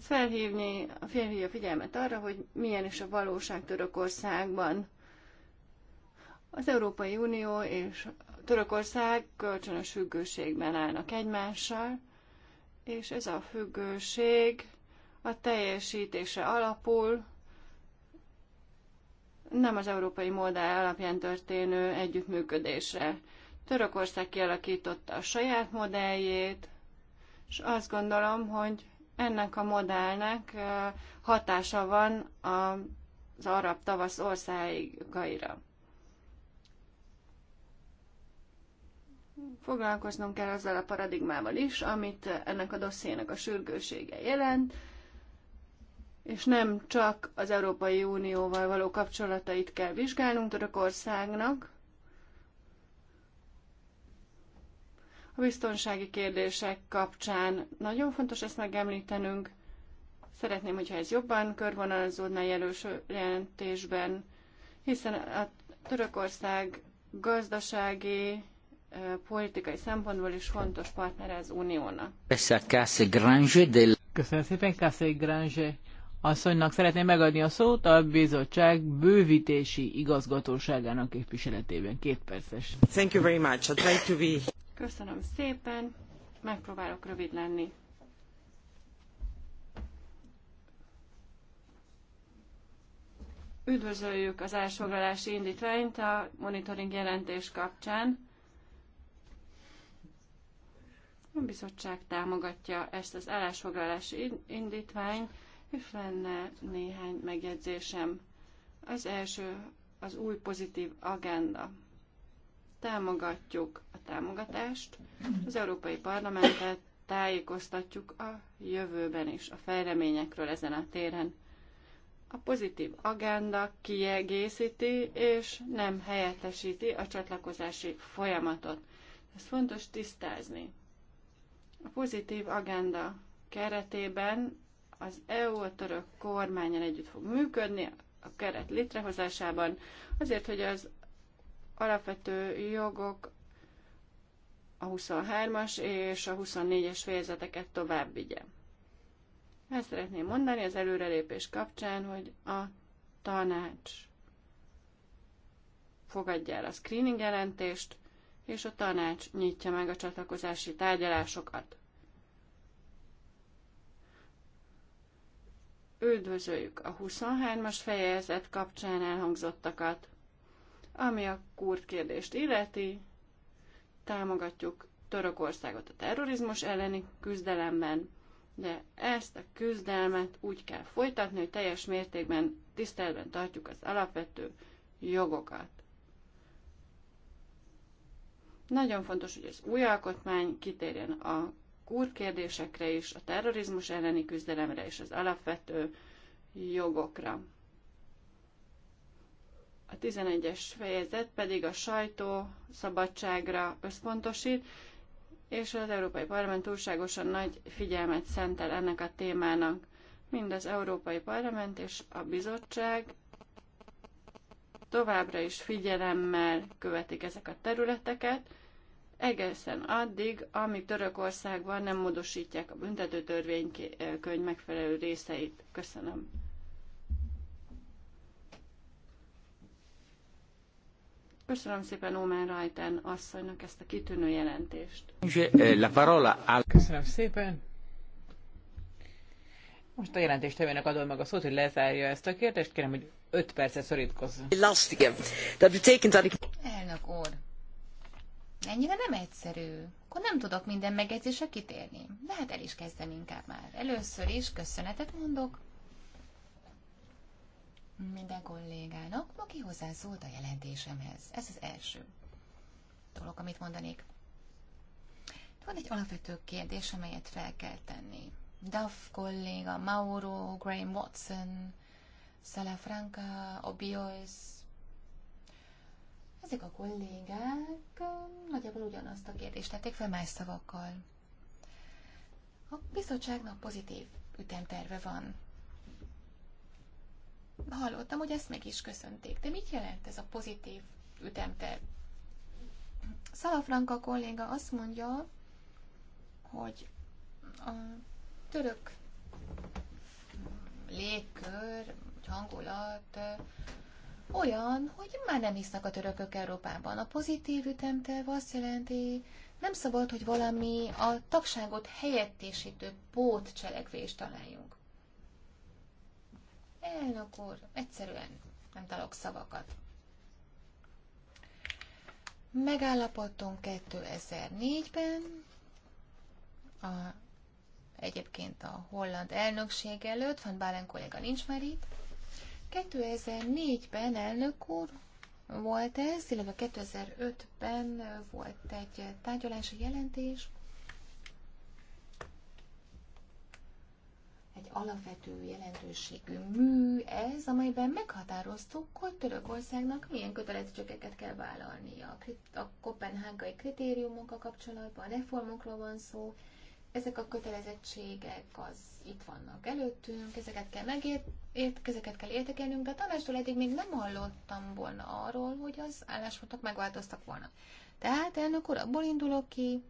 felhívni, felhívja a figyelmet arra, hogy milyen is a valóság Törökországban. Az Európai Unió és Törökország kölcsönös függőségben állnak egymással, és ez a függőség a teljesítése alapul, nem az európai modell alapján történő együttműködésre. Törökország kialakította a saját modelljét, és azt gondolom, hogy ennek a modellnek eh, hatása van az arab tavasz országaira. foglalkoznom kell azzal a paradigmával is, amit ennek a dossziének a sürgősége jelent, és nem csak az Európai Unióval való kapcsolatait kell vizsgálnunk Törökországnak, a biztonsági kérdések kapcsán nagyon fontos ezt megemlítenünk. Szeretném, hogyha ez jobban körvonalazódna jelös jelentésben, hiszen a Törökország gazdasági politikai szempontból is fontos partnere az Uniónak. Köszönöm szépen, Cassé Grange asszonynak szeretném megadni a szót a bizottság bővítési igazgatóságának képviseletében. Két perces. Thank you very much. I'd try to be... Köszönöm szépen. Megpróbálok rövid lenni. Üdvözöljük az állásfoglalási indítványt a monitoring jelentés kapcsán. A bizottság támogatja ezt az állásfoglalási indítvány, és lenne néhány megjegyzésem. Az első az új pozitív agenda. Támogatjuk a támogatást, az Európai Parlamentet tájékoztatjuk a jövőben is a fejleményekről ezen a téren. A pozitív agenda kiegészíti és nem helyettesíti a csatlakozási folyamatot. Ez fontos tisztázni. A pozitív agenda keretében az EU a török kormányon együtt fog működni a keret létrehozásában, azért, hogy az alapvető jogok a 23-as és a 24-es fejezeteket tovább vigye. Ezt szeretném mondani az előrelépés kapcsán, hogy a tanács fogadja el a screening jelentést, és a tanács nyitja meg a csatlakozási tárgyalásokat. Üdvözöljük a 23-as fejezet kapcsán elhangzottakat, ami a kurd kérdést illeti, támogatjuk Törökországot a terrorizmus elleni küzdelemben, de ezt a küzdelmet úgy kell folytatni, hogy teljes mértékben tiszteletben tartjuk az alapvető jogokat. Nagyon fontos, hogy az új alkotmány kitérjen a kurd kérdésekre is, a terrorizmus elleni küzdelemre és az alapvető jogokra. A 11-es fejezet pedig a sajtó szabadságra összpontosít, és az Európai Parlament túlságosan nagy figyelmet szentel ennek a témának. Mind az Európai Parlament és a bizottság továbbra is figyelemmel követik ezek a területeket, egészen addig, amíg Törökországban nem módosítják a büntetőtörvénykönyv megfelelő részeit. Köszönöm. Köszönöm szépen Ómán Rajten asszonynak ezt a kitűnő jelentést. Eh, Köszönöm szépen. Most a jelentéstevőnek adom meg a szót, hogy lezárja ezt a kérdést. Kérem, hogy 5 percet szorítkozzon. Elnök úr, ennyire nem egyszerű. Akkor nem tudok minden megjegyzésre kitérni. De hát el is kezdem inkább már. Először is köszönetet mondok minden kollégának, aki hozzászólt a jelentésemhez. Ez az első dolog, amit mondanék. Van egy alapvető kérdés, amelyet fel kell tenni. Duff kolléga, Mauro, Graham Watson, Salafranca, Obiois, ezek a kollégák nagyjából ugyanazt a kérdést tették fel más szavakkal. A bizottságnak pozitív ütemterve van. Hallottam, hogy ezt meg is köszönték. De mit jelent ez a pozitív ütemterv? Szalafranka kolléga azt mondja, hogy a török légkör, hangulat olyan, hogy már nem hisznek a törökök Európában. A pozitív ütemterv azt jelenti, nem szabad, hogy valami a tagságot helyettésítő pótcselekvést találjunk. Elnök úr, egyszerűen nem találok szavakat. Megállapodtunk 2004-ben, a, egyébként a holland elnökség előtt, Van Bálen kolléga nincs már itt, 2004-ben elnök úr volt ez, illetve 2005-ben volt egy tárgyalási jelentés, egy alapvető jelentőségű mű ez, amelyben meghatároztuk, hogy Törökországnak milyen kötelezettségeket kell vállalnia. A kopenhágai kritériumokkal kapcsolatban a reformokról van szó, ezek a kötelezettségek az itt vannak előttünk, ezeket kell megért, ért, ezeket kell értekelnünk, de a tanástól eddig még nem hallottam volna arról, hogy az álláspontok megváltoztak volna. Tehát elnök úr, abból indulok ki,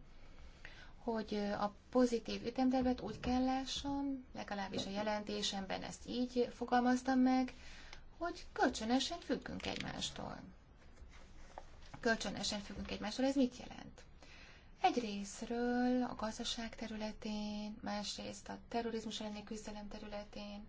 hogy a pozitív ütemtervet úgy kell lássam, legalábbis a jelentésemben ezt így fogalmaztam meg, hogy kölcsönösen függünk egymástól. Kölcsönösen függünk egymástól, ez mit jelent? Egy részről a gazdaság területén, másrészt a terrorizmus elleni küzdelem területén.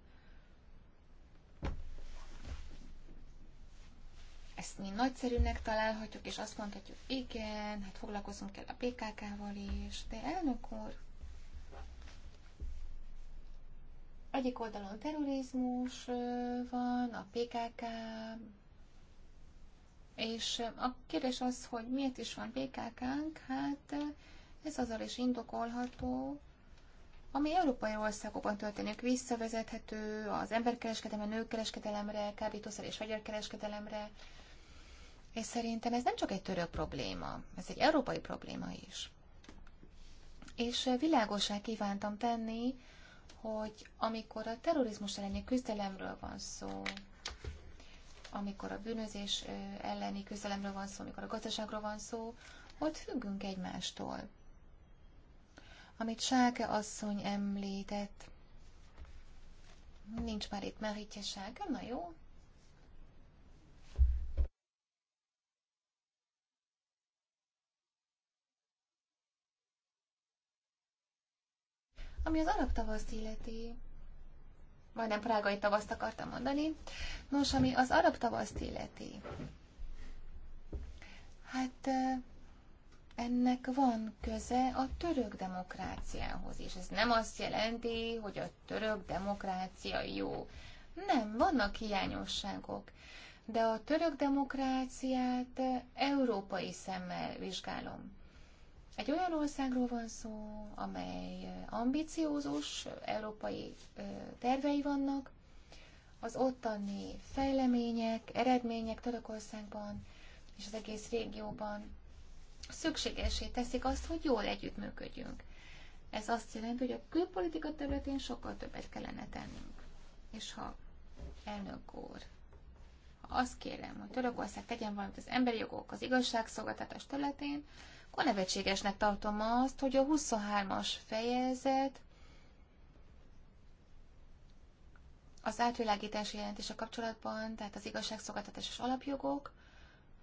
Ezt mi nagyszerűnek találhatjuk, és azt mondhatjuk, igen, hát foglalkozunk kell a PKK-val is, de elnök úr, egyik oldalon terrorizmus van, a PKK és a kérdés az, hogy miért is van PKK-nk, hát ez azzal is indokolható, ami európai országokban történik, visszavezethető az emberkereskedelemre, nőkereskedelemre, kábítószer és fegyverkereskedelemre, és szerintem ez nem csak egy török probléma, ez egy európai probléma is. És világosá kívántam tenni, hogy amikor a terrorizmus elleni küzdelemről van szó, amikor a bűnözés elleni küzdelemről van szó, amikor a gazdaságról van szó, ott függünk egymástól. Amit Sáke asszony említett, nincs már itt merítje Sáke, na jó, Ami az arab tavaszt illeti, majdnem prágai tavaszt akartam mondani. Nos, ami az arab tavaszt illeti, hát ennek van köze a török demokráciához, és ez nem azt jelenti, hogy a török demokrácia jó. Nem, vannak hiányosságok, de a török demokráciát európai szemmel vizsgálom. Egy olyan országról van szó, amely ambiciózus, európai tervei vannak, az ottani fejlemények, eredmények Törökországban és az egész régióban szükségesé teszik azt, hogy jól együttműködjünk. Ez azt jelenti, hogy a külpolitika területén sokkal többet kellene tennünk. És ha elnök úr, ha azt kérem, hogy Törökország tegyen valamit az emberi jogok, az igazságszolgáltatás területén, akkor nevetségesnek tartom azt, hogy a 23-as fejezet az átvilágítási a kapcsolatban, tehát az és alapjogok,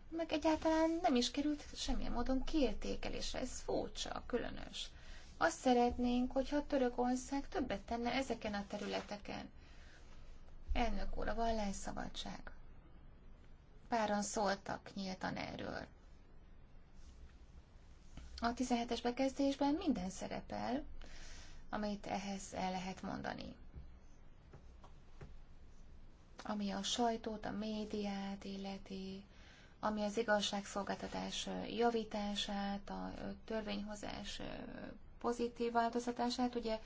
meg egyáltalán nem is került semmilyen módon kiértékelésre. Ez furcsa, különös. Azt szeretnénk, hogyha Törökország többet tenne ezeken a területeken. Elnök úr, a vallásszabadság. Páran szóltak nyíltan erről. A 17-es bekezdésben minden szerepel, amit ehhez el lehet mondani. Ami a sajtót, a médiát illeti, ami az igazságszolgáltatás javítását, a törvényhozás pozitív változtatását, ugye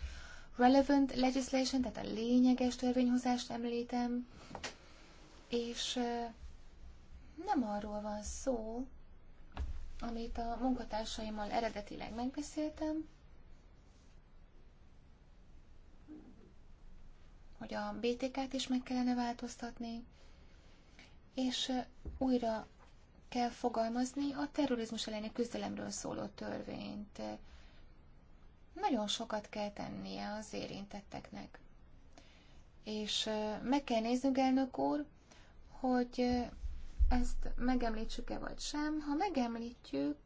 relevant legislation, tehát a lényeges törvényhozást említem, és nem arról van szó, amit a munkatársaimmal eredetileg megbeszéltem, hogy a BTK-t is meg kellene változtatni, és újra kell fogalmazni a terrorizmus elleni küzdelemről szóló törvényt. Nagyon sokat kell tennie az érintetteknek. És meg kell néznünk, elnök úr, hogy ezt megemlítsük-e vagy sem. Ha megemlítjük,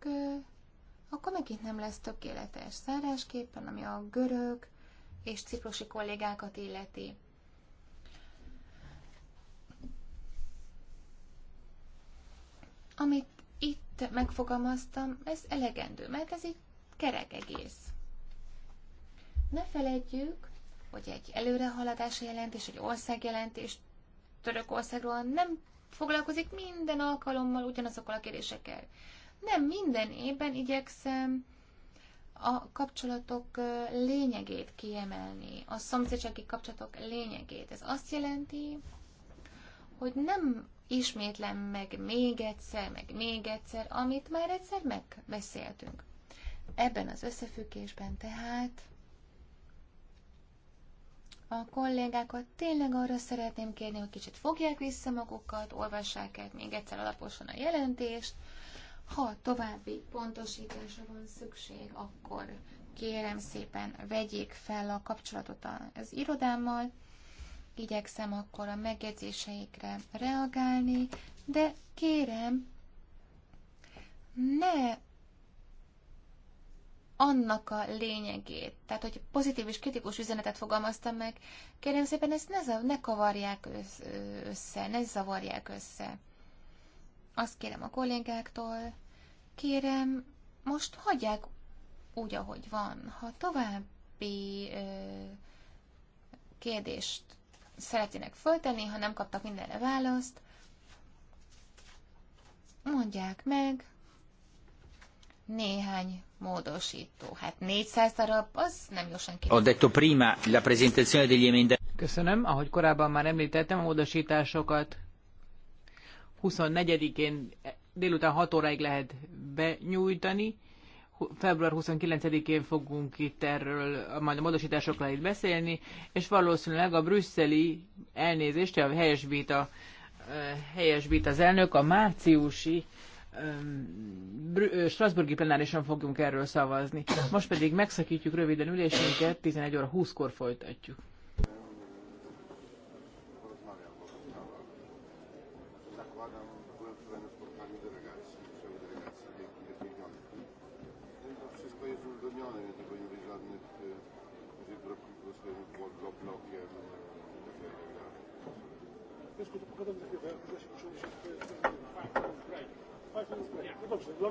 akkor megint nem lesz tökéletes szárásképpen, ami a görög és ciprusi kollégákat illeti. Amit itt megfogalmaztam, ez elegendő, mert ez egy kerek egész. Ne felejtjük, hogy egy előrehaladás jelentés, egy országjelentés Törökországról nem foglalkozik minden alkalommal ugyanazokkal a kérdésekkel. Nem, minden évben igyekszem a kapcsolatok lényegét kiemelni, a szomszédsági kapcsolatok lényegét. Ez azt jelenti, hogy nem ismétlem meg még egyszer, meg még egyszer, amit már egyszer megbeszéltünk. Ebben az összefüggésben tehát a kollégákat tényleg arra szeretném kérni, hogy kicsit fogják vissza magukat, olvassák el még egyszer alaposan a jelentést. Ha további pontosításra van szükség, akkor kérem szépen vegyék fel a kapcsolatot az irodámmal. Igyekszem akkor a megjegyzéseikre reagálni, de kérem, ne annak a lényegét. Tehát, hogy pozitív és kritikus üzenetet fogalmaztam meg, kérem szépen ezt ne, ne kavarják össze, ne zavarják össze. Azt kérem a kollégáktól, kérem, most hagyják úgy, ahogy van. Ha további ö, kérdést szeretnének föltenni, ha nem kaptak mindenre választ, mondják meg, néhány módosító. Hát 400 darab, az nem jósan kérdezik. Ho detto prima la presentazione degli emendamenti. Köszönöm, ahogy korábban már említettem, a módosításokat 24-én eh, délután 6 óráig lehet benyújtani. Február 29-én fogunk itt erről majd a módosításokról itt beszélni, és valószínűleg a brüsszeli elnézést, a helyes vita, eh, helyes vita az elnök, a márciusi Strasburgi plenárisan fogunk erről szavazni. Most pedig megszakítjuk röviden ülésünket, 11 óra 20-kor folytatjuk.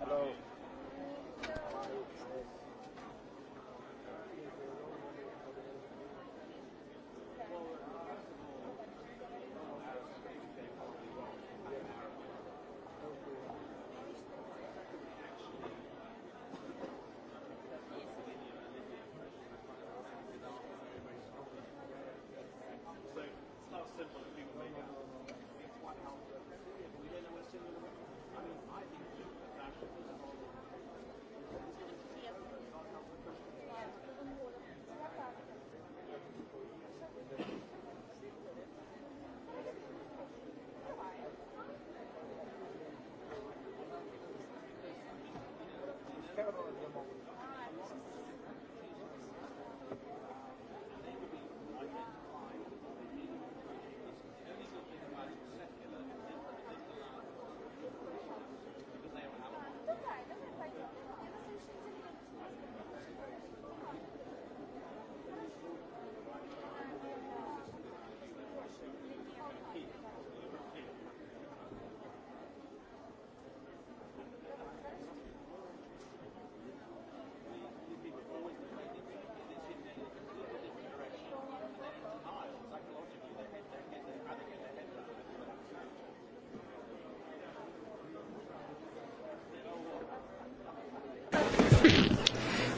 Hello.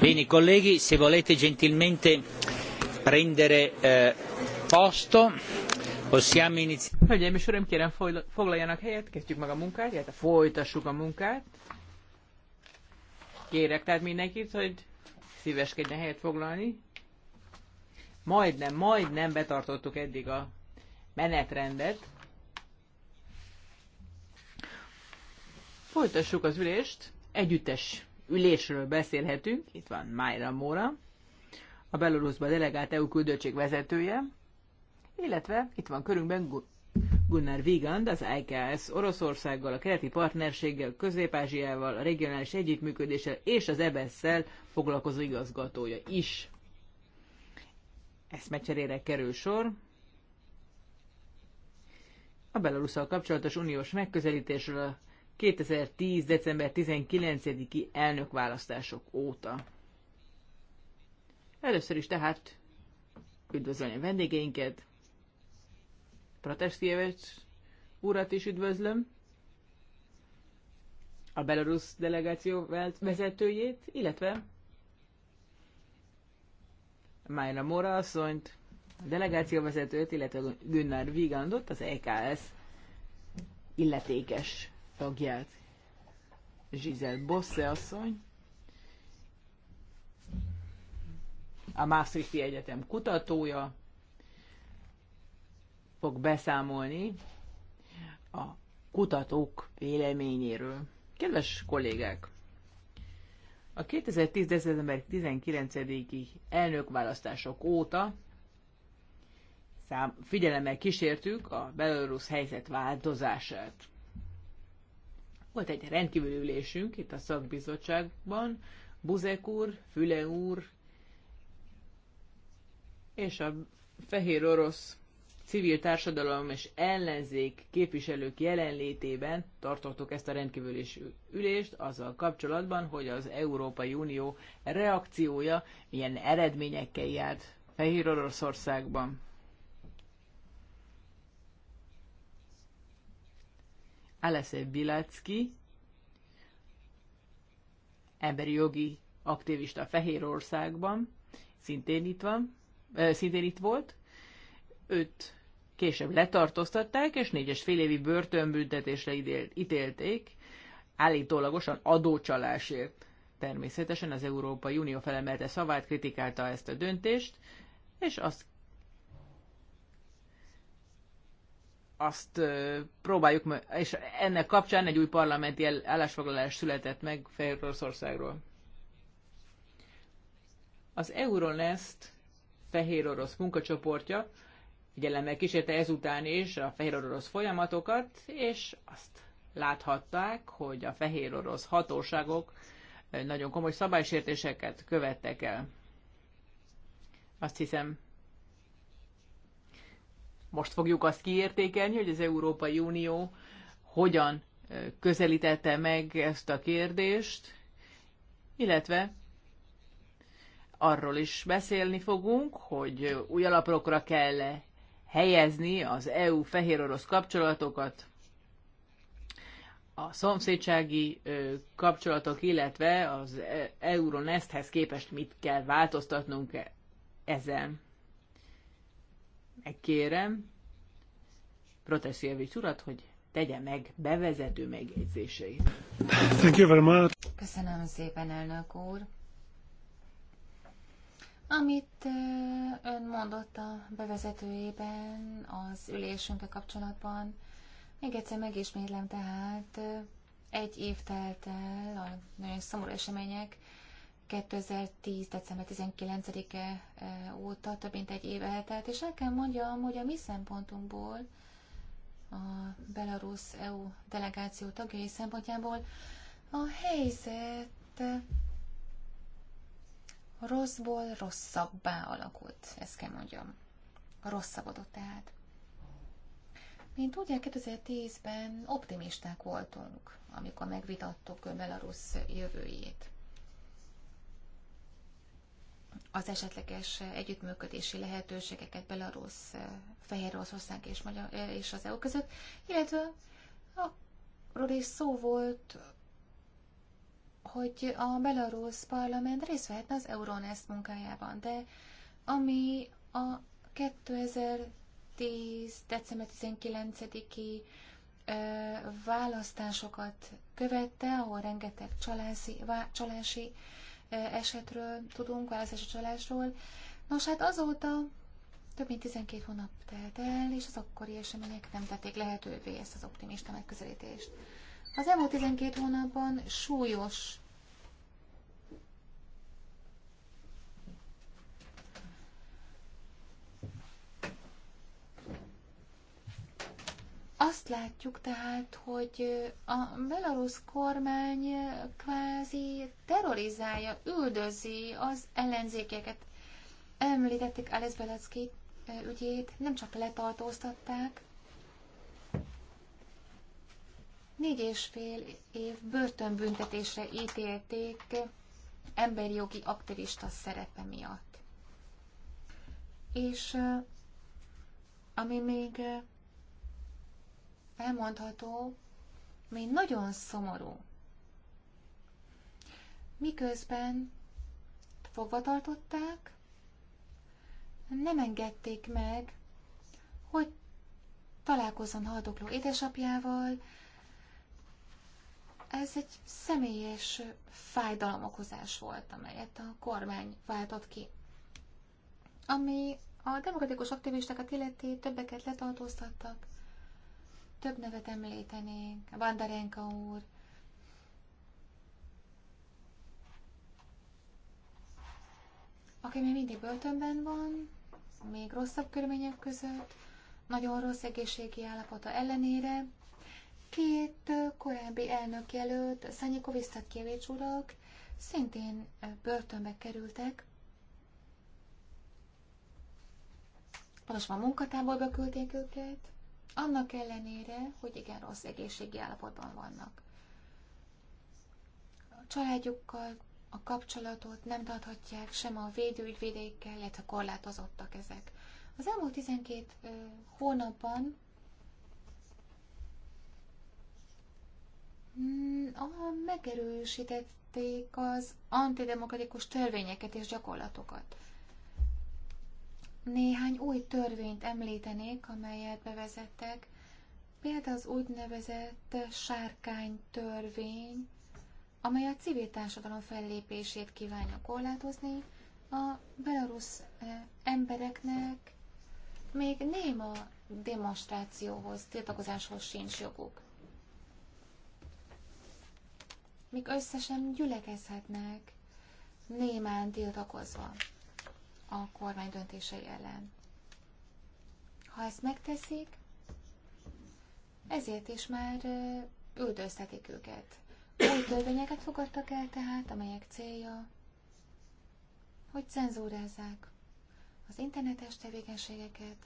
Bene, colleghi, se volete gentilmente prendere eh, posto, possiamo iniziare. Hölgyeim és Uraim, kérem foglaljanak helyet, kezdjük meg a munkát, illetve folytassuk a munkát. Kérek tehát mindenkit, hogy szíveskedjen helyet foglalni. Majdnem, majdnem betartottuk eddig a menetrendet. Folytassuk az ülést, együttes ülésről beszélhetünk. Itt van Májra Móra, a Belorusszba delegált EU küldöttség vezetője, illetve itt van körünkben Gunnar Vigand, az IKS Oroszországgal, a keleti partnerséggel, Közép-Ázsiával, a regionális együttműködéssel és az EBS-szel e foglalkozó igazgatója is. megcserére kerül sor. A Belarusszal kapcsolatos uniós megközelítésről, a 2010. december 19-i elnökválasztások óta. Először is tehát üdvözölni a vendégeinket, Protestjevics urat is üdvözlöm, a Belarus delegáció vezetőjét, illetve Májna Mora asszonyt, a delegáció vezetőt, illetve Günnár Vigandot, az EKS illetékes tagját, Zsizel Bosse asszony, a Maastrichti Egyetem kutatója, fog beszámolni a kutatók véleményéről. Kedves kollégák! A 2010. december 19-i elnökválasztások óta szám, figyelemmel kísértük a belorusz helyzet változását. Volt egy rendkívül ülésünk itt a szakbizottságban, Buzek úr, Füle úr és a fehér orosz civil társadalom és ellenzék képviselők jelenlétében tartottuk ezt a rendkívüli ülést azzal kapcsolatban, hogy az Európai Unió reakciója milyen eredményekkel járt Fehér Oroszországban. Alesej Bilecki, emberi jogi aktivista Fehérországban, szintén itt van, szintén itt volt. Őt később letartóztatták, és négyes fél évi börtönbüntetésre ítélték, állítólagosan adócsalásért. Természetesen az Európai Unió felemelte szavát, kritikálta ezt a döntést, és azt azt próbáljuk, és ennek kapcsán egy új parlamenti állásfoglalás született meg Fehér Oroszországról. Az Euronest Fehér Orosz munkacsoportja figyelemmel kísérte ezután is a Fehér Orosz folyamatokat, és azt láthatták, hogy a Fehér Orosz hatóságok nagyon komoly szabálysértéseket követtek el. Azt hiszem, most fogjuk azt kiértékelni, hogy az Európai Unió hogyan közelítette meg ezt a kérdést, illetve arról is beszélni fogunk, hogy új alapokra kell -e helyezni az EU-fehér orosz kapcsolatokat, a szomszédsági kapcsolatok, illetve az Euronesthez képest mit kell változtatnunk e-, ezen megkérem Protasiewicz urat, hogy tegye meg bevezető megjegyzéseit. Thank you very much. Köszönöm szépen, elnök úr. Amit ön mondott a bevezetőjében az ülésünkkel kapcsolatban, még egyszer megismétlem tehát, egy év telt el a nagyon szomorú események 2010. december 19-e e, óta több mint egy éve eltelt, és el kell mondjam, hogy a mi szempontunkból, a Belarus EU delegáció tagjai szempontjából a helyzet rosszból rosszabbá alakult, ezt kell mondjam. Rosszabbodott tehát. Mint tudják, 2010-ben optimisták voltunk, amikor megvitattuk Belarus jövőjét az esetleges együttműködési lehetőségeket Belarus, eh, Fehér Oroszország és, Magyar, eh, és az EU között, illetve arról is szó volt, hogy a Belarus parlament részt vehetne az Euronest munkájában, de ami a 2010. december 19-i eh, választásokat követte, ahol rengeteg csalási, vá, csalási E, esetről tudunk, választási csalásról. Nos, hát azóta több mint 12 hónap telt el, és az akkori események nem tették lehetővé ezt az optimista megközelítést. Az elmúlt 12 hónapban súlyos Azt látjuk tehát, hogy a belarusz kormány kvázi terrorizálja, üldözi az ellenzékeket. Említették Alice Belecki ügyét, nem csak letartóztatták, négy és fél év börtönbüntetésre ítélték emberi jogi aktivista szerepe miatt. És ami még elmondható, mi nagyon szomorú. Miközben fogva tartották, nem engedték meg, hogy találkozzon haldokló édesapjával. Ez egy személyes fájdalomokozás volt, amelyet a kormány váltott ki. Ami a demokratikus aktivistákat illeti, többeket letartóztattak, több nevet említenénk, Bandarenka úr, aki még mindig börtönben van, még rosszabb körülmények között, nagyon rossz egészségi állapota ellenére. Két korábbi elnök jelölt, Szanyikov és urak, szintén börtönbe kerültek. Pontosan munkatáborba küldték őket. Annak ellenére, hogy igen rossz egészségi állapotban vannak. A családjukkal a kapcsolatot nem tarthatják sem a védőügyvédeikkel, illetve korlátozottak ezek. Az elmúlt 12 hónapban mm, megerősítették az antidemokratikus törvényeket és gyakorlatokat. Néhány új törvényt említenék, amelyet bevezettek, például az úgynevezett sárkány törvény, amely a civil társadalom fellépését kívánja korlátozni, a belarusz eh, embereknek még néma demonstrációhoz, tiltakozáshoz sincs joguk. Még összesen gyülekezhetnek, némán tiltakozva a kormány döntései ellen. Ha ezt megteszik, ezért is már üldöztetik őket. Új törvényeket fogadtak el tehát, amelyek célja, hogy cenzúrázzák az internetes tevékenységeket.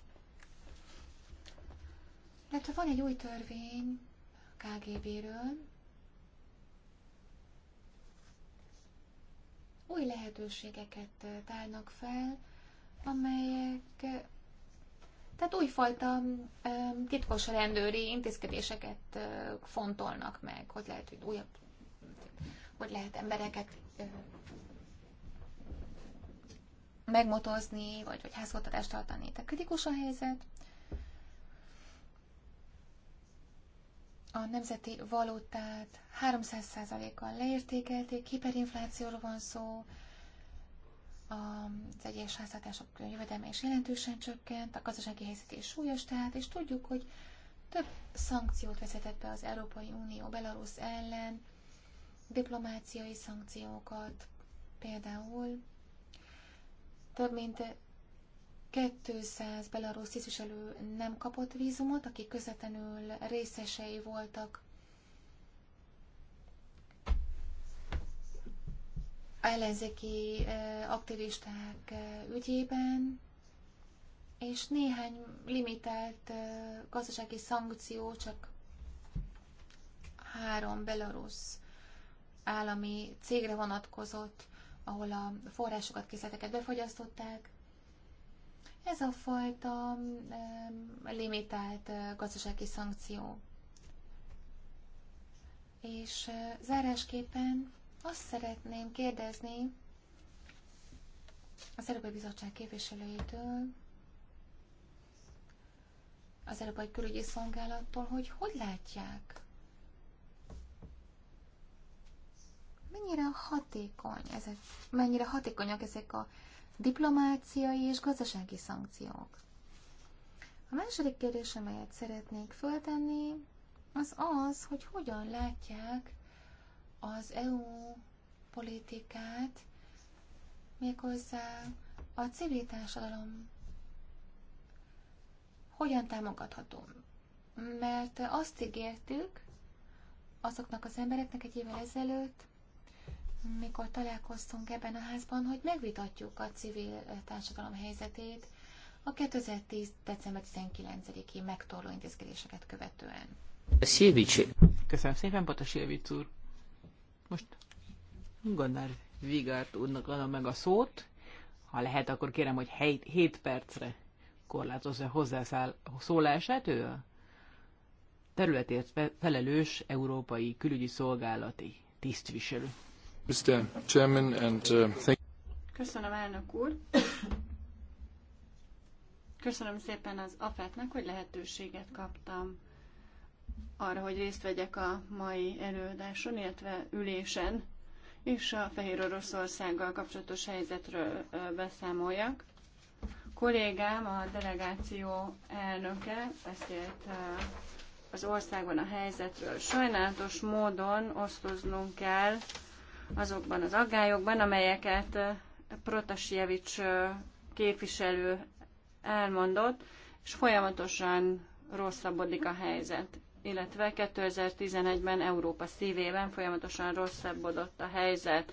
Illetve van egy új törvény a KGB-ről, új lehetőségeket tárnak fel, amelyek tehát újfajta titkos rendőri intézkedéseket fontolnak meg, hogy lehet, hogy újabb, hogy lehet embereket megmotozni, vagy, vagy házkutatást tartani. Tehát kritikus a helyzet, a nemzeti valutát 300%-kal leértékelték, hiperinflációról van szó, az egyes háztartások jövedelme is jelentősen csökkent, a gazdasági helyzet is súlyos, tehát, és tudjuk, hogy több szankciót vezetett be az Európai Unió Belarus ellen, diplomáciai szankciókat, például több mint 200 belarusz tisztviselő nem kapott vízumot, akik közvetlenül részesei voltak ellenzéki eh, aktivisták eh, ügyében, és néhány limitált eh, gazdasági szankció, csak három belarusz állami cégre vonatkozott, ahol a forrásokat, készleteket befogyasztották, ez a fajta limitált gazdasági szankció. És zárásképpen azt szeretném kérdezni az Európai Bizottság képviselőitől, az Európai Külügyi Szolgálattól, hogy hogy látják mennyire hatékony ezek, mennyire hatékonyak ezek a diplomáciai és gazdasági szankciók. A második kérdés, amelyet szeretnék föltenni, az az, hogy hogyan látják az EU politikát, méghozzá a civil társadalom hogyan támogatható. Mert azt ígértük azoknak az embereknek egy évvel ezelőtt, mikor találkoztunk ebben a házban, hogy megvitatjuk a civil társadalom helyzetét a 2010. december 19-i megtorló intézkedéseket követően. Köszönöm szépen, Potasievic úr. Most Gondár Vigárt úrnak adom meg a szót. Ha lehet, akkor kérem, hogy 7 percre korlátozza hozzászáll szólását. Ő a területért felelős európai külügyi szolgálati tisztviselő. Mr. Chairman, and uh, thank Köszönöm, elnök úr. Köszönöm szépen az AFET-nek, hogy lehetőséget kaptam arra, hogy részt vegyek a mai előadáson, illetve ülésen, és a Fehér Oroszországgal kapcsolatos helyzetről beszámoljak. Kollégám, a delegáció elnöke beszélt az országban a helyzetről. Sajnálatos módon osztoznunk kell azokban az aggályokban, amelyeket Protasjevics képviselő elmondott, és folyamatosan rosszabbodik a helyzet, illetve 2011-ben Európa szívében folyamatosan rosszabbodott a helyzet.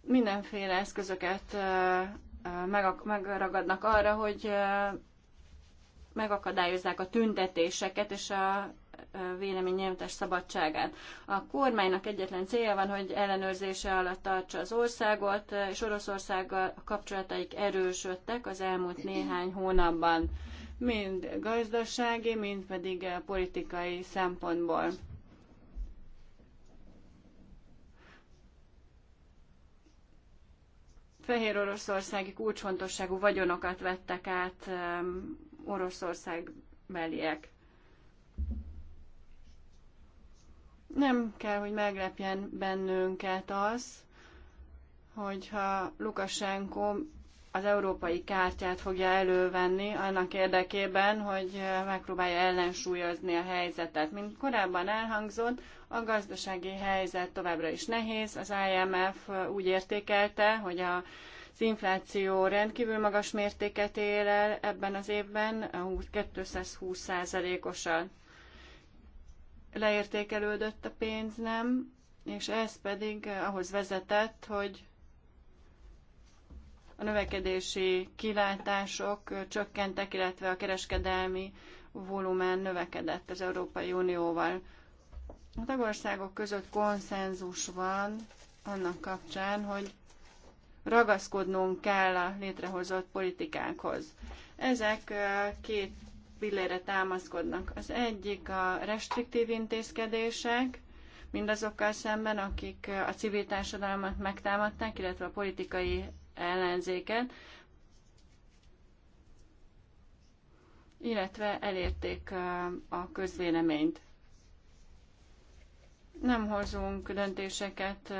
Mindenféle eszközöket megragadnak arra, hogy megakadályozzák a tüntetéseket és a véleménynyilvánítás szabadságát. A kormánynak egyetlen célja van, hogy ellenőrzése alatt tartsa az országot, és Oroszországgal a kapcsolataik erősödtek az elmúlt néhány hónapban, mind gazdasági, mind pedig politikai szempontból. Fehér Oroszországi kulcsfontosságú vagyonokat vettek át Oroszország beliek. Nem kell, hogy meglepjen bennünket az, hogyha Lukasenko az európai kártyát fogja elővenni annak érdekében, hogy megpróbálja ellensúlyozni a helyzetet. Mint korábban elhangzott, a gazdasági helyzet továbbra is nehéz. Az IMF úgy értékelte, hogy a az infláció rendkívül magas mértéket ér el ebben az évben, 220%-osan leértékelődött a pénz, nem, és ez pedig eh, ahhoz vezetett, hogy a növekedési kilátások eh, csökkentek, illetve a kereskedelmi volumen növekedett az Európai Unióval. A tagországok között konszenzus van annak kapcsán, hogy ragaszkodnunk kell a létrehozott politikákhoz. Ezek eh, két pillére támaszkodnak. Az egyik a restriktív intézkedések, mindazokkal szemben, akik a civil társadalmat megtámadták, illetve a politikai ellenzéket, illetve elérték a közvéleményt. Nem hozunk döntéseket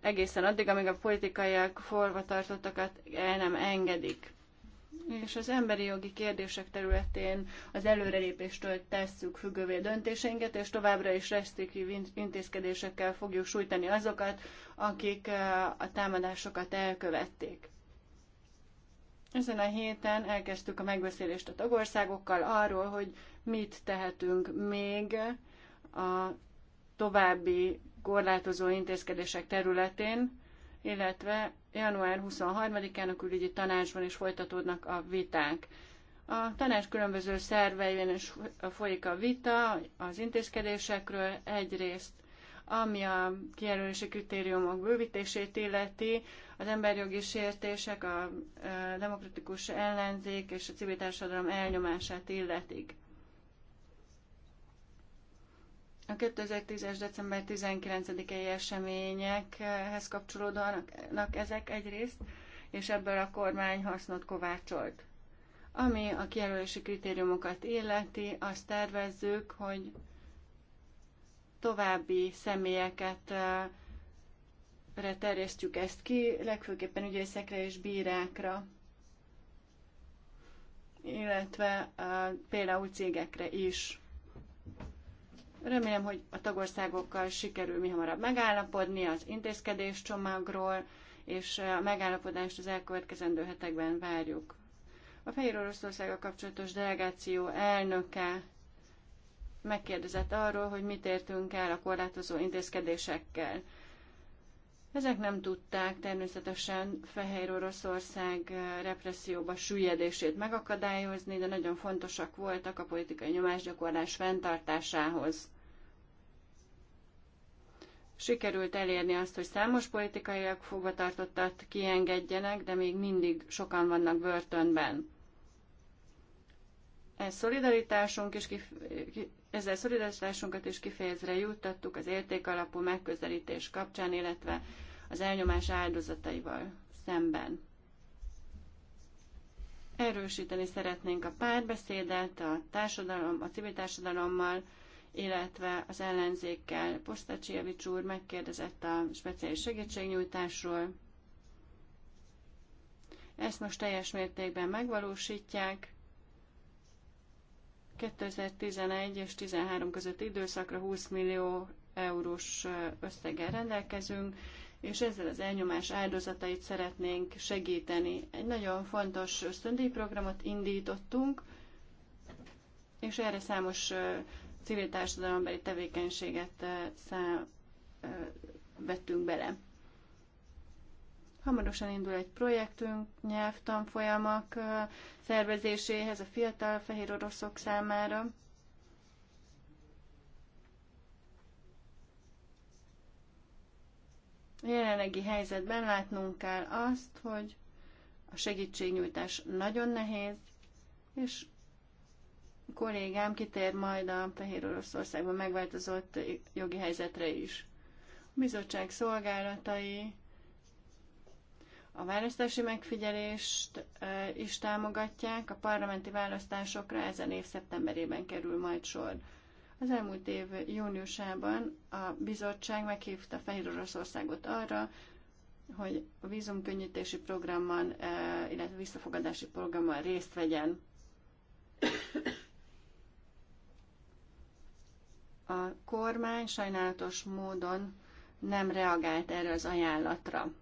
egészen addig, amíg a politikaiak forvatartottakat el nem engedik és az emberi jogi kérdések területén az előrelépéstől tesszük függővé döntéseinket, és továbbra is restriktív intézkedésekkel fogjuk sújtani azokat, akik eh, a támadásokat elkövették. Ezen a héten elkezdtük a megbeszélést a tagországokkal arról, hogy mit tehetünk még a további korlátozó intézkedések területén, illetve január 23-án a külügyi tanácsban is folytatódnak a viták. A tanács különböző szerveiben is folyik a vita az intézkedésekről. Egyrészt, ami a kijelölési kritériumok bővítését illeti, az emberjogi sértések, a demokratikus ellenzék és a civil társadalom elnyomását illetik. A 2010-es december 19-i eseményekhez kapcsolódnak ezek egyrészt, és ebből a kormány hasznot kovácsolt. Ami a kijelölési kritériumokat illeti, azt tervezzük, hogy további személyeket eh, terjesztjük ezt ki, legfőképpen ügyészekre és bírákra, illetve eh, például cégekre is. Remélem, hogy a tagországokkal sikerül mi hamarabb megállapodni az intézkedés csomagról, és a megállapodást az elkövetkezendő hetekben várjuk. A Fehér Oroszországgal kapcsolatos delegáció elnöke megkérdezett arról, hogy mit értünk el a korlátozó intézkedésekkel. Ezek nem tudták természetesen Fehér Oroszország represszióba süllyedését megakadályozni, de nagyon fontosak voltak a politikai nyomásgyakorlás fenntartásához sikerült elérni azt, hogy számos politikaiak fogvatartottat kiengedjenek, de még mindig sokan vannak börtönben. Ez szolidaritásunk is kif- ezzel szolidaritásunkat is kifejezre juttattuk az értékalapú megközelítés kapcsán, illetve az elnyomás áldozataival szemben. Erősíteni szeretnénk a párbeszédet a társadalom, a civil társadalommal, illetve az ellenzékkel. Postacsiavics úr megkérdezett a speciális segítségnyújtásról. Ezt most teljes mértékben megvalósítják. 2011 és 2013 közötti időszakra 20 millió eurós összeggel rendelkezünk, és ezzel az elnyomás áldozatait szeretnénk segíteni. Egy nagyon fontos ösztöndíjprogramot indítottunk, és erre számos civil társadalombeli tevékenységet szám, vettünk bele. Hamarosan indul egy projektünk nyelvtanfolyamak szervezéséhez a fiatal fehér oroszok számára. A jelenlegi helyzetben látnunk kell azt, hogy a segítségnyújtás nagyon nehéz, és kollégám kitér majd a Fehér Oroszországban megváltozott jogi helyzetre is. A bizottság szolgálatai a választási megfigyelést is támogatják, a parlamenti választásokra ezen év szeptemberében kerül majd sor. Az elmúlt év júniusában a bizottság meghívta Fehér Oroszországot arra, hogy a vízumkönnyítési programban, illetve visszafogadási programban részt vegyen. A kormány sajnálatos módon nem reagált erre az ajánlatra.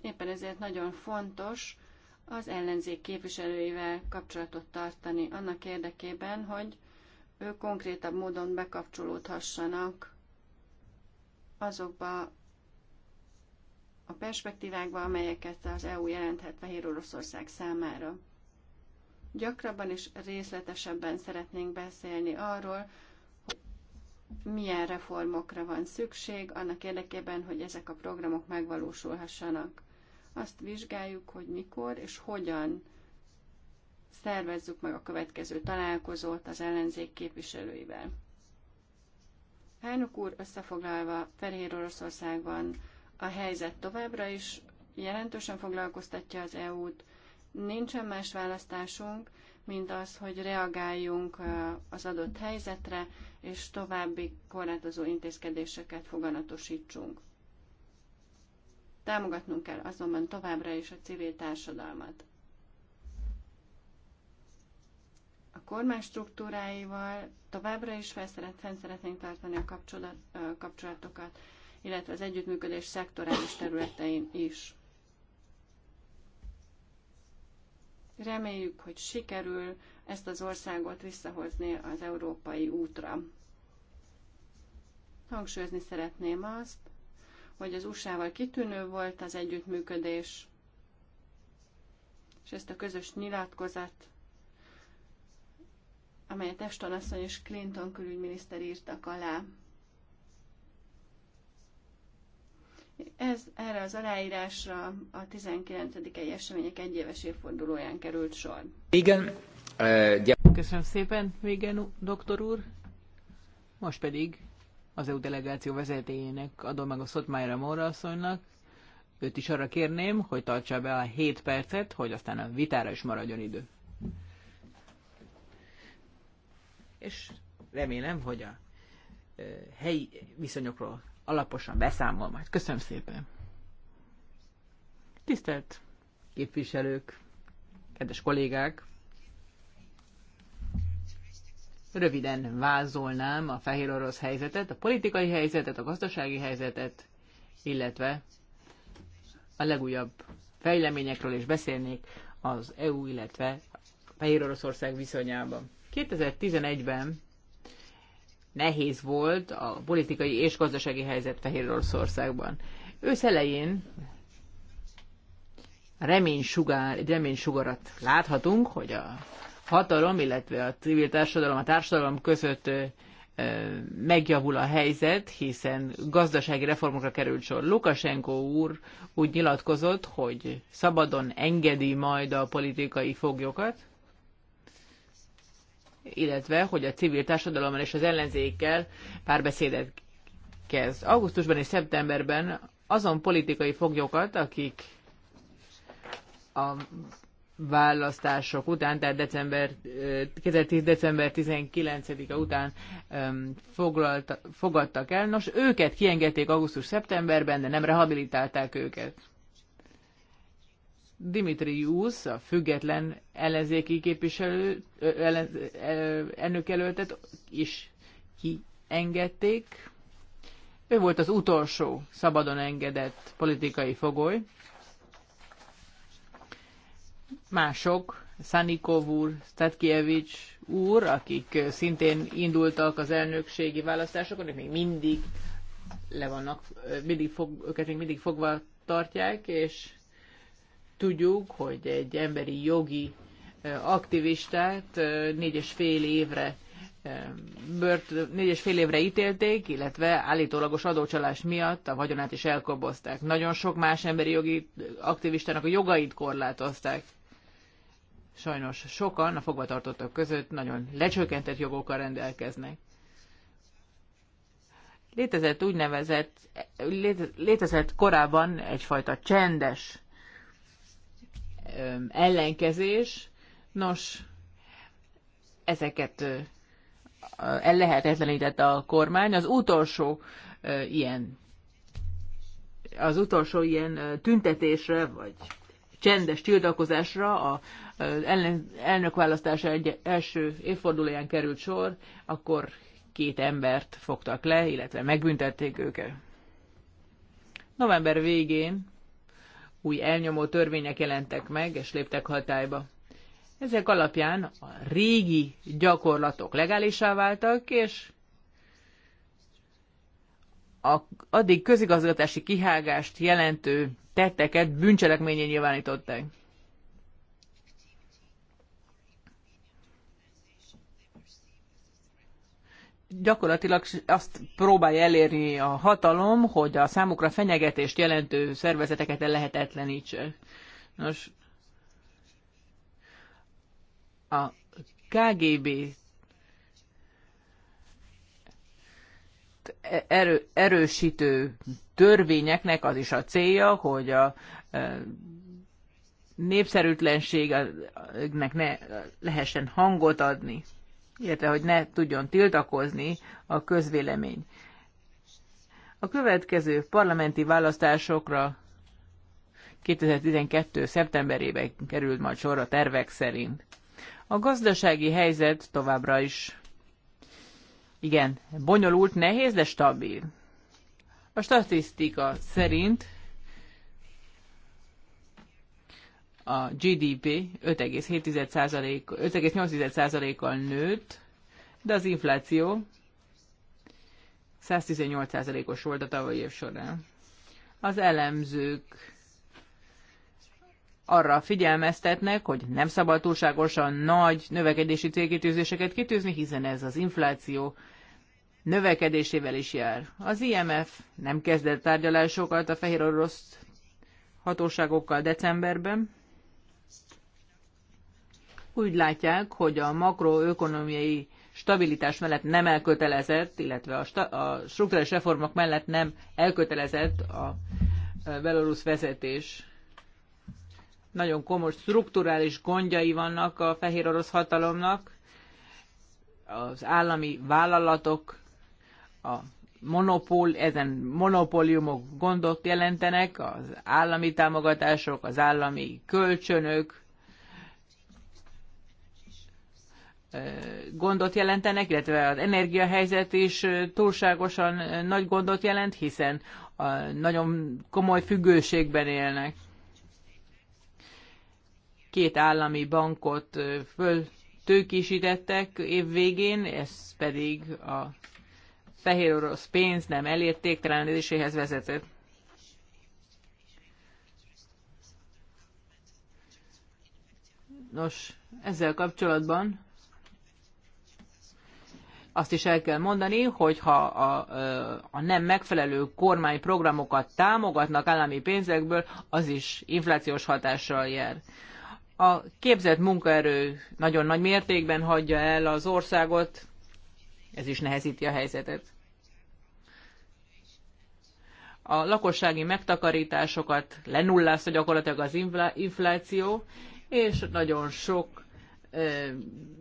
Éppen ezért nagyon fontos az ellenzék képviselőivel kapcsolatot tartani annak érdekében, hogy ők konkrétabb módon bekapcsolódhassanak azokba a perspektívákba, amelyeket az EU jelenthet Fehér Oroszország számára gyakrabban és részletesebben szeretnénk beszélni arról, hogy milyen reformokra van szükség annak érdekében, hogy ezek a programok megvalósulhassanak. Azt vizsgáljuk, hogy mikor és hogyan szervezzük meg a következő találkozót az ellenzék képviselőivel. Elnök úr, összefoglalva Fehér Oroszországban a helyzet továbbra is jelentősen foglalkoztatja az EU-t, Nincsen más választásunk, mint az, hogy reagáljunk az adott helyzetre, és további korlátozó intézkedéseket foganatosítsunk. Támogatnunk kell azonban továbbra is a civil társadalmat. A kormány struktúráival továbbra is fenn szeretnénk tartani a kapcsolatokat, illetve az együttműködés szektorális területein is. Reméljük, hogy sikerül ezt az országot visszahozni az európai útra. Hangsúlyozni szeretném azt, hogy az USA-val kitűnő volt az együttműködés, és ezt a közös nyilatkozat, amelyet Eston asszony és Clinton külügyminiszter írtak alá, Ez erre az aláírásra a 19. -i események egyéves évfordulóján került sor. Igen. Köszönöm szépen, Végen doktor úr. Most pedig az EU delegáció vezetőjének adom meg a szót Májra Mórasszonynak. Őt is arra kérném, hogy tartsa be a 7 percet, hogy aztán a vitára is maradjon idő. És remélem, hogy a helyi viszonyokról alaposan beszámol majd. Köszönöm szépen! Tisztelt képviselők, kedves kollégák! Röviden vázolnám a fehér orosz helyzetet, a politikai helyzetet, a gazdasági helyzetet, illetve a legújabb fejleményekről is beszélnék az EU, illetve Fehér Oroszország viszonyában. 2011-ben nehéz volt a politikai és gazdasági helyzet Fehér Oroszországban. Ősz elején remény egy reménysugarat láthatunk, hogy a hatalom, illetve a civil társadalom, a társadalom között megjavul a helyzet, hiszen gazdasági reformokra került sor. Lukasenko úr úgy nyilatkozott, hogy szabadon engedi majd a politikai foglyokat, illetve hogy a civil társadalommal és az ellenzékkel párbeszédet kezd. Augusztusban és szeptemberben azon politikai foglyokat, akik a választások után, tehát december, 2010. Eh, december 19-e után foglalt, fogadtak el. Nos, őket kiengedték augusztus-szeptemberben, de nem rehabilitálták őket. Jusz, a független ellenzéki képviselő, ennökelőtet is kiengedték. Ő volt az utolsó szabadon engedett politikai fogoly. Mások, Szanikov úr, Statkiewicz úr, akik szintén indultak az elnökségi választásokon, ők még mindig le vannak, mindig fog, őket még mindig fogva tartják, és Tudjuk, hogy egy emberi jogi aktivistát négy és fél évre bört, négy és fél évre ítélték, illetve állítólagos adócsalás miatt a vagyonát is elkobozták. Nagyon sok más emberi jogi aktivistának a jogait korlátozták. Sajnos sokan a fogvatartottak között nagyon lecsökkentett jogokkal rendelkeznek. Létezett úgynevezett, létezett korábban egyfajta csendes ellenkezés. Nos, ezeket el ellehetetlenítette a kormány. Az utolsó ilyen az utolsó ilyen tüntetésre, vagy csendes tiltakozásra a ellen, elnökválasztás egy, első évfordulóján került sor, akkor két embert fogtak le, illetve megbüntették őket. November végén új elnyomó törvények jelentek meg, és léptek hatályba. Ezek alapján a régi gyakorlatok legálisá váltak, és a addig közigazgatási kihágást jelentő tetteket bűncselekményé nyilvánították. gyakorlatilag azt próbálja elérni a hatalom, hogy a számukra fenyegetést jelentő szervezeteket lehetetlenítse. Nos, a KGB erő, erősítő törvényeknek az is a célja, hogy a e, népszerűtlenségnek ne lehessen hangot adni illetve hogy ne tudjon tiltakozni a közvélemény. A következő parlamenti választásokra 2012. szeptemberében került majd sor a tervek szerint. A gazdasági helyzet továbbra is igen, bonyolult, nehéz, de stabil. A statisztika szerint a GDP 5,8%-kal nőtt, de az infláció 118%-os volt a tavalyi év során. Az elemzők arra figyelmeztetnek, hogy nem szabad túlságosan nagy növekedési célkitűzéseket kitűzni, hiszen ez az infláció növekedésével is jár. Az IMF nem kezdett tárgyalásokat a fehér orosz hatóságokkal decemberben, úgy látják, hogy a makroökonomiai stabilitás mellett nem elkötelezett, illetve a, sta- a struktúrális reformok mellett nem elkötelezett a e, belorusz vezetés. Nagyon komoly strukturális gondjai vannak a fehér orosz hatalomnak, az állami vállalatok, a monopól, ezen monopóliumok gondot jelentenek, az állami támogatások, az állami kölcsönök, gondot jelentenek, illetve az energiahelyzet is túlságosan nagy gondot jelent, hiszen a nagyon komoly függőségben élnek. Két állami bankot föltőkisítettek év végén, ez pedig a fehér orosz pénz nem elértéktelenedéséhez vezetett. Nos, ezzel kapcsolatban azt is el kell mondani, hogy ha a, a nem megfelelő kormányprogramokat támogatnak állami pénzekből, az is inflációs hatással jár. A képzett munkaerő nagyon nagy mértékben hagyja el az országot, ez is nehezíti a helyzetet. A lakossági megtakarításokat lenullázta gyakorlatilag az infláció, és nagyon sok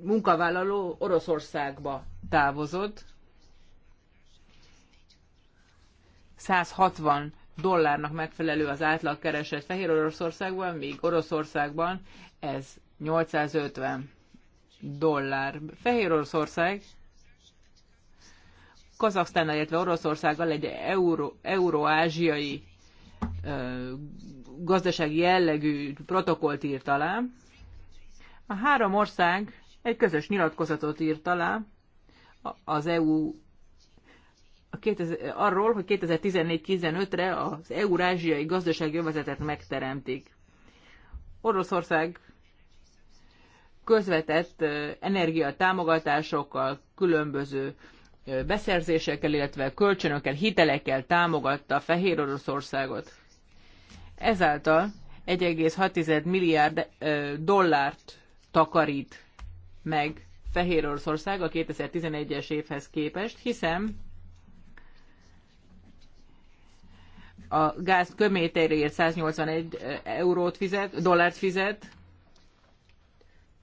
munkavállaló Oroszországba távozott. 160 dollárnak megfelelő az átlagkereset Fehér Oroszországban, míg Oroszországban ez 850 dollár. Fehér Oroszország Kazaksztánnal, illetve Oroszországgal egy euróázsiai ö, gazdasági jellegű protokollt írt alá, a három ország egy közös nyilatkozatot írt alá az EU a 2000, arról, hogy 2014-15-re az eurázsiai gazdasági övezetet megteremtik. Oroszország közvetett energiatámogatásokkal, különböző beszerzésekkel, illetve kölcsönökkel, hitelekkel támogatta a Fehér Oroszországot. Ezáltal 1,6 milliárd dollárt takarít meg Fehér a 2011-es évhez képest, hiszen a gáz köméterért 181 eurót fizet, dollárt fizet,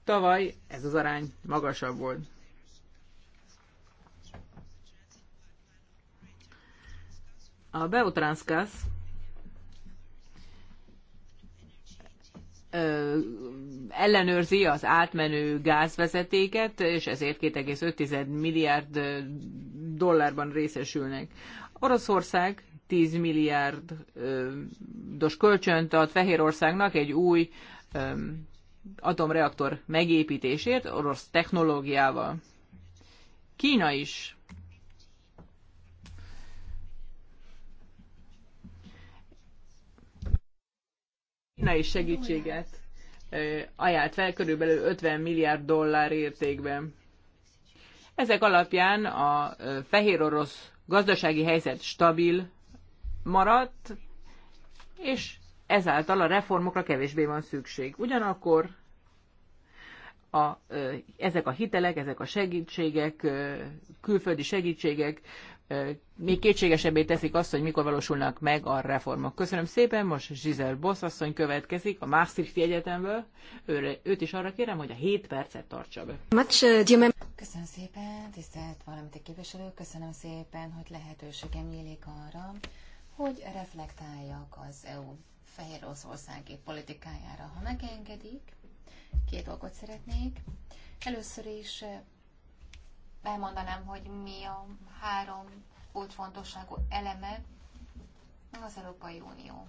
tavaly ez az arány magasabb volt. A Beutranszkász ö, ellenőrzi az átmenő gázvezetéket, és ezért 2,5 milliárd dollárban részesülnek. Oroszország 10 milliárdos kölcsönt ad Fehérországnak egy új ö, atomreaktor megépítésért orosz technológiával. Kína is kínai segítséget ajánlt fel körülbelül 50 milliárd dollár értékben. Ezek alapján a fehér orosz gazdasági helyzet stabil maradt, és ezáltal a reformokra kevésbé van szükség. Ugyanakkor a, ezek a hitelek, ezek a segítségek, külföldi segítségek még kétségesebbé teszik azt, hogy mikor valósulnak meg a reformok. Köszönöm szépen, most Zsizel Bosz asszony következik a Maastrichti Egyetemből. Őre, őt is arra kérem, hogy a 7 percet tartsa be. Uh, köszönöm szépen, tisztelt valamit képviselő, köszönöm szépen, hogy lehetőségem nyílik arra, hogy reflektáljak az EU fehér oroszországi politikájára. Ha megengedik, két dolgot szeretnék. Először is elmondanám, hogy mi a három kulcsfontosságú eleme az Európai Unió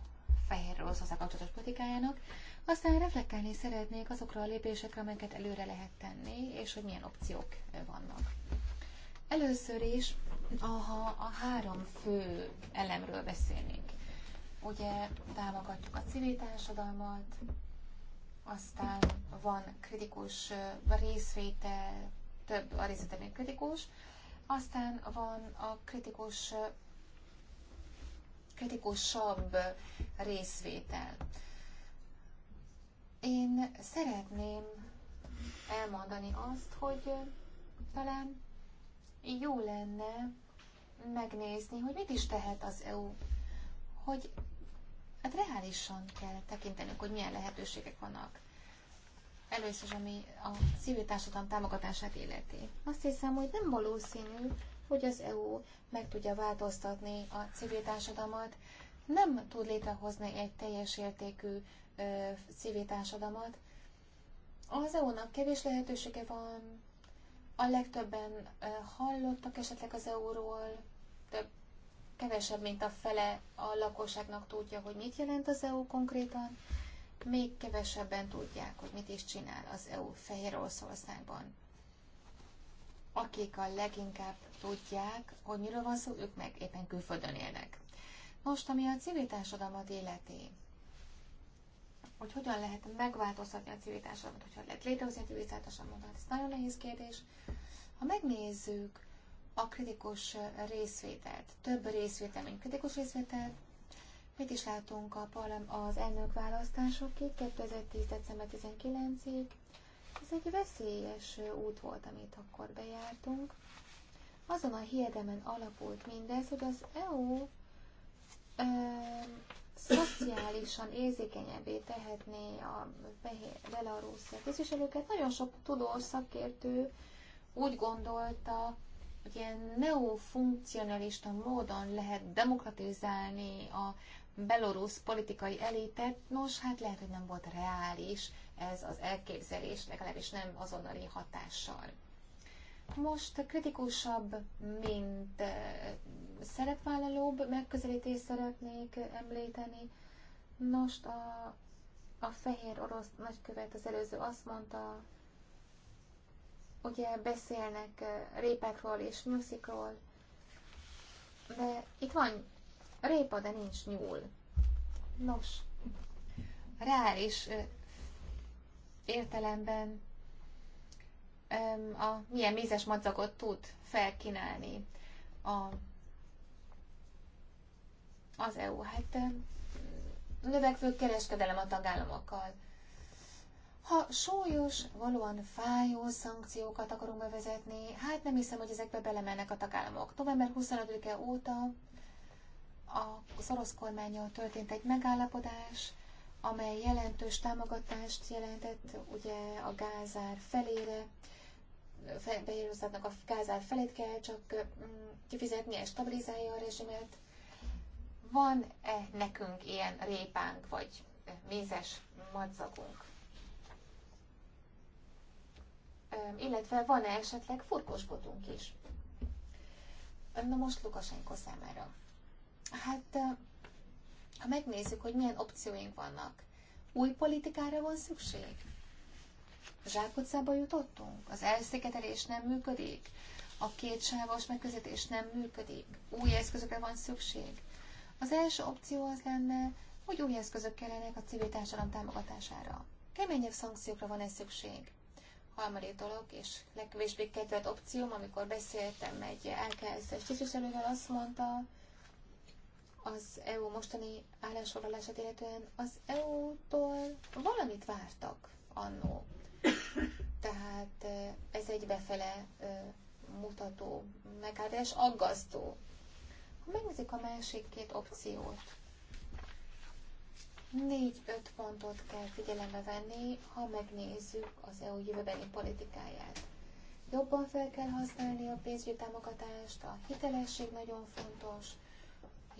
fehér oroszország kapcsolatos politikájának, aztán reflektálni szeretnék azokra a lépésekre, amelyeket előre lehet tenni, és hogy milyen opciók vannak. Először is, ha a három fő elemről beszélnék, ugye támogatjuk a civil társadalmat, aztán van kritikus részvétel, több a részlete még kritikus. Aztán van a kritikus kritikusabb részvétel. Én szeretném elmondani azt, hogy talán jó lenne megnézni, hogy mit is tehet az EU, hogy hát reálisan kell tekintenünk, hogy milyen lehetőségek vannak. Először, ami a civil társadalom támogatását illeti. Azt hiszem, hogy nem valószínű, hogy az EU meg tudja változtatni a civil társadalmat, nem tud létrehozni egy teljes értékű ö, civil társadalmat. Az EU-nak kevés lehetősége van, a legtöbben ö, hallottak esetleg az EU-ról, több, kevesebb, mint a fele a lakosságnak tudja, hogy mit jelent az EU konkrétan még kevesebben tudják, hogy mit is csinál az EU Fehér Oroszországban. Akik a leginkább tudják, hogy miről van szó, ők meg éppen külföldön élnek. Most, ami a civil társadalmat életé, hogy hogyan lehet megváltoztatni a civil társadalmat, hogyha lehet létrehozni a civil társadalmat, hát ez nagyon nehéz kérdés. Ha megnézzük a kritikus részvételt, több részvétel, mint kritikus részvételt, Mit is látunk a parlam az elnök választásokig, 2010. december 19-ig. Ez egy veszélyes út volt, amit akkor bejártunk. Azon a hiedemen alapult mindez, hogy az EU ö, szociálisan érzékenyebbé tehetné a belarusz képviselőket. Nagyon sok tudós szakértő úgy gondolta, hogy ilyen neofunkcionalista módon lehet demokratizálni a belorusz politikai elitet, nos, hát lehet, hogy nem volt reális ez az elképzelés, legalábbis nem azonnali hatással. Most kritikusabb, mint eh, szerepvállalóbb megközelítést szeretnék említeni. Most a, a fehér orosz nagykövet az előző azt mondta, ugye beszélnek eh, répekről és nyuszikról, de itt van répa, de nincs nyúl. Nos, reális értelemben a milyen mézes madzagot tud felkínálni a, az EU. Hát növekvő kereskedelem a tagállamokkal. Ha súlyos, valóan fájó szankciókat akarunk bevezetni, hát nem hiszem, hogy ezekbe belemennek a tagállamok. November 25-e óta az orosz kormányjal történt egy megállapodás, amely jelentős támogatást jelentett ugye a gázár felére, Beirutnak a gázár felét kell csak mm, kifizetni, és stabilizálja a rezsimet. Van-e nekünk ilyen répánk, vagy mézes madzagunk? Illetve van-e esetleg furkosbotunk is? Na most Lukasenko számára. Hát, ha megnézzük, hogy milyen opcióink vannak, új politikára van szükség? Zsákutcába jutottunk? Az elszigetelés nem működik? A kétsávos megközelítés nem működik? Új eszközökre van szükség? Az első opció az lenne, hogy új eszközök kellenek a civil társadalom támogatására. Keményebb szankciókra van ez szükség. Harmadik dolog, és legkevésbé kedvelt opcióm, amikor beszéltem egy elkezdett es tisztviselővel, azt mondta, az EU mostani állásfoglalását illetően az EU-tól valamit vártak annó. Tehát ez egy befele mutató megállás, aggasztó. Ha megnézik a másik két opciót, négy-öt pontot kell figyelembe venni, ha megnézzük az EU jövőbeni politikáját. Jobban fel kell használni a pénzügyi támogatást, a hitelesség nagyon fontos,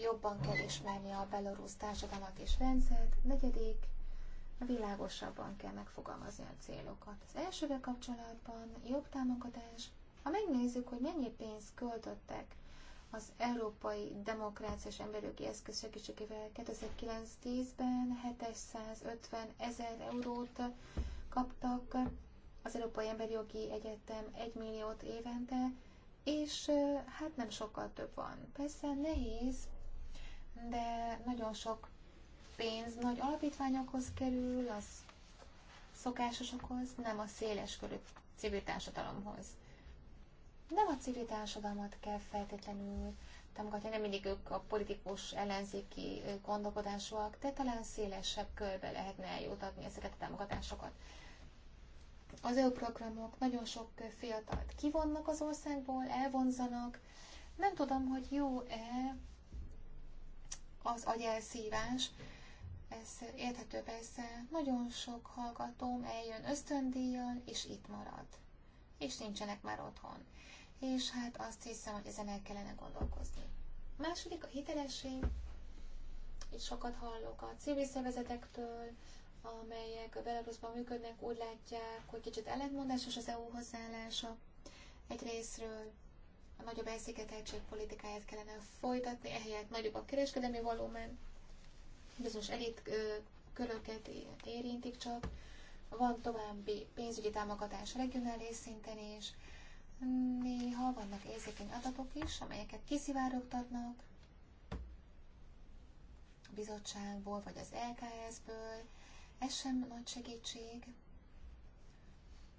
jobban kell ismerni a belorusz társadalmat és rendszert, negyedik, világosabban kell megfogalmazni a célokat. Az elsővel kapcsolatban jobb támogatás, ha megnézzük, hogy mennyi pénzt költöttek az Európai Demokrácia és Emberjogi Eszköz segítségével 2009-10-ben 750 ezer eurót kaptak, az Európai Emberjogi Egyetem 1 milliót évente, és hát nem sokkal több van. Persze nehéz de nagyon sok pénz nagy alapítványokhoz kerül, az szokásosokhoz, nem a széles körű civil társadalomhoz. Nem a civil társadalmat kell feltétlenül támogatni, nem mindig ők a politikus ellenzéki gondolkodásúak, de talán szélesebb körbe lehetne eljutatni ezeket a támogatásokat. Az EU programok nagyon sok fiatalt kivonnak az országból, elvonzanak. Nem tudom, hogy jó-e az agyelszívás. Ez érthető persze, nagyon sok hallgatóm eljön ösztöndíjjal, és itt marad. És nincsenek már otthon. És hát azt hiszem, hogy ezen el kellene gondolkozni. Második a hitelesség. Itt sokat hallok a civil szervezetektől, amelyek Belarusban működnek, úgy látják, hogy kicsit ellentmondásos az EU hozzáállása egy részről, a nagyobb elszigeteltség politikáját kellene folytatni, ehelyett nagyobb a kereskedelmi volumen, bizonyos elit köröket érintik csak, van további pénzügyi támogatás regionális szinten is, néha vannak érzékeny adatok is, amelyeket kiszivárogtatnak a bizottságból, vagy az LKS-ből, ez sem nagy segítség.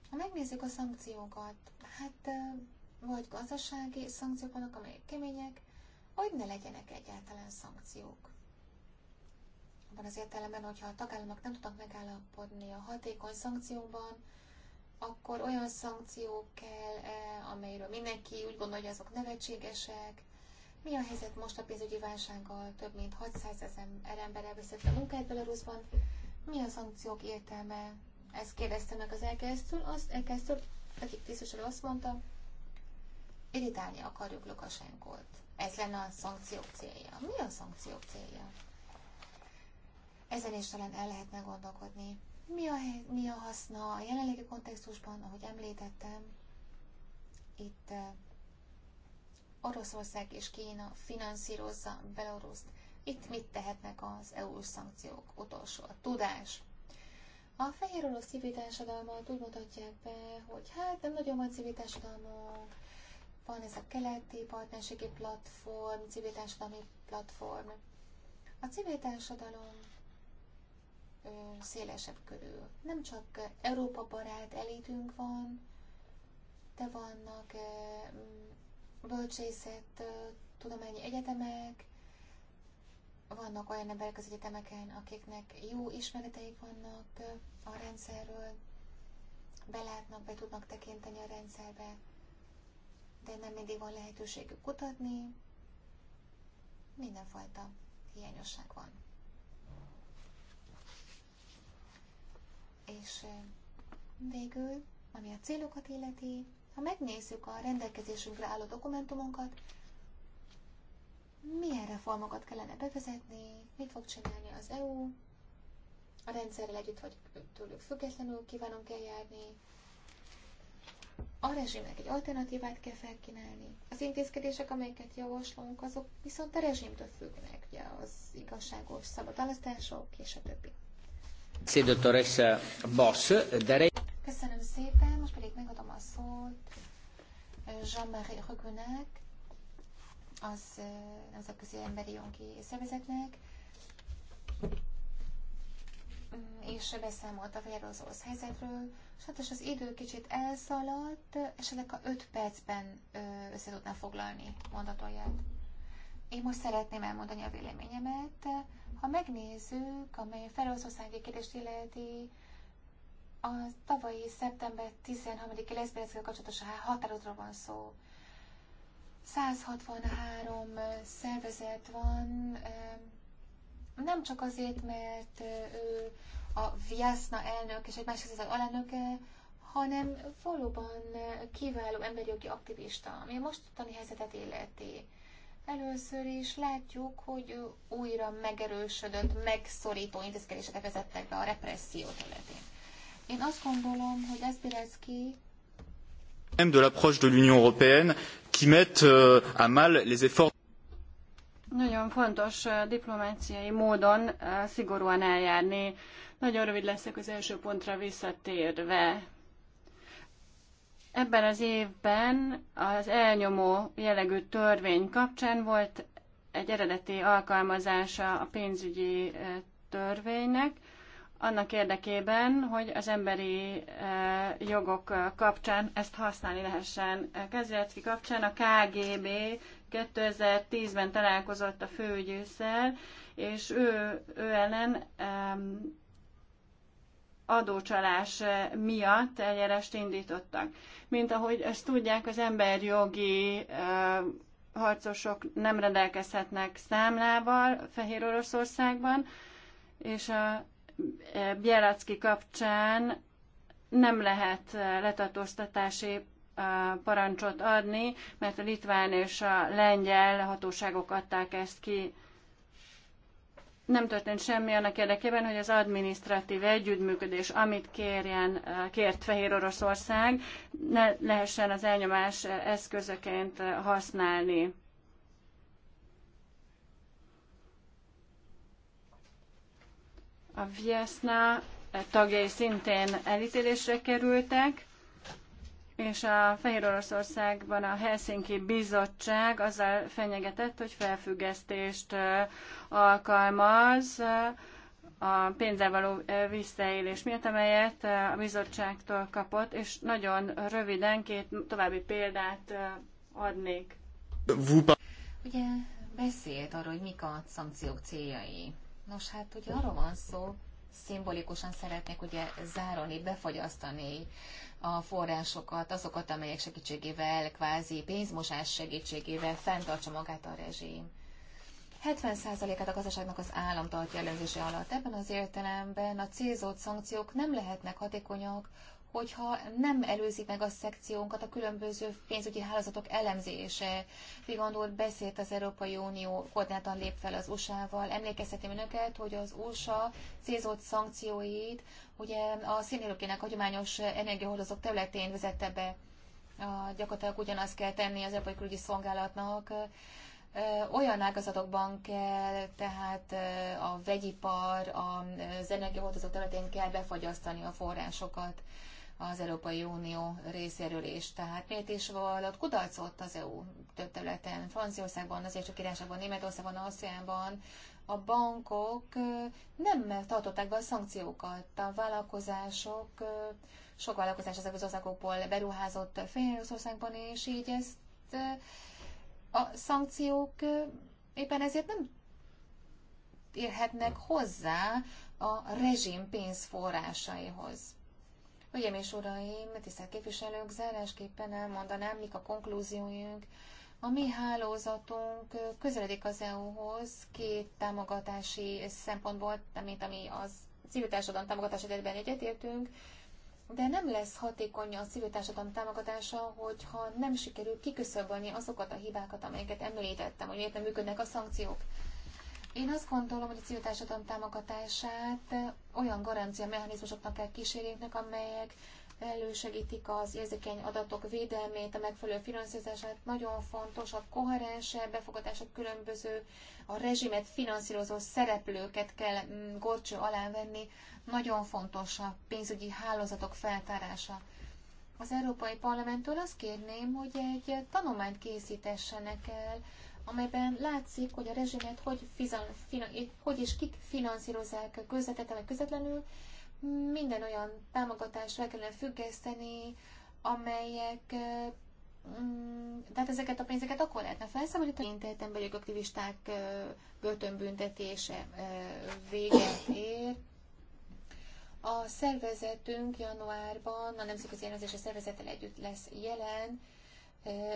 Ha megnézzük a szankciókat, hát vagy gazdasági szankciók vannak, amelyek kemények, vagy ne legyenek egyáltalán szankciók. Abban az értelemben, hogyha a tagállamok nem tudnak megállapodni a hatékony szankciókban, akkor olyan szankciók kell, eh, amelyről mindenki úgy gondolja, hogy azok nevetségesek. Mi a helyzet most a pénzügyi válsággal? Több mint 600 ezer ember elveszett a munkáját Belarusban. Mi a szankciók értelme? Ezt kérdezte meg az elkezdtől, az elkezdtől, aki tisztviselő azt mondta, irritálni akarjuk Lukasenkót. Ez lenne a szankciók célja. Mi a szankciók célja? Ezen is talán el lehetne gondolkodni. Mi a, mi a haszna a jelenlegi kontextusban, ahogy említettem, itt Oroszország és Kína finanszírozza Belaruszt. Itt mit tehetnek az EU-s szankciók? Utolsó, a tudás. A fehér orosz civil társadalmat úgy mutatják be, hogy hát nem nagyon van civil társadalmunk, van ez a keleti partnerségi platform, civil társadalmi platform. A civil társadalom ö, szélesebb körül. Nem csak Európa barát elitünk van, de vannak ö, bölcsészet, ö, tudományi egyetemek, vannak olyan emberek az egyetemeken, akiknek jó ismereteik vannak a rendszerről, belátnak, be tudnak tekinteni a rendszerbe, de nem mindig van lehetőségük kutatni, mindenfajta hiányosság van. És végül, ami a célokat illeti, ha megnézzük a rendelkezésünkre álló dokumentumunkat, milyen reformokat kellene bevezetni, mit fog csinálni az EU, a rendszerrel együtt, hogy tőlük függetlenül kívánunk eljárni, a rezsimnek egy alternatívát kell felkínálni. Az intézkedések, amelyeket javaslunk, azok viszont a rezsimtől függnek, ugye az igazságos szabad választások és a többi. Köszönöm szépen, most pedig megadom a szót eh, Jean-Marie Rögönnek, az eh, Nemzetközi Emberi Jogi Szervezetnek, Mm, és beszámolt a az helyzetről, és hát az idő kicsit elszaladt, és esetleg a 5 percben össze tudná foglalni mondatolját. Én most szeretném elmondani a véleményemet. Ha megnézzük, amely Feroszországi kérdést illeti, a tavalyi szeptember 13-i leszbérezkel kapcsolatos határozatról van szó. 163 szervezet van, nem csak azért, mert ő a Viaszna elnök és egy másik az alelnöke, hanem valóban kiváló emberi jogi aktivista, ami a mostani helyzetet életi. Először is látjuk, hogy újra megerősödött, megszorító intézkedéseket vezettek be a represszió területén. Én azt gondolom, hogy ez Eszbirecki même de l'approche de l'Union européenne qui mettent euh, à mal les efforts nagyon fontos diplomáciai módon szigorúan eljárni. Nagyon rövid leszek az első pontra visszatérve. Ebben az évben az elnyomó jellegű törvény kapcsán volt egy eredeti alkalmazása a pénzügyi törvénynek, annak érdekében, hogy az emberi jogok kapcsán ezt használni lehessen. Kezdetki kapcsán a KGB 2010-ben találkozott a főügyészel, és ő, ő ellen um, adócsalás miatt eljárást indítottak. Mint ahogy ezt tudják, az emberjogi uh, harcosok nem rendelkezhetnek számlával Fehér Oroszországban, és a Bjelacki kapcsán nem lehet eh, letartóztatási parancsot adni, mert a litván és a lengyel hatóságok adták ezt ki. Nem történt semmi annak érdekében, hogy az administratív együttműködés, amit kérjen, kért Fehér Oroszország, ne lehessen az elnyomás eszközöként használni. A Viesna tagjai szintén elítélésre kerültek, és a Fehér Oroszországban a Helsinki Bizottság azzal fenyegetett, hogy felfüggesztést alkalmaz a pénzzel való visszaélés miatt, amelyet a bizottságtól kapott, és nagyon röviden két további példát adnék. Ugye beszélt arról, hogy mik a szankciók céljai. Nos, hát ugye arról van szó, szimbolikusan szeretnék ugye zárolni, befagyasztani a forrásokat, azokat, amelyek segítségével, kvázi pénzmosás segítségével fenntartsa magát a rezsim. 70%-át a gazdaságnak az állam tartja ellenzése alatt. Ebben az értelemben a célzott szankciók nem lehetnek hatékonyak, hogyha nem előzi meg a szekciónkat a különböző pénzügyi hálózatok elemzése. Vigand úr beszélt az Európai Unió koordinátan lép fel az USA-val. Emlékeztetném önöket, hogy az USA célzott szankcióit ugye a színhélőkének hagyományos energiahordozók területén vezette be. Gyakorlatilag ugyanazt kell tenni az Európai Külügyi Szolgálatnak, olyan ágazatokban kell, tehát a vegyipar, az energiahordozó területén kell befagyasztani a forrásokat az Európai Unió részéről is. Tehát miért is vallat kudarcot az EU több területen, Franciaországban, az Egyesült Királyságban, Németországban, Ausztriában, a bankok nem tartották be a szankciókat, a vállalkozások, sok vállalkozás ezek az országokból beruházott Fényországban, és így ezt a szankciók éppen ezért nem érhetnek hozzá a rezsim pénzforrásaihoz. Hölgyeim és uraim, tisztelt képviselők, zárásképpen elmondanám, mik a konklúzióink. A mi hálózatunk közeledik az EU-hoz két támogatási szempontból, mint ami az civil társadalom támogatás területben egyetértünk, de nem lesz hatékony a civil társadalom támogatása, hogyha nem sikerül kiküszöbölni azokat a hibákat, amelyeket említettem, hogy miért nem működnek a szankciók. Én azt gondolom, hogy a civil társadalom támogatását olyan garancia mechanizmusoknak kell kísérjéknek, amelyek elősegítik az érzékeny adatok védelmét, a megfelelő finanszírozását. Nagyon fontos a koherensebb befogadás, a különböző a rezsimet finanszírozó szereplőket kell mm, gorcső alá venni. Nagyon fontos a pénzügyi hálózatok feltárása. Az Európai Parlamenttől azt kérném, hogy egy tanulmányt készítessenek el amelyben látszik, hogy a rezsimet hogy, fizan, hogy és kik finanszírozzák közvetetten vagy közvetlenül, minden olyan támogatásra kellene függeszteni, amelyek mm, tehát ezeket a pénzeket akkor lehetne felszabadítani, mint emberi aktivisták börtönbüntetése véget ér. A szervezetünk januárban a Nemzetközi Ellenőrzési Szervezettel együtt lesz jelen,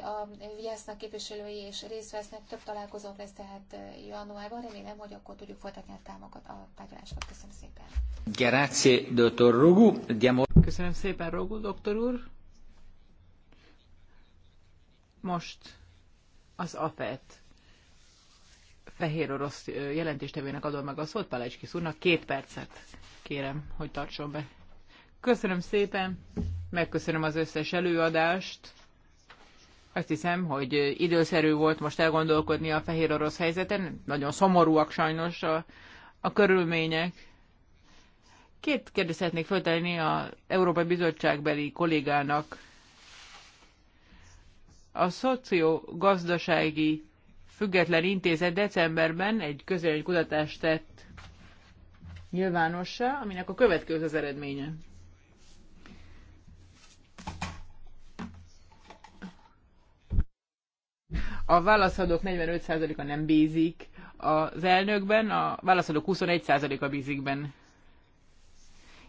a Viasznak képviselői és részt vesznek, több találkozónk lesz tehát januárban, remélem, hogy akkor tudjuk folytatni a támogat a tárgyalásokat. Köszönöm szépen. Grazie, dottor Rugu. Köszönöm szépen, Rogu, doktor úr. Most az AFET fehér orosz jelentéstevőnek adom meg a szót, Palecskis úrnak két percet kérem, hogy tartson be. Köszönöm szépen, megköszönöm az összes előadást azt hiszem, hogy időszerű volt most elgondolkodni a fehér orosz helyzeten. Nagyon szomorúak sajnos a, a körülmények. Két kérdést szeretnék föltenni az Európai Bizottságbeli kollégának. A szociogazdasági független intézet decemberben egy közéleti kutatást tett nyilvánossá, aminek a következő az eredménye. A válaszadók 45%-a nem bízik az elnökben, a válaszadók 21%-a bízik benne.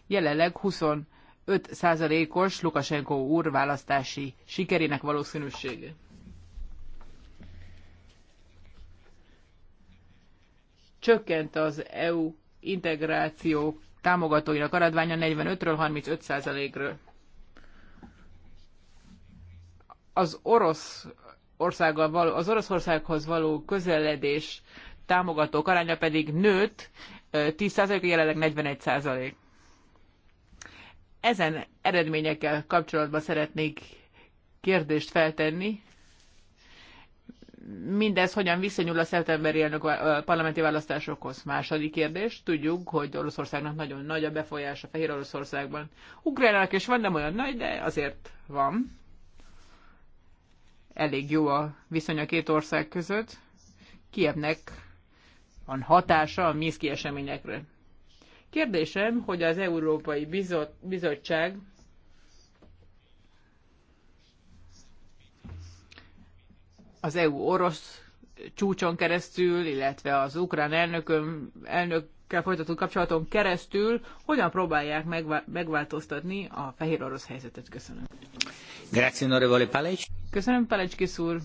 Jelenleg 25%-os Lukasenko úr választási sikerének valószínűsége. Csökkent az EU integráció támogatóinak aradványa 45-ről 35%-ről. Az orosz Oroszországgal való, az Oroszországhoz való közeledés támogatók aránya pedig nőtt, 10% jelenleg 41%. Ezen eredményekkel kapcsolatban szeretnék kérdést feltenni. Mindez hogyan viszonyul a szeptemberi elnök parlamenti választásokhoz? Második kérdés. Tudjuk, hogy Oroszországnak nagyon nagy a befolyása Fehér Oroszországban. Ukrajnának is van, nem olyan nagy, de azért van elég jó a viszony a két ország között. Kievnek van hatása a Minszki eseményekre. Kérdésem, hogy az Európai Bizot Bizottság az EU-orosz csúcson keresztül, illetve az ukrán elnökön, elnökkel folytatott kapcsolaton keresztül hogyan próbálják megvá- megváltoztatni a fehér orosz helyzetet. Köszönöm. Grazie, onorevole Palec. Köszönöm, Pelecskis úr.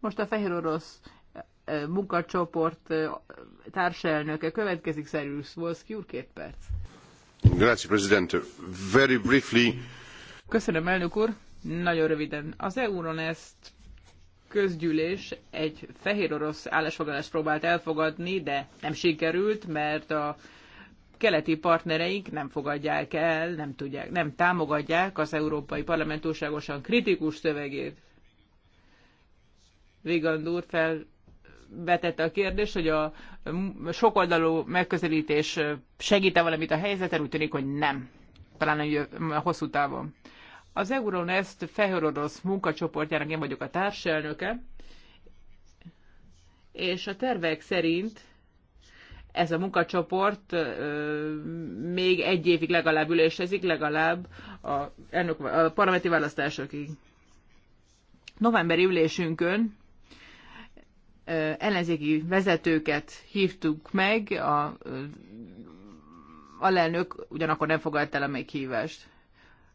Most a fehér orosz eh, eh, munkacsoport eh, társelnöke következik, Szerűs Volszki úr, két perc. Grazie, President. Very briefly. Köszönöm, elnök úr. Nagyon röviden. Az Euronest közgyűlés egy fehér orosz állásfoglalást próbált elfogadni, de nem sikerült, mert a keleti partnereink nem fogadják el, nem, tudják, nem támogatják az Európai parlamentóságosan kritikus szövegét. Vigand úr fel betette a kérdést, hogy a sokoldalú megközelítés segít-e valamit a helyzeten, úgy tűnik, hogy nem. Talán a hosszú távon. Az Euronest Fehér Orosz munkacsoportjának én vagyok a társelnöke, és a tervek szerint ez a munkacsoport még egy évig legalább ülésezik, legalább a, elnök, a parlamenti választásokig. Novemberi ülésünkön ellenzéki vezetőket hívtuk meg, a alelnök ugyanakkor nem fogadta el a meghívást.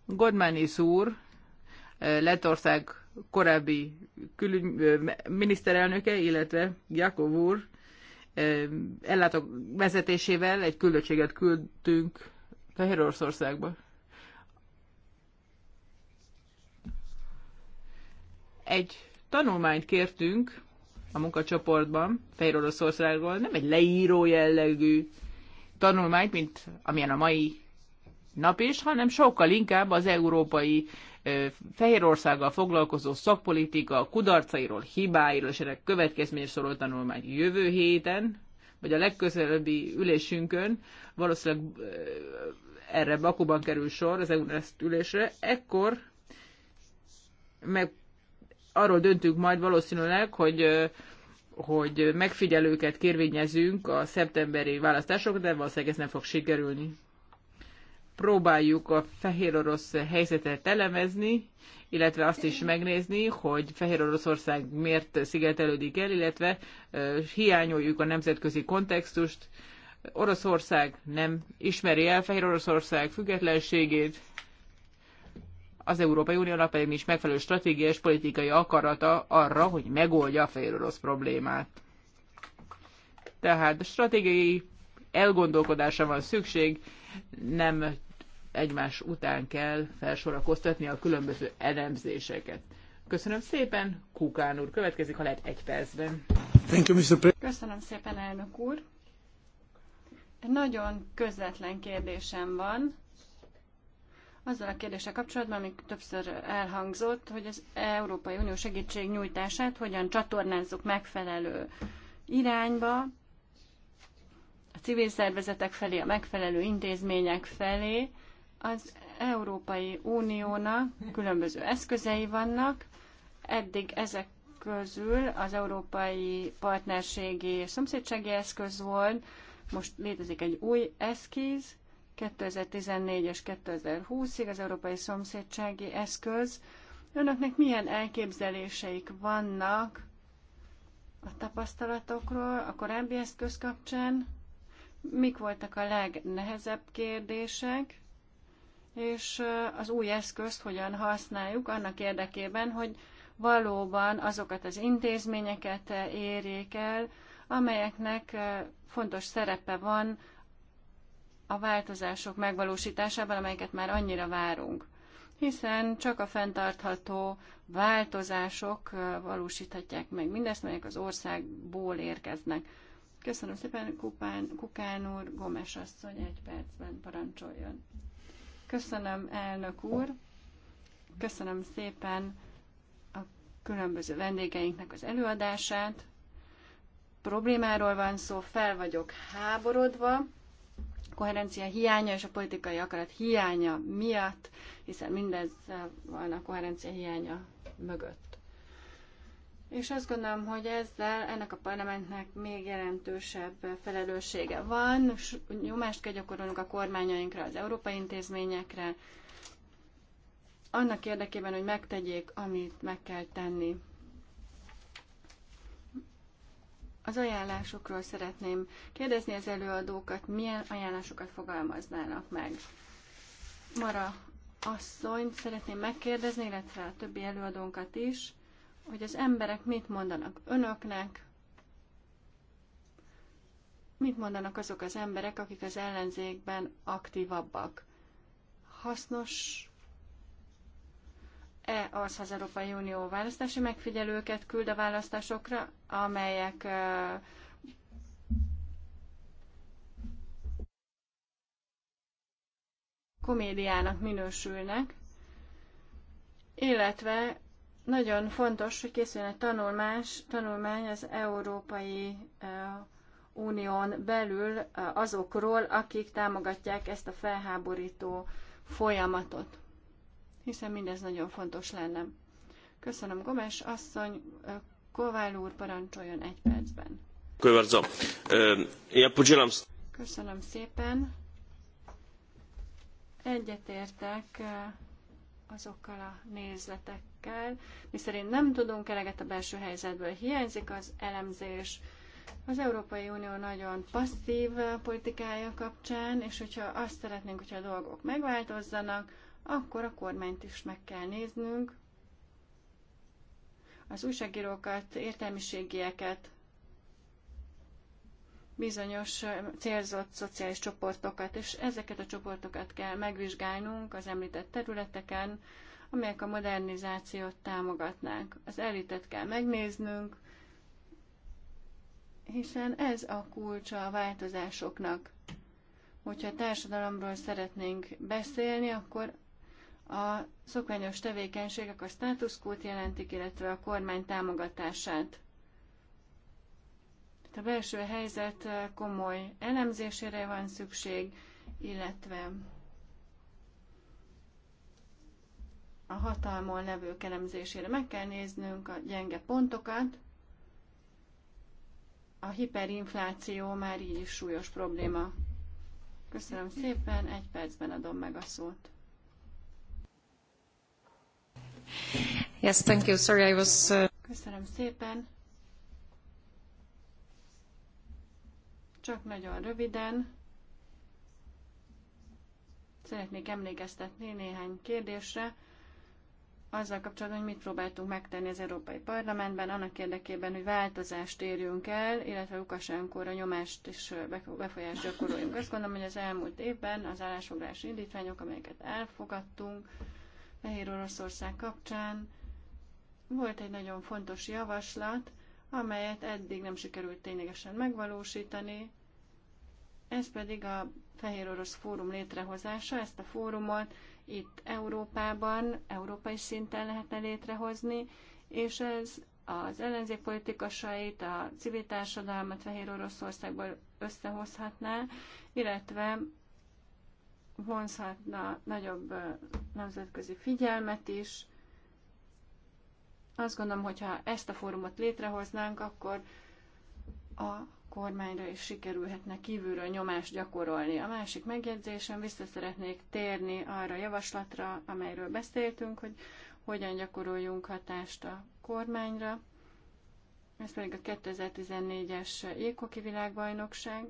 Godmanis úr, Lettország korábbi külügy, miniszterelnöke, illetve Jakov úr, ellátók vezetésével egy küldöttséget küldtünk Fehér Oroszországba. Egy tanulmányt kértünk a munkacsoportban, Fehér Oroszországról, nem egy leíró jellegű tanulmányt, mint amilyen a mai nap is, hanem sokkal inkább az európai Fehérországgal foglalkozó szakpolitika kudarcairól, hibáiról és ennek következmény szóló tanulmány jövő héten, vagy a legközelebbi ülésünkön, valószínűleg erre Bakuban kerül sor, az eu ülésre, ekkor meg arról döntünk majd valószínűleg, hogy hogy megfigyelőket kérvényezünk a szeptemberi választásokra, de valószínűleg ez nem fog sikerülni próbáljuk a fehér orosz helyzetet elemezni, illetve azt is megnézni, hogy Fehér Oroszország miért szigetelődik el, illetve hiányoljuk a nemzetközi kontextust. Oroszország nem ismeri el Fehér Oroszország függetlenségét, az Európai Uniónak pedig nincs megfelelő stratégiai és politikai akarata arra, hogy megoldja a fehér orosz problémát. Tehát stratégiai elgondolkodásra van szükség, nem egymás után kell felsorakoztatni a különböző elemzéseket. Köszönöm szépen, Kukán úr. Következik, ha lehet, egy percben. Thank you, Mr. Köszönöm szépen, elnök úr. Egy nagyon közvetlen kérdésem van. Azzal a kérdéssel kapcsolatban, amik többször elhangzott, hogy az Európai Unió segítségnyújtását hogyan csatornázzuk megfelelő irányba, a civil szervezetek felé, a megfelelő intézmények felé, az Európai Uniónak különböző eszközei vannak, eddig ezek közül az Európai Partnerségi és Szomszédsági Eszköz volt, most létezik egy új eszkíz, 2014 és 2020-ig az Európai Szomszédsági Eszköz. Önöknek milyen elképzeléseik vannak a tapasztalatokról a korábbi eszköz kapcsán? Mik voltak a legnehezebb kérdések? és az új eszközt hogyan használjuk annak érdekében, hogy valóban azokat az intézményeket érjék el, amelyeknek fontos szerepe van a változások megvalósításában, amelyeket már annyira várunk. Hiszen csak a fenntartható változások valósíthatják meg mindezt, melyek az országból érkeznek. Köszönöm szépen, Kupán, Kukán úr, Gomes asszony egy percben parancsoljon. Köszönöm, elnök úr. Köszönöm szépen a különböző vendégeinknek az előadását. Problémáról van szó, fel vagyok háborodva koherencia hiánya és a politikai akarat hiánya miatt, hiszen mindez van a koherencia hiánya mögött. És azt gondolom, hogy ezzel ennek a parlamentnek még jelentősebb felelőssége van, nyomást kell gyakorolnunk a kormányainkra, az európai intézményekre, annak érdekében, hogy megtegyék, amit meg kell tenni. Az ajánlásokról szeretném kérdezni az előadókat, milyen ajánlásokat fogalmaznának meg. Mara asszony szeretném megkérdezni, illetve a többi előadónkat is hogy az emberek mit mondanak önöknek, mit mondanak azok az emberek, akik az ellenzékben aktívabbak. Hasznos E az, az Európai Unió választási megfigyelőket küld a választásokra, amelyek komédiának minősülnek, illetve nagyon fontos, hogy készüljön egy tanulmás, tanulmány az Európai Unión belül azokról, akik támogatják ezt a felháborító folyamatot. Hiszen mindez nagyon fontos lenne. Köszönöm, Gomes asszony. Kovál úr, parancsoljon egy percben. Köszönöm szépen. Egyetértek azokkal a nézletekkel, miszerint nem tudunk eleget a belső helyzetből. Hiányzik az elemzés, az Európai Unió nagyon passzív politikája kapcsán, és hogyha azt szeretnénk, hogyha a dolgok megváltozzanak, akkor a kormányt is meg kell néznünk, az újságírókat, értelmiségieket, bizonyos célzott szociális csoportokat, és ezeket a csoportokat kell megvizsgálnunk az említett területeken, amelyek a modernizációt támogatnák. Az elitet kell megnéznünk, hiszen ez a kulcsa a változásoknak. Hogyha a társadalomról szeretnénk beszélni, akkor a szokványos tevékenységek a státuszkót jelentik, illetve a kormány támogatását. Itt a belső helyzet komoly elemzésére van szükség, illetve a hatalmon levő elemzésére. Meg kell néznünk a gyenge pontokat. A hiperinfláció már így is súlyos probléma. Köszönöm szépen, egy percben adom meg a szót. Yes, thank you. Sorry, I was... Uh, Köszönöm szépen. Csak nagyon röviden szeretnék emlékeztetni néhány kérdésre azzal kapcsolatban, hogy mit próbáltunk megtenni az Európai Parlamentben, annak érdekében, hogy változást érjünk el, illetve Lukasenkóra nyomást és befolyást gyakoroljunk. Azt gondolom, hogy az elmúlt évben az állásfoglalási indítványok, amelyeket elfogadtunk Fehér Oroszország kapcsán, volt egy nagyon fontos javaslat, amelyet eddig nem sikerült ténylegesen megvalósítani, ez pedig a Fehér Orosz Fórum létrehozása. Ezt a fórumot itt Európában, európai szinten lehetne létrehozni, és ez az ellenzékpolitikusait, a civil társadalmat Fehér Oroszországból összehozhatná, illetve vonzhatna nagyobb nemzetközi figyelmet is, azt gondolom, hogy ha ezt a fórumot létrehoznánk, akkor a kormányra is sikerülhetne kívülről nyomást gyakorolni. A másik megjegyzésem vissza szeretnék térni arra a javaslatra, amelyről beszéltünk, hogy hogyan gyakoroljunk hatást a kormányra. Ez pedig a 2014-es Jékoki világbajnokság.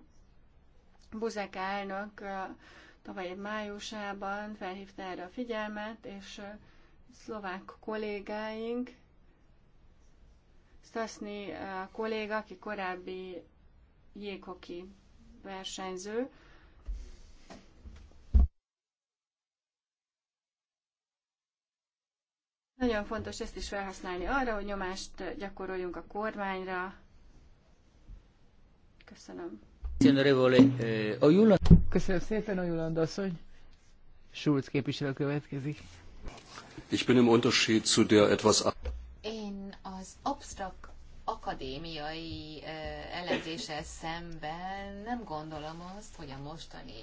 Buzek elnök tavaly év májusában felhívta erre a figyelmet, és szlovák kollégáink Stasny kolléga, aki korábbi jéghoki versenyző, Nagyon fontos ezt is felhasználni arra, hogy nyomást gyakoroljunk a kormányra. Köszönöm. Eh, Köszönöm szépen, Ojuland asszony. Schulz képviselő következik. Ich bin im Unterschied zu der etwas az absztrakt akadémiai elemzéssel szemben nem gondolom azt, hogy a mostani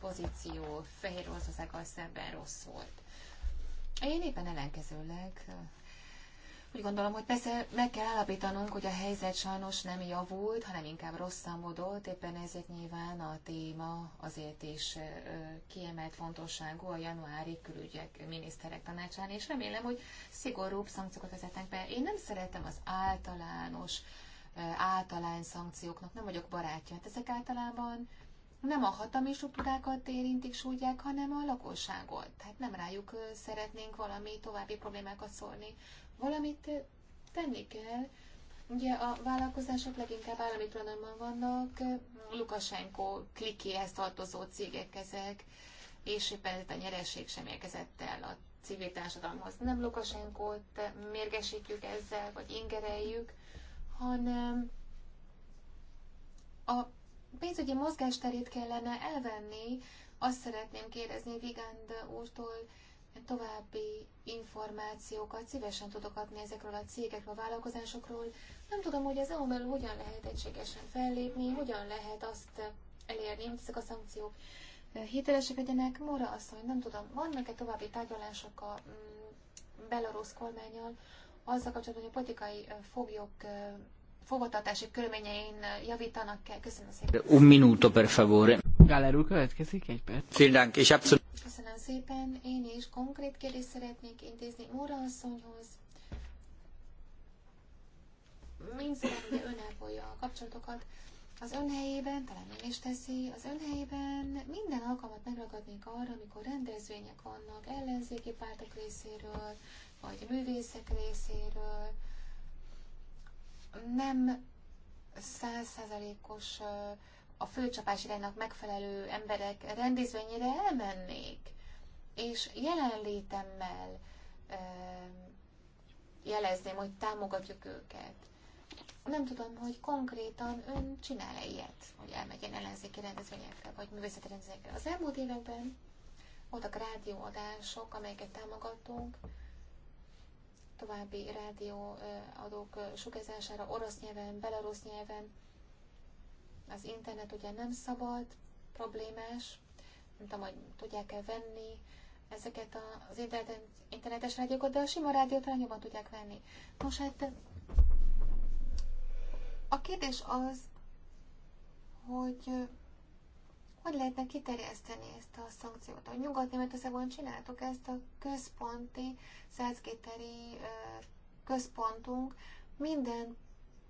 pozíció Oroszországgal szemben rossz volt. Én éppen ellenkezőleg úgy gondolom, hogy persze meg kell állapítanunk, hogy a helyzet sajnos nem javult, hanem inkább rosszamodott, éppen ezért nyilván a téma azért is kiemelt fontosságú a januári külügyek miniszterek tanácsán, és remélem, hogy szigorúbb szankciókat vezetnek be. Én nem szeretem az általános, általány szankcióknak, nem vagyok barátja. Hát ezek általában nem a hatalmi struktúrákat érintik, sújtják, hanem a lakosságot. Tehát nem rájuk szeretnénk valami további problémákat szólni. Valamit eh, tenni kell. Ugye a vállalkozások leginkább állami tulajdonban vannak, eh, Lukasenko klikéhez tartozó cégek ezek, és éppen ez a nyeresség sem érkezett el a civil társadalomhoz. Nem Lukasenkót eh, mérgesítjük ezzel, vagy ingereljük, hanem a pénzügyi mozgásterét kellene elvenni. Azt szeretném kérdezni Vigand úrtól, További információkat szívesen tudok adni ezekről a cégekről, a vállalkozásokról. Nem tudom, hogy az EU belül hogyan lehet egységesen fellépni, hogyan lehet azt elérni, hogy ezek a szankciók hitelesek legyenek. Mora asszony, nem tudom, vannak-e további tárgyalások a mm, belorusz kormányal azzal kapcsolatban, hogy a politikai foglyok fogvatartási körülményein javítanak kell. Köszönöm szépen. Un minuto, per favore. Gáler úr, következik egy perc. Vielen Köszönöm szépen. Én is konkrét kérdést szeretnék intézni Móra asszonyhoz. Mind szeretne ön ápolja a kapcsolatokat. Az ön helyében, talán ön is teszi, az ön helyében minden alkalmat megragadnék arra, amikor rendezvények vannak ellenzéki pártok részéről, vagy művészek részéről, nem százszázalékos a főcsapás iránynak megfelelő emberek rendezvényére elmennék, és jelenlétemmel jelezném, hogy támogatjuk őket. Nem tudom, hogy konkrétan ön csinál-e ilyet, hogy elmegyen ellenzéki rendezvényekre, vagy művészeti rendezvényekre. Az elmúlt években voltak rádióadások, amelyeket támogattunk, további rádióadók sugárzására orosz nyelven, belarusz nyelven. Az internet ugye nem szabad, problémás, nem tudom, hogy tudják-e venni ezeket az internetes rádiókat, de a sima rádiót talán jobban tudják venni. Nos, hát a kérdés az, hogy hogy lehetne kiterjeszteni ezt a szankciót? A Nyugat-Németországban csináltuk ezt a központi, százgéteri központunk minden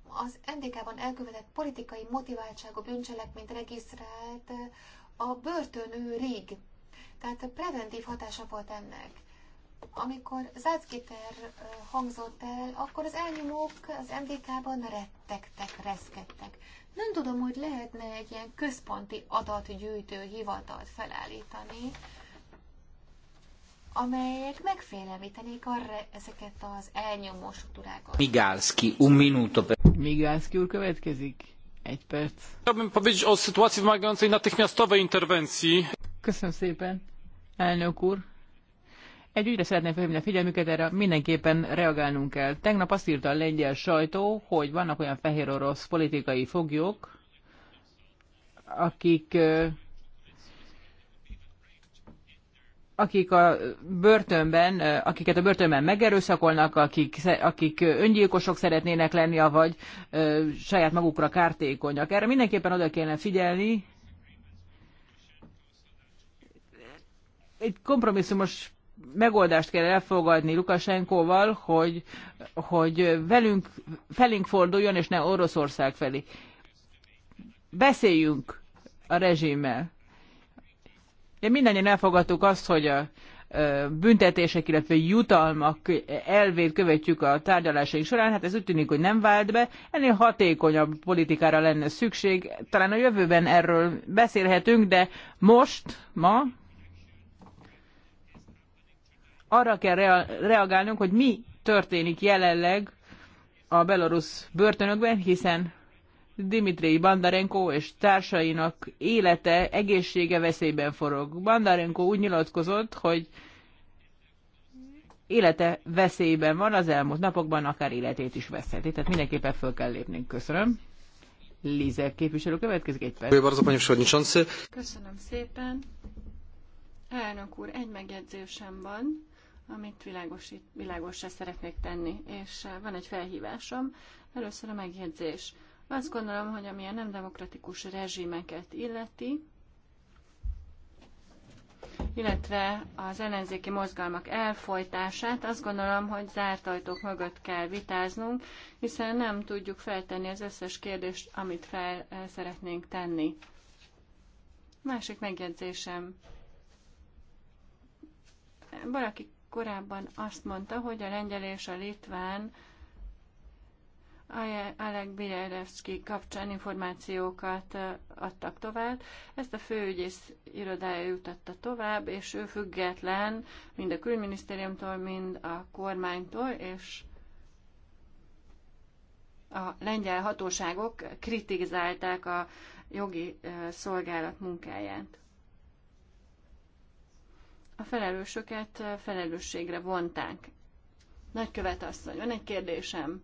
az NDK-ban elkövetett politikai motiváltságú bűncselekményt regisztrált a börtönőrig. Tehát preventív hatása volt ennek. Amikor Zácgiter hangzott el, akkor az elnyomók az MDK-ban rettegtek, reszkedtek. Nem tudom, hogy lehetne egy ilyen központi adatgyűjtő hivatalt felállítani, amelyek megfélemlítenék arra ezeket az elnyomó struktúrákat. Migálszki, un minuto. Migálszki úr következik. Egy perc. Chciałbym powiedzieć o sytuacji wymagającej natychmiastowej interwencji. Köszönöm szépen, elnök úr. Egy ügyre szeretném felhívni a figyelmüket, erre mindenképpen reagálnunk kell. Tegnap azt írta a lengyel sajtó, hogy vannak olyan fehér orosz politikai foglyok, akik akik a börtönben, akiket a börtönben megerőszakolnak, akik, akik öngyilkosok szeretnének lenni, vagy saját magukra kártékonyak. Erre mindenképpen oda kellene figyelni. Egy kompromisszumos megoldást kell elfogadni Lukasenkóval, hogy, hogy velünk, felénk forduljon, és ne Oroszország felé. Beszéljünk a rezsimmel. De mindannyian elfogadtuk azt, hogy a büntetések, illetve jutalmak elvét követjük a tárgyalásaink során, hát ez úgy tűnik, hogy nem vált be. Ennél hatékonyabb politikára lenne szükség. Talán a jövőben erről beszélhetünk, de most, ma arra kell reagálnunk, hogy mi történik jelenleg a belorusz börtönökben, hiszen Dimitri Bandarenko és társainak élete, egészsége veszélyben forog. Bandarenko úgy nyilatkozott, hogy élete veszélyben van az elmúlt napokban, akár életét is veszheti. Tehát mindenképpen föl kell lépnünk. Köszönöm. Lize képviselő következik egy perc. Köszönöm szépen. Elnök úr, egy megjegyzésem van amit világosít, világosra szeretnék tenni. És eh, van egy felhívásom, először a megjegyzés. Azt gondolom, hogy ami a nem demokratikus rezsimeket illeti, illetve az ellenzéki mozgalmak elfolytását, azt gondolom, hogy zárt ajtók mögött kell vitáznunk, hiszen nem tudjuk feltenni az összes kérdést, amit fel eh, szeretnénk tenni. Másik megjegyzésem. Valaki korábban azt mondta, hogy a lengyel és a litván Alek Bielewski kapcsán információkat adtak tovább. Ezt a főügyész irodája jutatta tovább, és ő független mind a külügyminisztériumtól, mind a kormánytól, és a lengyel hatóságok kritizálták a jogi szolgálat munkáját a felelősöket eh, felelősségre vonták. Nagykövet asszony, van egy kérdésem.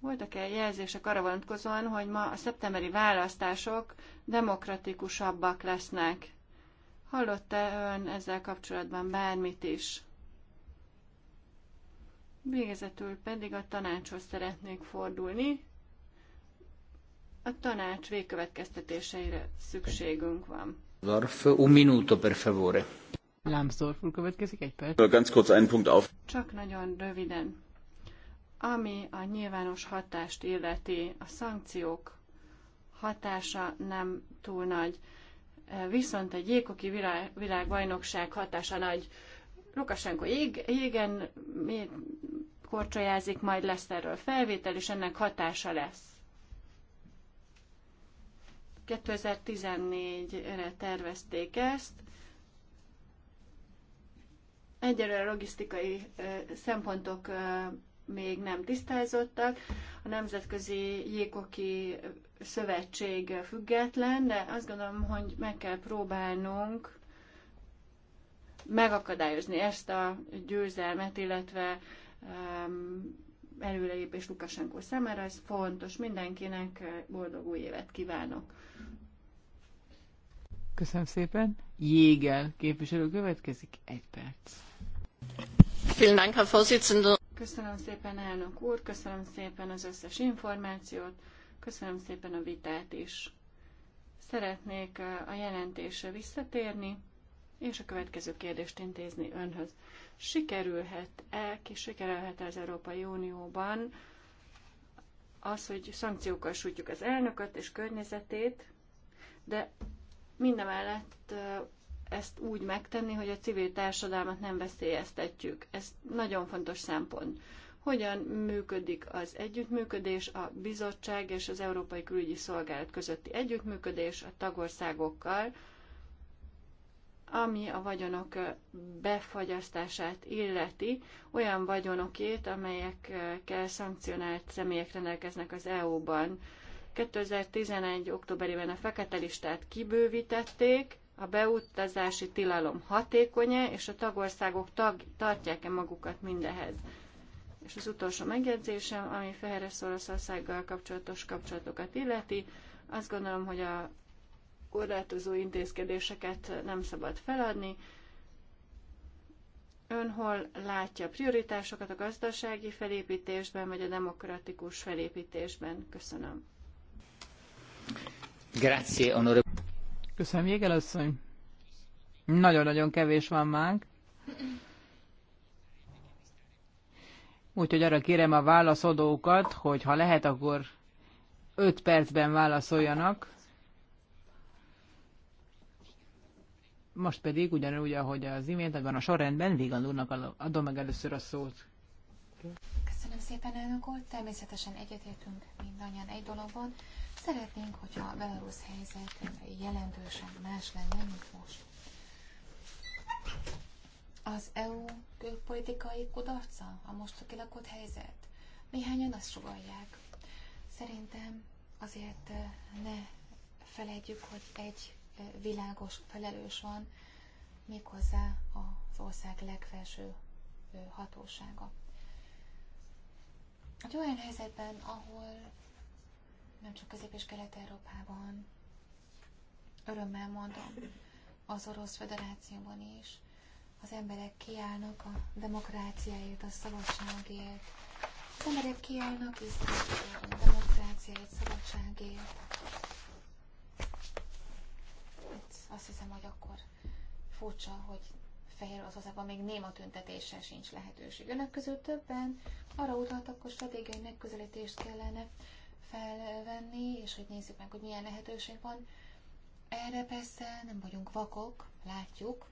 Voltak-e jelzések arra vonatkozóan, hogy ma a szeptemberi választások demokratikusabbak lesznek? Hallott-e ön ezzel kapcsolatban bármit is? Végezetül pedig a tanácshoz szeretnék fordulni. A tanács végkövetkeztetéseire szükségünk van. Dorf, un minuto, per favore. Lambsdorff következik egy perc. Ganz kurz einen Punkt auf. Csak nagyon röviden. Ami a nyilvános hatást illeti, a szankciók hatása nem túl nagy. Viszont egy jégkoki világ, világbajnokság hatása nagy. Lukasenko jég, jégen korcsolyázik, majd lesz erről felvétel, és ennek hatása lesz. 2014-re tervezték ezt. Egyelőre logisztikai szempontok még nem tisztázottak. A Nemzetközi Jékoki Szövetség független, de azt gondolom, hogy meg kell próbálnunk megakadályozni ezt a győzelmet, illetve előrelépés Lukasenko számára. Ez fontos mindenkinek. Boldog új évet kívánok! Köszönöm szépen. Jégel képviselő következik. Egy perc. Köszönöm szépen, elnök úr, köszönöm szépen az összes információt, köszönöm szépen a vitát is. Szeretnék a jelentésre visszatérni, és a következő kérdést intézni önhöz. Sikerülhet-e, ki sikerülhet az Európai Unióban az, hogy szankciókkal sújtjuk az elnököt és környezetét, de mindemellett ezt úgy megtenni, hogy a civil társadalmat nem veszélyeztetjük. Ez nagyon fontos szempont. Hogyan működik az együttműködés a bizottság és az Európai Külügyi Szolgálat közötti együttműködés a tagországokkal, ami a vagyonok befagyasztását illeti, olyan vagyonokét, amelyekkel szankcionált személyek rendelkeznek az EU-ban. 2011. októberében a fekete listát kibővítették, a beutazási tilalom hatékony, és a tagországok tag, tartják-e magukat mindehez. És az utolsó megjegyzésem, ami Feheres Oroszországgal kapcsolatos kapcsolatokat illeti, azt gondolom, hogy a korlátozó intézkedéseket nem szabad feladni. Ön hol látja a prioritásokat a gazdasági felépítésben, vagy a demokratikus felépítésben? Köszönöm. Köszönöm, jégelasszony. Nagyon-nagyon kevés van mánk. Úgyhogy arra kérem a válaszadókat, hogy ha lehet, akkor 5 percben válaszoljanak. Most pedig ugyanúgy, ahogy az imént, van a sorrendben Vigan úrnak adom meg először a szót. Köszönöm szépen, elnök úr. Természetesen egyetértünk mindannyian egy dologban, Szeretnénk, hogyha a belarusz helyzet jelentősen más lenne, mint most. Az EU külpolitikai kudarca, a most kilakott helyzet? Néhányan azt sugalják. Szerintem azért eh, ne felejtjük, hogy egy eh, világos felelős van, méghozzá az ország legfelső eh, hatósága. Egy olyan helyzetben, ahol nem csak Közép- és Kelet-Európában, örömmel mondom, az Orosz Föderációban is, az emberek kiállnak a demokráciáért, a szabadságért. Az emberek kiállnak Izraelért, a demokráciáért, szabadságért. Itt hát azt hiszem, hogy akkor furcsa, hogy fehér oroszországban még néma tüntetéssel sincs lehetőség. Önök közül többen arra utaltak, hogy stratégiai megközelítést kellene felvenni, és hogy nézzük meg, hogy milyen lehetőség van. Erre persze nem vagyunk vakok, látjuk,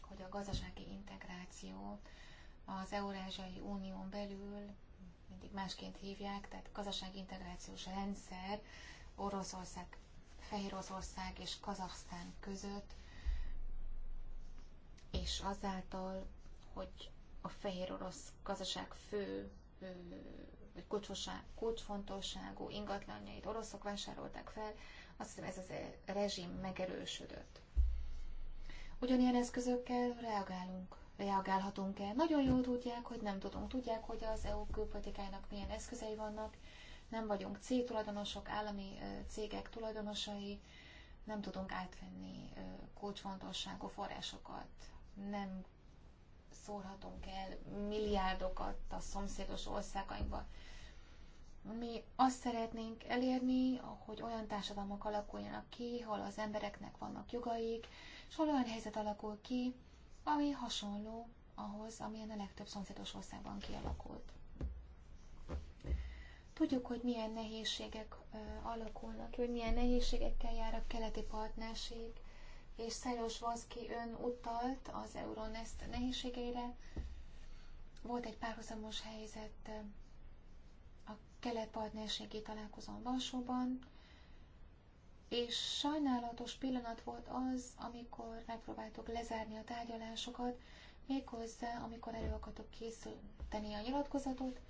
hogy a gazdasági integráció az Eurázsiai Unión belül, mindig másként hívják, tehát gazdasági integrációs rendszer Oroszország, Fehéroszország és Kazahsztán között, és azáltal, hogy a fehér orosz gazdaság fő vagy kulcsfontosságú ingatlanjait oroszok vásárolták fel, azt hiszem ez az a e, rezsim megerősödött. Ugyanilyen eszközökkel reagálunk, reagálhatunk el. Nagyon jól tudják, hogy nem tudunk. Tudják, hogy az EU külpolitikájának milyen eszközei vannak. Nem vagyunk C tulajdonosok, állami cégek tulajdonosai. Nem tudunk átvenni kulcsfontosságú forrásokat. Nem szórhatunk el milliárdokat a szomszédos országainkba. Mi azt szeretnénk elérni, hogy olyan társadalmak alakuljanak ki, ahol az embereknek vannak jogaik, és hol olyan helyzet alakul ki, ami hasonló ahhoz, amilyen a legtöbb szomszédos országban kialakult. Tudjuk, hogy milyen nehézségek alakulnak, hogy milyen nehézségekkel jár a keleti partnerség, és Szeros Vaszki ön utalt az Euronest nehézségeire. Volt egy párhuzamos helyzet eh, a kelet-partnerségi találkozón Varsóban, és sajnálatos pillanat volt az, amikor megpróbáltuk lezárni a tárgyalásokat, méghozzá, amikor elő akartuk készíteni a nyilatkozatot,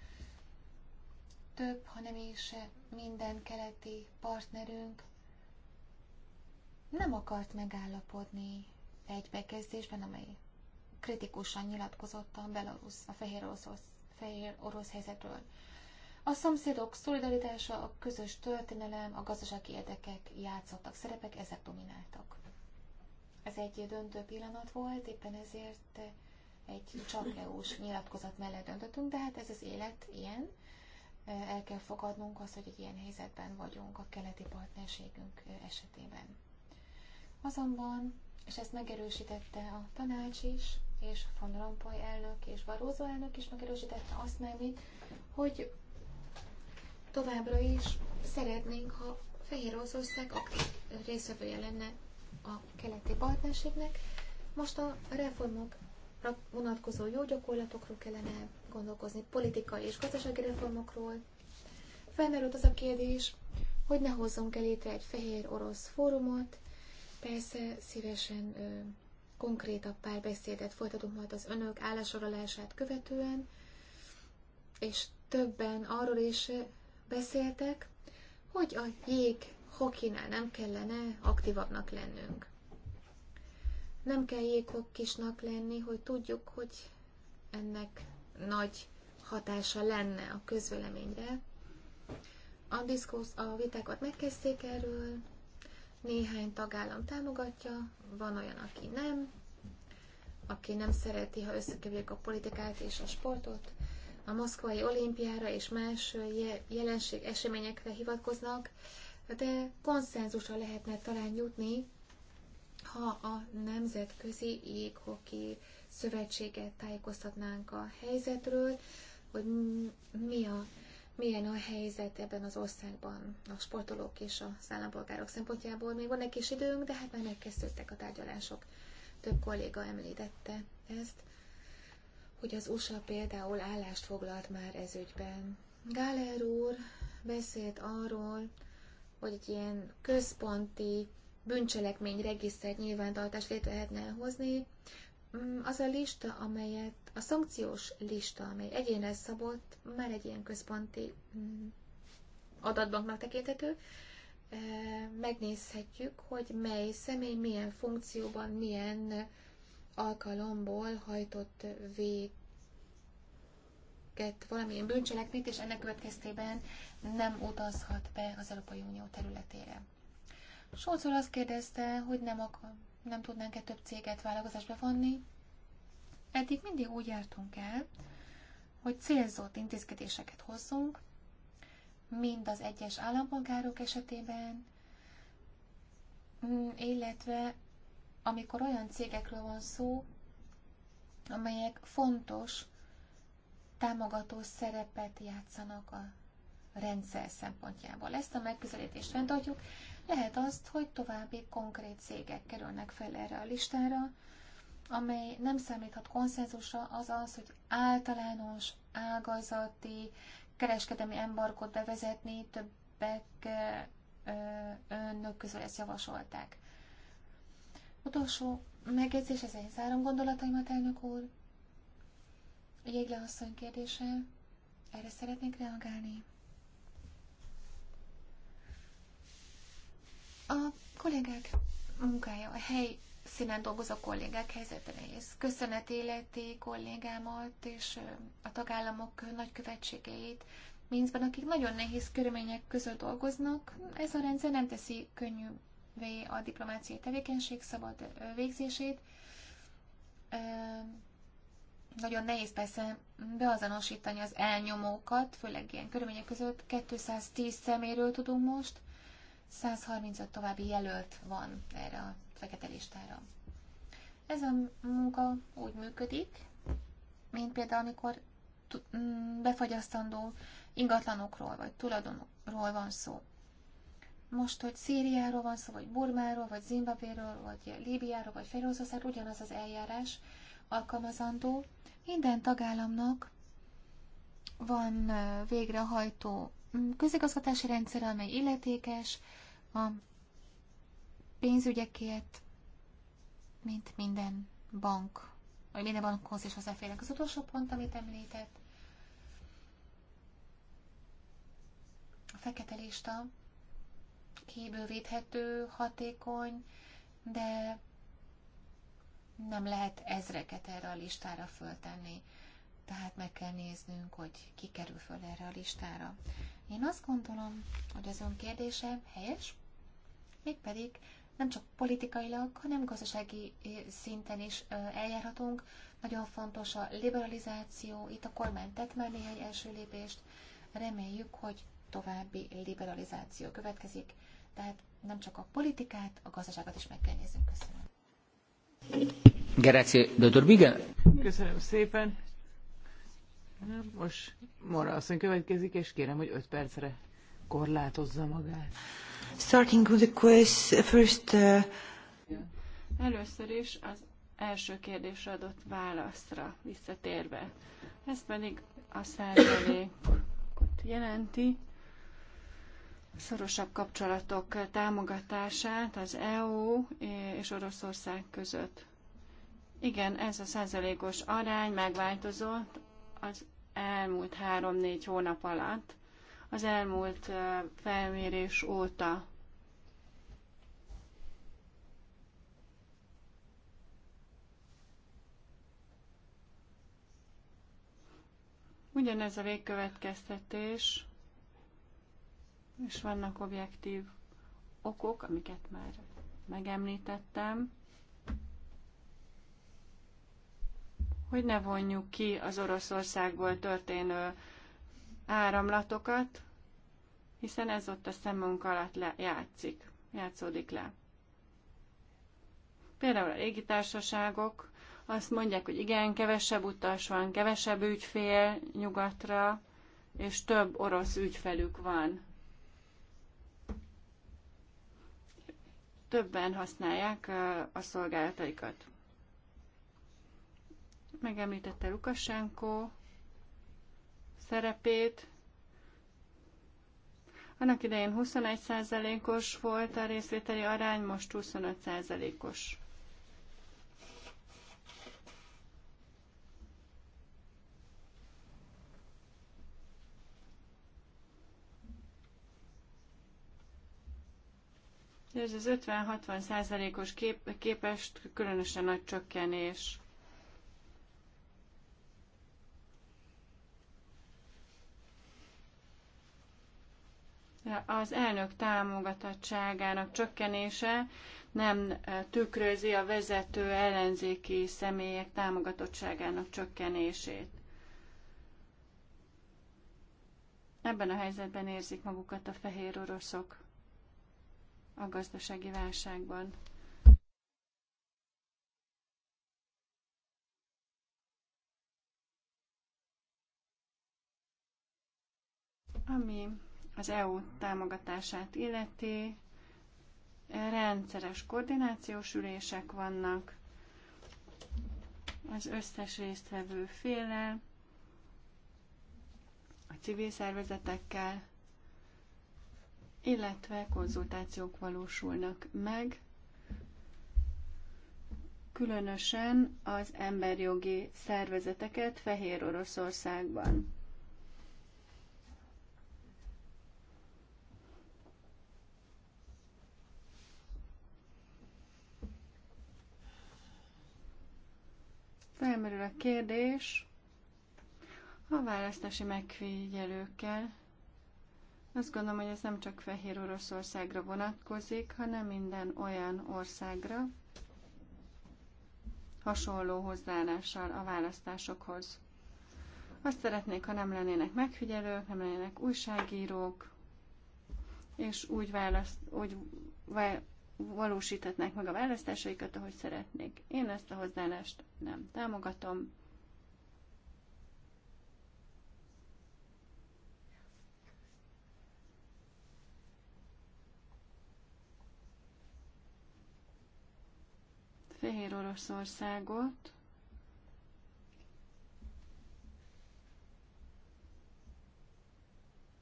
több, hanem is eh, minden keleti partnerünk nem akart megállapodni egy bekezdésben, amely kritikusan nyilatkozott a belarusz, a fehér orosz, fehér orosz helyzetről. A szomszédok szolidaritása, a közös történelem, a gazdasági érdekek játszottak szerepek, ezek domináltak. Ez egy döntő pillanat volt, éppen ezért egy csak EU-s nyilatkozat mellett döntöttünk, de hát ez az élet ilyen. El kell fogadnunk azt, hogy egy ilyen helyzetben vagyunk a keleti partnerségünk esetében. Azonban, és ezt megerősítette a tanács is, és von Rompuy elnök és Barroso elnök is megerősítette azt megint, hogy továbbra is szeretnénk, ha Fehér Oroszország aktív részvevője lenne a keleti partnerségnek. Most a reformokra vonatkozó jó gyakorlatokról kellene gondolkozni, politikai és gazdasági reformokról. Felmerült az a kérdés, hogy ne hozzunk el létre egy fehér orosz fórumot, Persze szívesen ö, konkrétabb párbeszédet folytatunk majd az önök állásorolását követően, és többen arról is beszéltek, hogy a jég hokinál nem kellene aktívabbnak lennünk. Nem kell jéghokkisnak lenni, hogy tudjuk, hogy ennek nagy hatása lenne a közvéleményre. A, diszkusz, a vitákat megkezdték erről, néhány tagállam támogatja, van olyan, aki nem, aki nem szereti, ha összekeverjük a politikát és a sportot. A moszkvai olimpiára és más jelenség eseményekre hivatkoznak, de konszenzusra lehetne talán jutni, ha a Nemzetközi Jéghoki Szövetséget tájékoztatnánk a helyzetről, hogy mi a milyen a helyzet ebben az országban a sportolók és az állampolgárok szempontjából. Még van egy kis időnk, de hát már megkezdődtek a tárgyalások. Több kolléga említette ezt, hogy az USA például állást foglalt már ez ügyben. Gáler úr beszélt arról, hogy egy ilyen központi bűncselekmény regisztert nyilvántartást létre lehetne hozni. Mm, az a lista, amelyet a szankciós lista, amely egyénre szabott, már egy ilyen központi mm, adatbanknak tekinthető, e, megnézhetjük, hogy mely személy milyen funkcióban, milyen alkalomból hajtott véget valamilyen bűncselekményt, és ennek következtében nem utazhat be az Európai Unió területére. Solcol azt kérdezte, hogy nem akar, nem tudnánk-e több céget vállalkozásba vonni. Eddig mindig úgy jártunk el, hogy célzott intézkedéseket hozzunk, mind az egyes állampolgárok esetében, mm, illetve amikor olyan cégekről van szó, amelyek fontos támogató szerepet játszanak a rendszer szempontjából. Ezt a megközelítést fenntartjuk, lehet azt, hogy további konkrét cégek kerülnek fel erre a listára, amely nem számíthat konszenzusra, az az, hogy általános, ágazati, kereskedelmi embarkot bevezetni, többek önök közül ezt javasolták. Utolsó megjegyzés, ezen zárom gondolataimat, elnök úr. Jégle asszony kérdése, erre szeretnék reagálni. A kollégák munkája, a hely színen dolgozó kollégák helyzete nehéz. Köszönet életi kollégámat és a tagállamok nagykövetségeit Minszben, akik nagyon nehéz körülmények között dolgoznak. Ez a rendszer nem teszi könnyűvé a diplomáciai tevékenység szabad végzését. Nagyon nehéz persze beazonosítani az elnyomókat, főleg ilyen körülmények között. 210 szeméről tudunk most, 135 további jelölt van erre a fekete listára. Ez a munka úgy működik, mint például amikor mm, befagyasztandó ingatlanokról vagy tulajdonokról van szó. Most, hogy Szíriáról van szó, vagy Burmáról, vagy Zimbabéről, vagy Líbiáról, vagy Fehéroroszországról, ugyanaz az eljárás alkalmazandó. Minden tagállamnak van végrehajtó mm, közigazgatási rendszer, amely illetékes, a pénzügyekért, mint minden bank, vagy minden bankhoz is hozzáférnek. Az utolsó pont, amit említett, a fekete lista kibővíthető, hatékony, de nem lehet ezreket erre a listára föltenni. Tehát meg kell néznünk, hogy ki kerül föl erre a listára. Én azt gondolom, hogy az ön kérdése helyes, mégpedig nem csak politikailag, hanem gazdasági eh, szinten is eh, eljárhatunk. Nagyon fontos a liberalizáció, itt a kormány tett már néhány első lépést, reméljük, hogy további liberalizáció következik, tehát nem csak a politikát, a gazdaságot is meg kell nézni Köszönöm. Grazie, dottor Köszönöm szépen. Most Mora asszony következik, és kérem, hogy 5 percre korlátozza magát. Starting with the first, uh... Először is az első kérdésre adott válaszra visszatérve. Ez pedig a százalékot jelenti, szorosabb kapcsolatok támogatását az EU és Oroszország között. Igen, ez a százalékos arány megváltozott az elmúlt három-négy hónap alatt az elmúlt felmérés óta. Ugyanez a végkövetkeztetés, és vannak objektív okok, amiket már megemlítettem, hogy ne vonjuk ki az Oroszországból történő áramlatokat, hiszen ez ott a szemünk alatt le, játszik, játszódik le. Például a légitársaságok azt mondják, hogy igen, kevesebb utas van, kevesebb ügyfél nyugatra, és több orosz ügyfelük van. Többen használják a szolgálataikat. Megemlítette Lukasenko szerepét. Annak idején 21%-os volt a részvételi arány, most 25%-os. Ez az 50-60 százalékos kép, képest különösen nagy csökkenés. az elnök támogatottságának csökkenése nem eh, tükrözi a vezető ellenzéki személyek támogatottságának csökkenését. Ebben a helyzetben érzik magukat a fehér oroszok a gazdasági válságban. Ami az EU támogatását illeti, rendszeres koordinációs ülések vannak az összes résztvevő féle, a civil szervezetekkel, illetve konzultációk valósulnak meg, különösen az emberjogi szervezeteket Fehér Oroszországban. Felmerül a kérdés a választási megfigyelőkkel. Azt gondolom, hogy ez nem csak Fehér Oroszországra vonatkozik, hanem minden olyan országra hasonló hozzáállással a választásokhoz. Azt szeretnék, ha nem lennének megfigyelők, nem lennének újságírók, és úgy, választ, úgy valósíthatnák meg a választásaikat, ahogy szeretnék. Én ezt a hozzáállást nem támogatom. Fehér Oroszországot.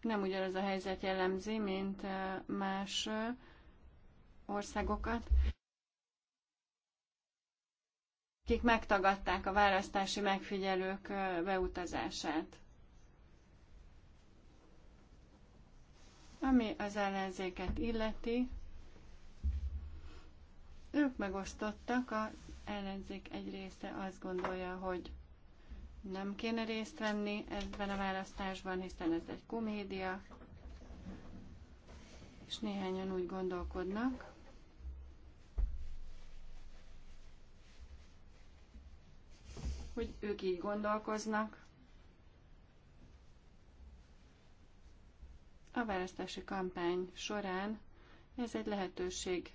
Nem ugyanaz a helyzet jellemzi, mint eh, más eh, országokat, akik megtagadták a választási megfigyelők beutazását. Ami az ellenzéket illeti, ők megosztottak, az ellenzék egy része azt gondolja, hogy nem kéne részt venni ebben a választásban, hiszen ez egy komédia, és néhányan úgy gondolkodnak, hogy ők így gondolkoznak. A választási kampány során ez egy lehetőség.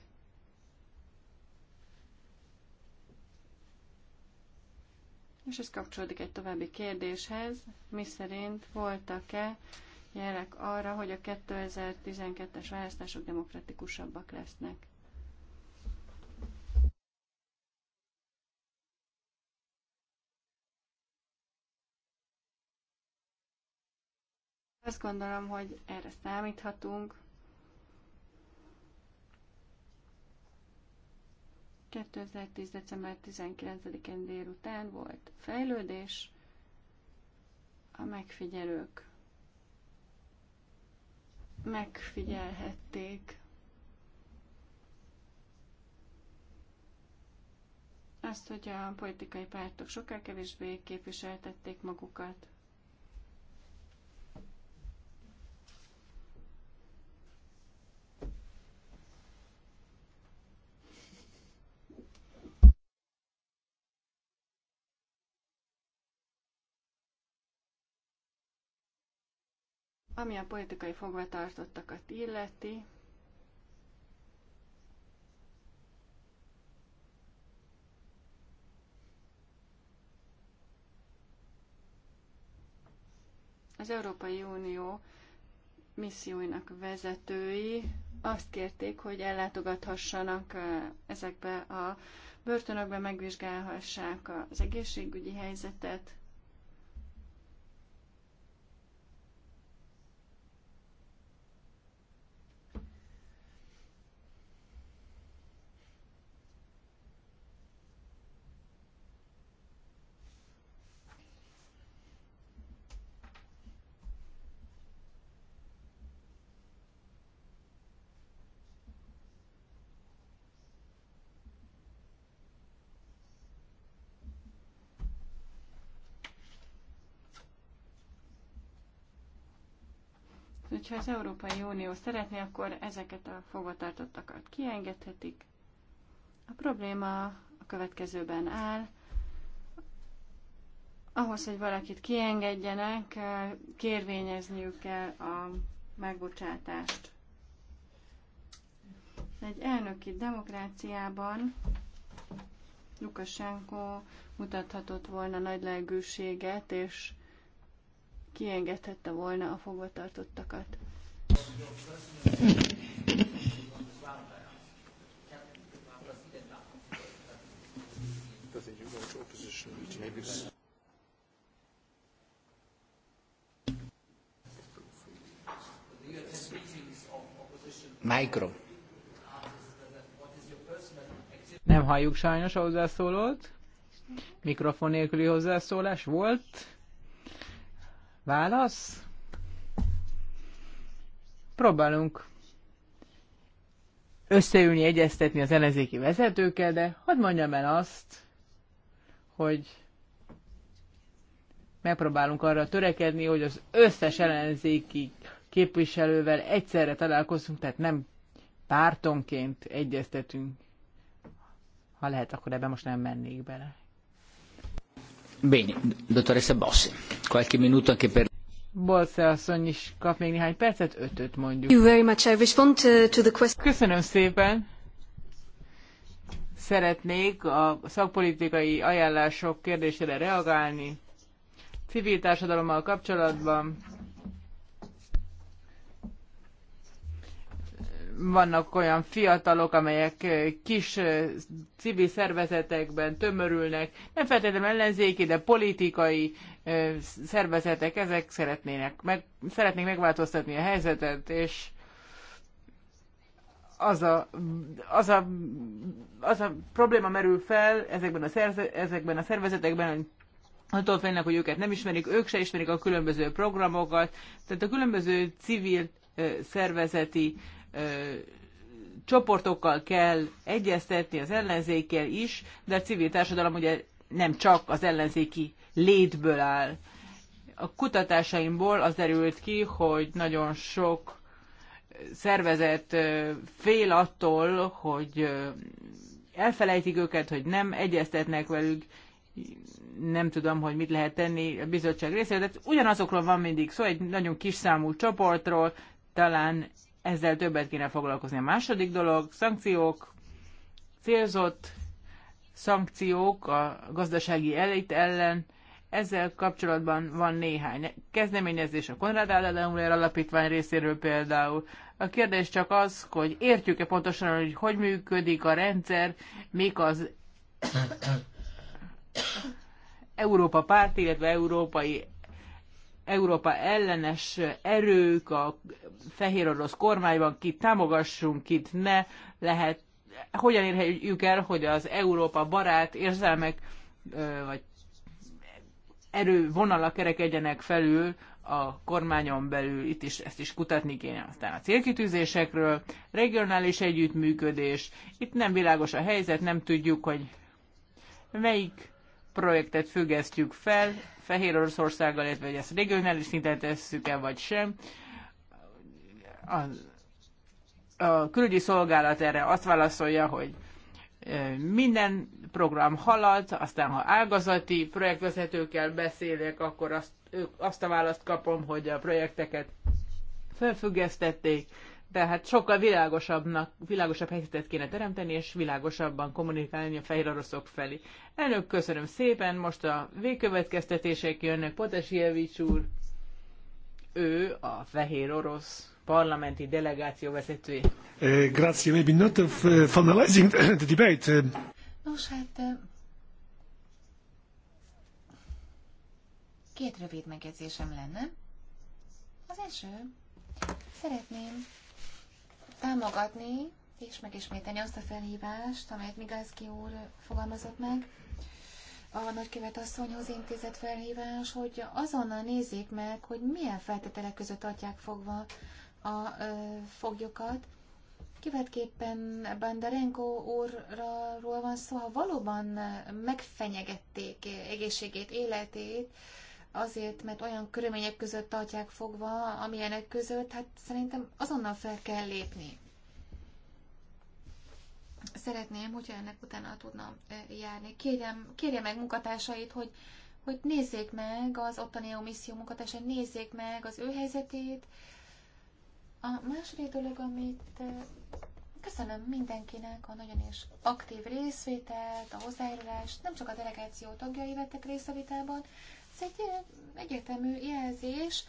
És ez kapcsolódik egy további kérdéshez, mi szerint voltak-e jelek arra, hogy a 2012-es választások demokratikusabbak lesznek. Azt gondolom, hogy erre számíthatunk. 2010. december 19-én délután volt fejlődés, a megfigyelők megfigyelhették azt, hogy a politikai pártok sokkal kevésbé képviseltették magukat. Ami a politikai fogvatartottakat illeti, az Európai Unió misszióinak vezetői azt kérték, hogy ellátogathassanak ezekbe a börtönökbe, megvizsgálhassák az egészségügyi helyzetet, Hogyha az Európai Unió szeretné, akkor ezeket a fogvatartottakat kiengedhetik. A probléma a következőben áll. Ahhoz, hogy valakit kiengedjenek, kérvényezniük kell a megbocsátást. Egy elnöki demokráciában Lukasenko mutathatott volna nagy lelkűséget, és kiengedhette volna a fogvatartottakat. Micro. Nem halljuk sajnos a hozzászólót. Mikrofon nélküli hozzászólás volt. Válasz? Próbálunk összeülni, egyeztetni az ellenzéki vezetőkkel, de hadd mondjam el azt, hogy megpróbálunk arra törekedni, hogy az összes ellenzéki képviselővel egyszerre találkozunk, tehát nem pártonként egyeztetünk. Ha lehet, akkor ebben most nem mennék bele. Bene, dottoressa Bossi, qualche minuto anche per... asszony is kap még néhány percet, ötöt mondjuk. You very much. I respond to, the question. Köszönöm szépen. Szeretnék a szakpolitikai ajánlások kérdésére reagálni. Civil társadalommal kapcsolatban vannak olyan fiatalok, amelyek kis civil szervezetekben tömörülnek, nem feltétlenül ellenzéki, de politikai szervezetek, ezek szeretnének, meg, szeretnék megváltoztatni a helyzetet, és az a, az a, az a probléma merül fel ezekben a, szerze, ezekben a szervezetekben, hogy attól félnek, hogy őket nem ismerik, ők se ismerik a különböző programokat, tehát a különböző civil szervezeti csoportokkal kell egyeztetni, az ellenzékkel is, de a civil társadalom ugye nem csak az ellenzéki létből áll. A kutatásaimból az derült ki, hogy nagyon sok szervezet fél attól, hogy elfelejtik őket, hogy nem egyeztetnek velük, nem tudom, hogy mit lehet tenni a bizottság részéről, de ugyanazokról van mindig szó, egy nagyon kis számú csoportról, talán ezzel többet kéne foglalkozni. A második dolog, szankciók, célzott szankciók a gazdasági elit ellen, ezzel kapcsolatban van néhány kezdeményezés a Konrad Adenauer Alapítvány részéről például. A kérdés csak az, hogy értjük-e pontosan, hogy hogy működik a rendszer, mik az Európa párt, illetve európai Európa ellenes erők, a fehér orosz kormányban, kit támogassunk, kit ne, lehet, hogyan érhetjük el, hogy az Európa barát érzelmek vagy erő vonala kerekedjenek felül a kormányon belül, itt is ezt is kutatni kéne. Aztán a célkitűzésekről, regionális együttműködés, itt nem világos a helyzet, nem tudjuk, hogy melyik projektet függesztjük fel, Fehér Oroszországgal, illetve hogy ezt regionális szinten tesszük-e, vagy sem a, a külügyi szolgálat erre azt válaszolja, hogy e, minden program halad, aztán ha ágazati projektvezetőkkel beszélek, akkor azt, azt a választ kapom, hogy a projekteket felfüggesztették, tehát sokkal világosabbnak, világosabb helyzetet kéne teremteni, és világosabban kommunikálni a fehér oroszok felé. Elnök, köszönöm szépen, most a végkövetkeztetések jönnek, Potesievics úr, ő a fehér orosz parlamenti delegáció vezetője. Eh, grazie, maybe not of eh, finalizing the debate. Eh. Nos, hát két rövid megjegyzésem lenne. Az első, szeretném támogatni és megismételni azt a felhívást, amelyet Migászki úr fogalmazott meg, a nagykövet asszonyhoz intézett felhívás, hogy azonnal nézzék meg, hogy milyen feltételek között adják fogva a foglyokat. Kivetképpen Bandarenko úrról van szó, ha valóban megfenyegették egészségét, életét, azért, mert olyan körülmények között tartják fogva, amilyenek között, hát szerintem azonnal fel kell lépni. Szeretném, hogyha ennek utána tudna járni. Kérjem, kérje meg munkatársait, hogy, hogy nézzék meg az ottani misszió munkatársait, nézzék meg az ő helyzetét, a második dolog, amit köszönöm mindenkinek a nagyon is aktív részvételt, a hozzájárulást, nem csak a delegáció tagjai vettek részt a vitában, ez egy egyértelmű jelzés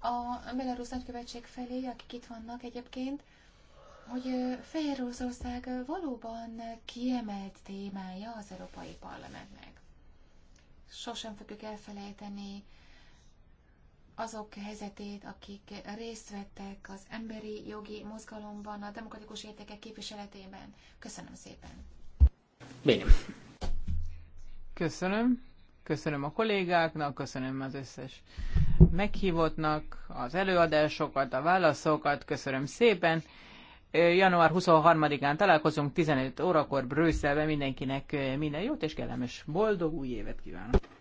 a Belarus nagykövetség felé, akik itt vannak egyébként, hogy Fehér Oroszország valóban kiemelt témája az Európai Parlamentnek. Sosem fogjuk elfelejteni azok helyzetét, akik részt vettek az emberi jogi mozgalomban, a demokratikus értékek képviseletében. Köszönöm szépen. Bényem. Köszönöm. Köszönöm a kollégáknak, köszönöm az összes meghívottnak, az előadásokat, a válaszokat, köszönöm szépen. Január 23-án találkozunk 15 órakor Brüsszelben mindenkinek minden jót és kellemes boldog új évet kívánok!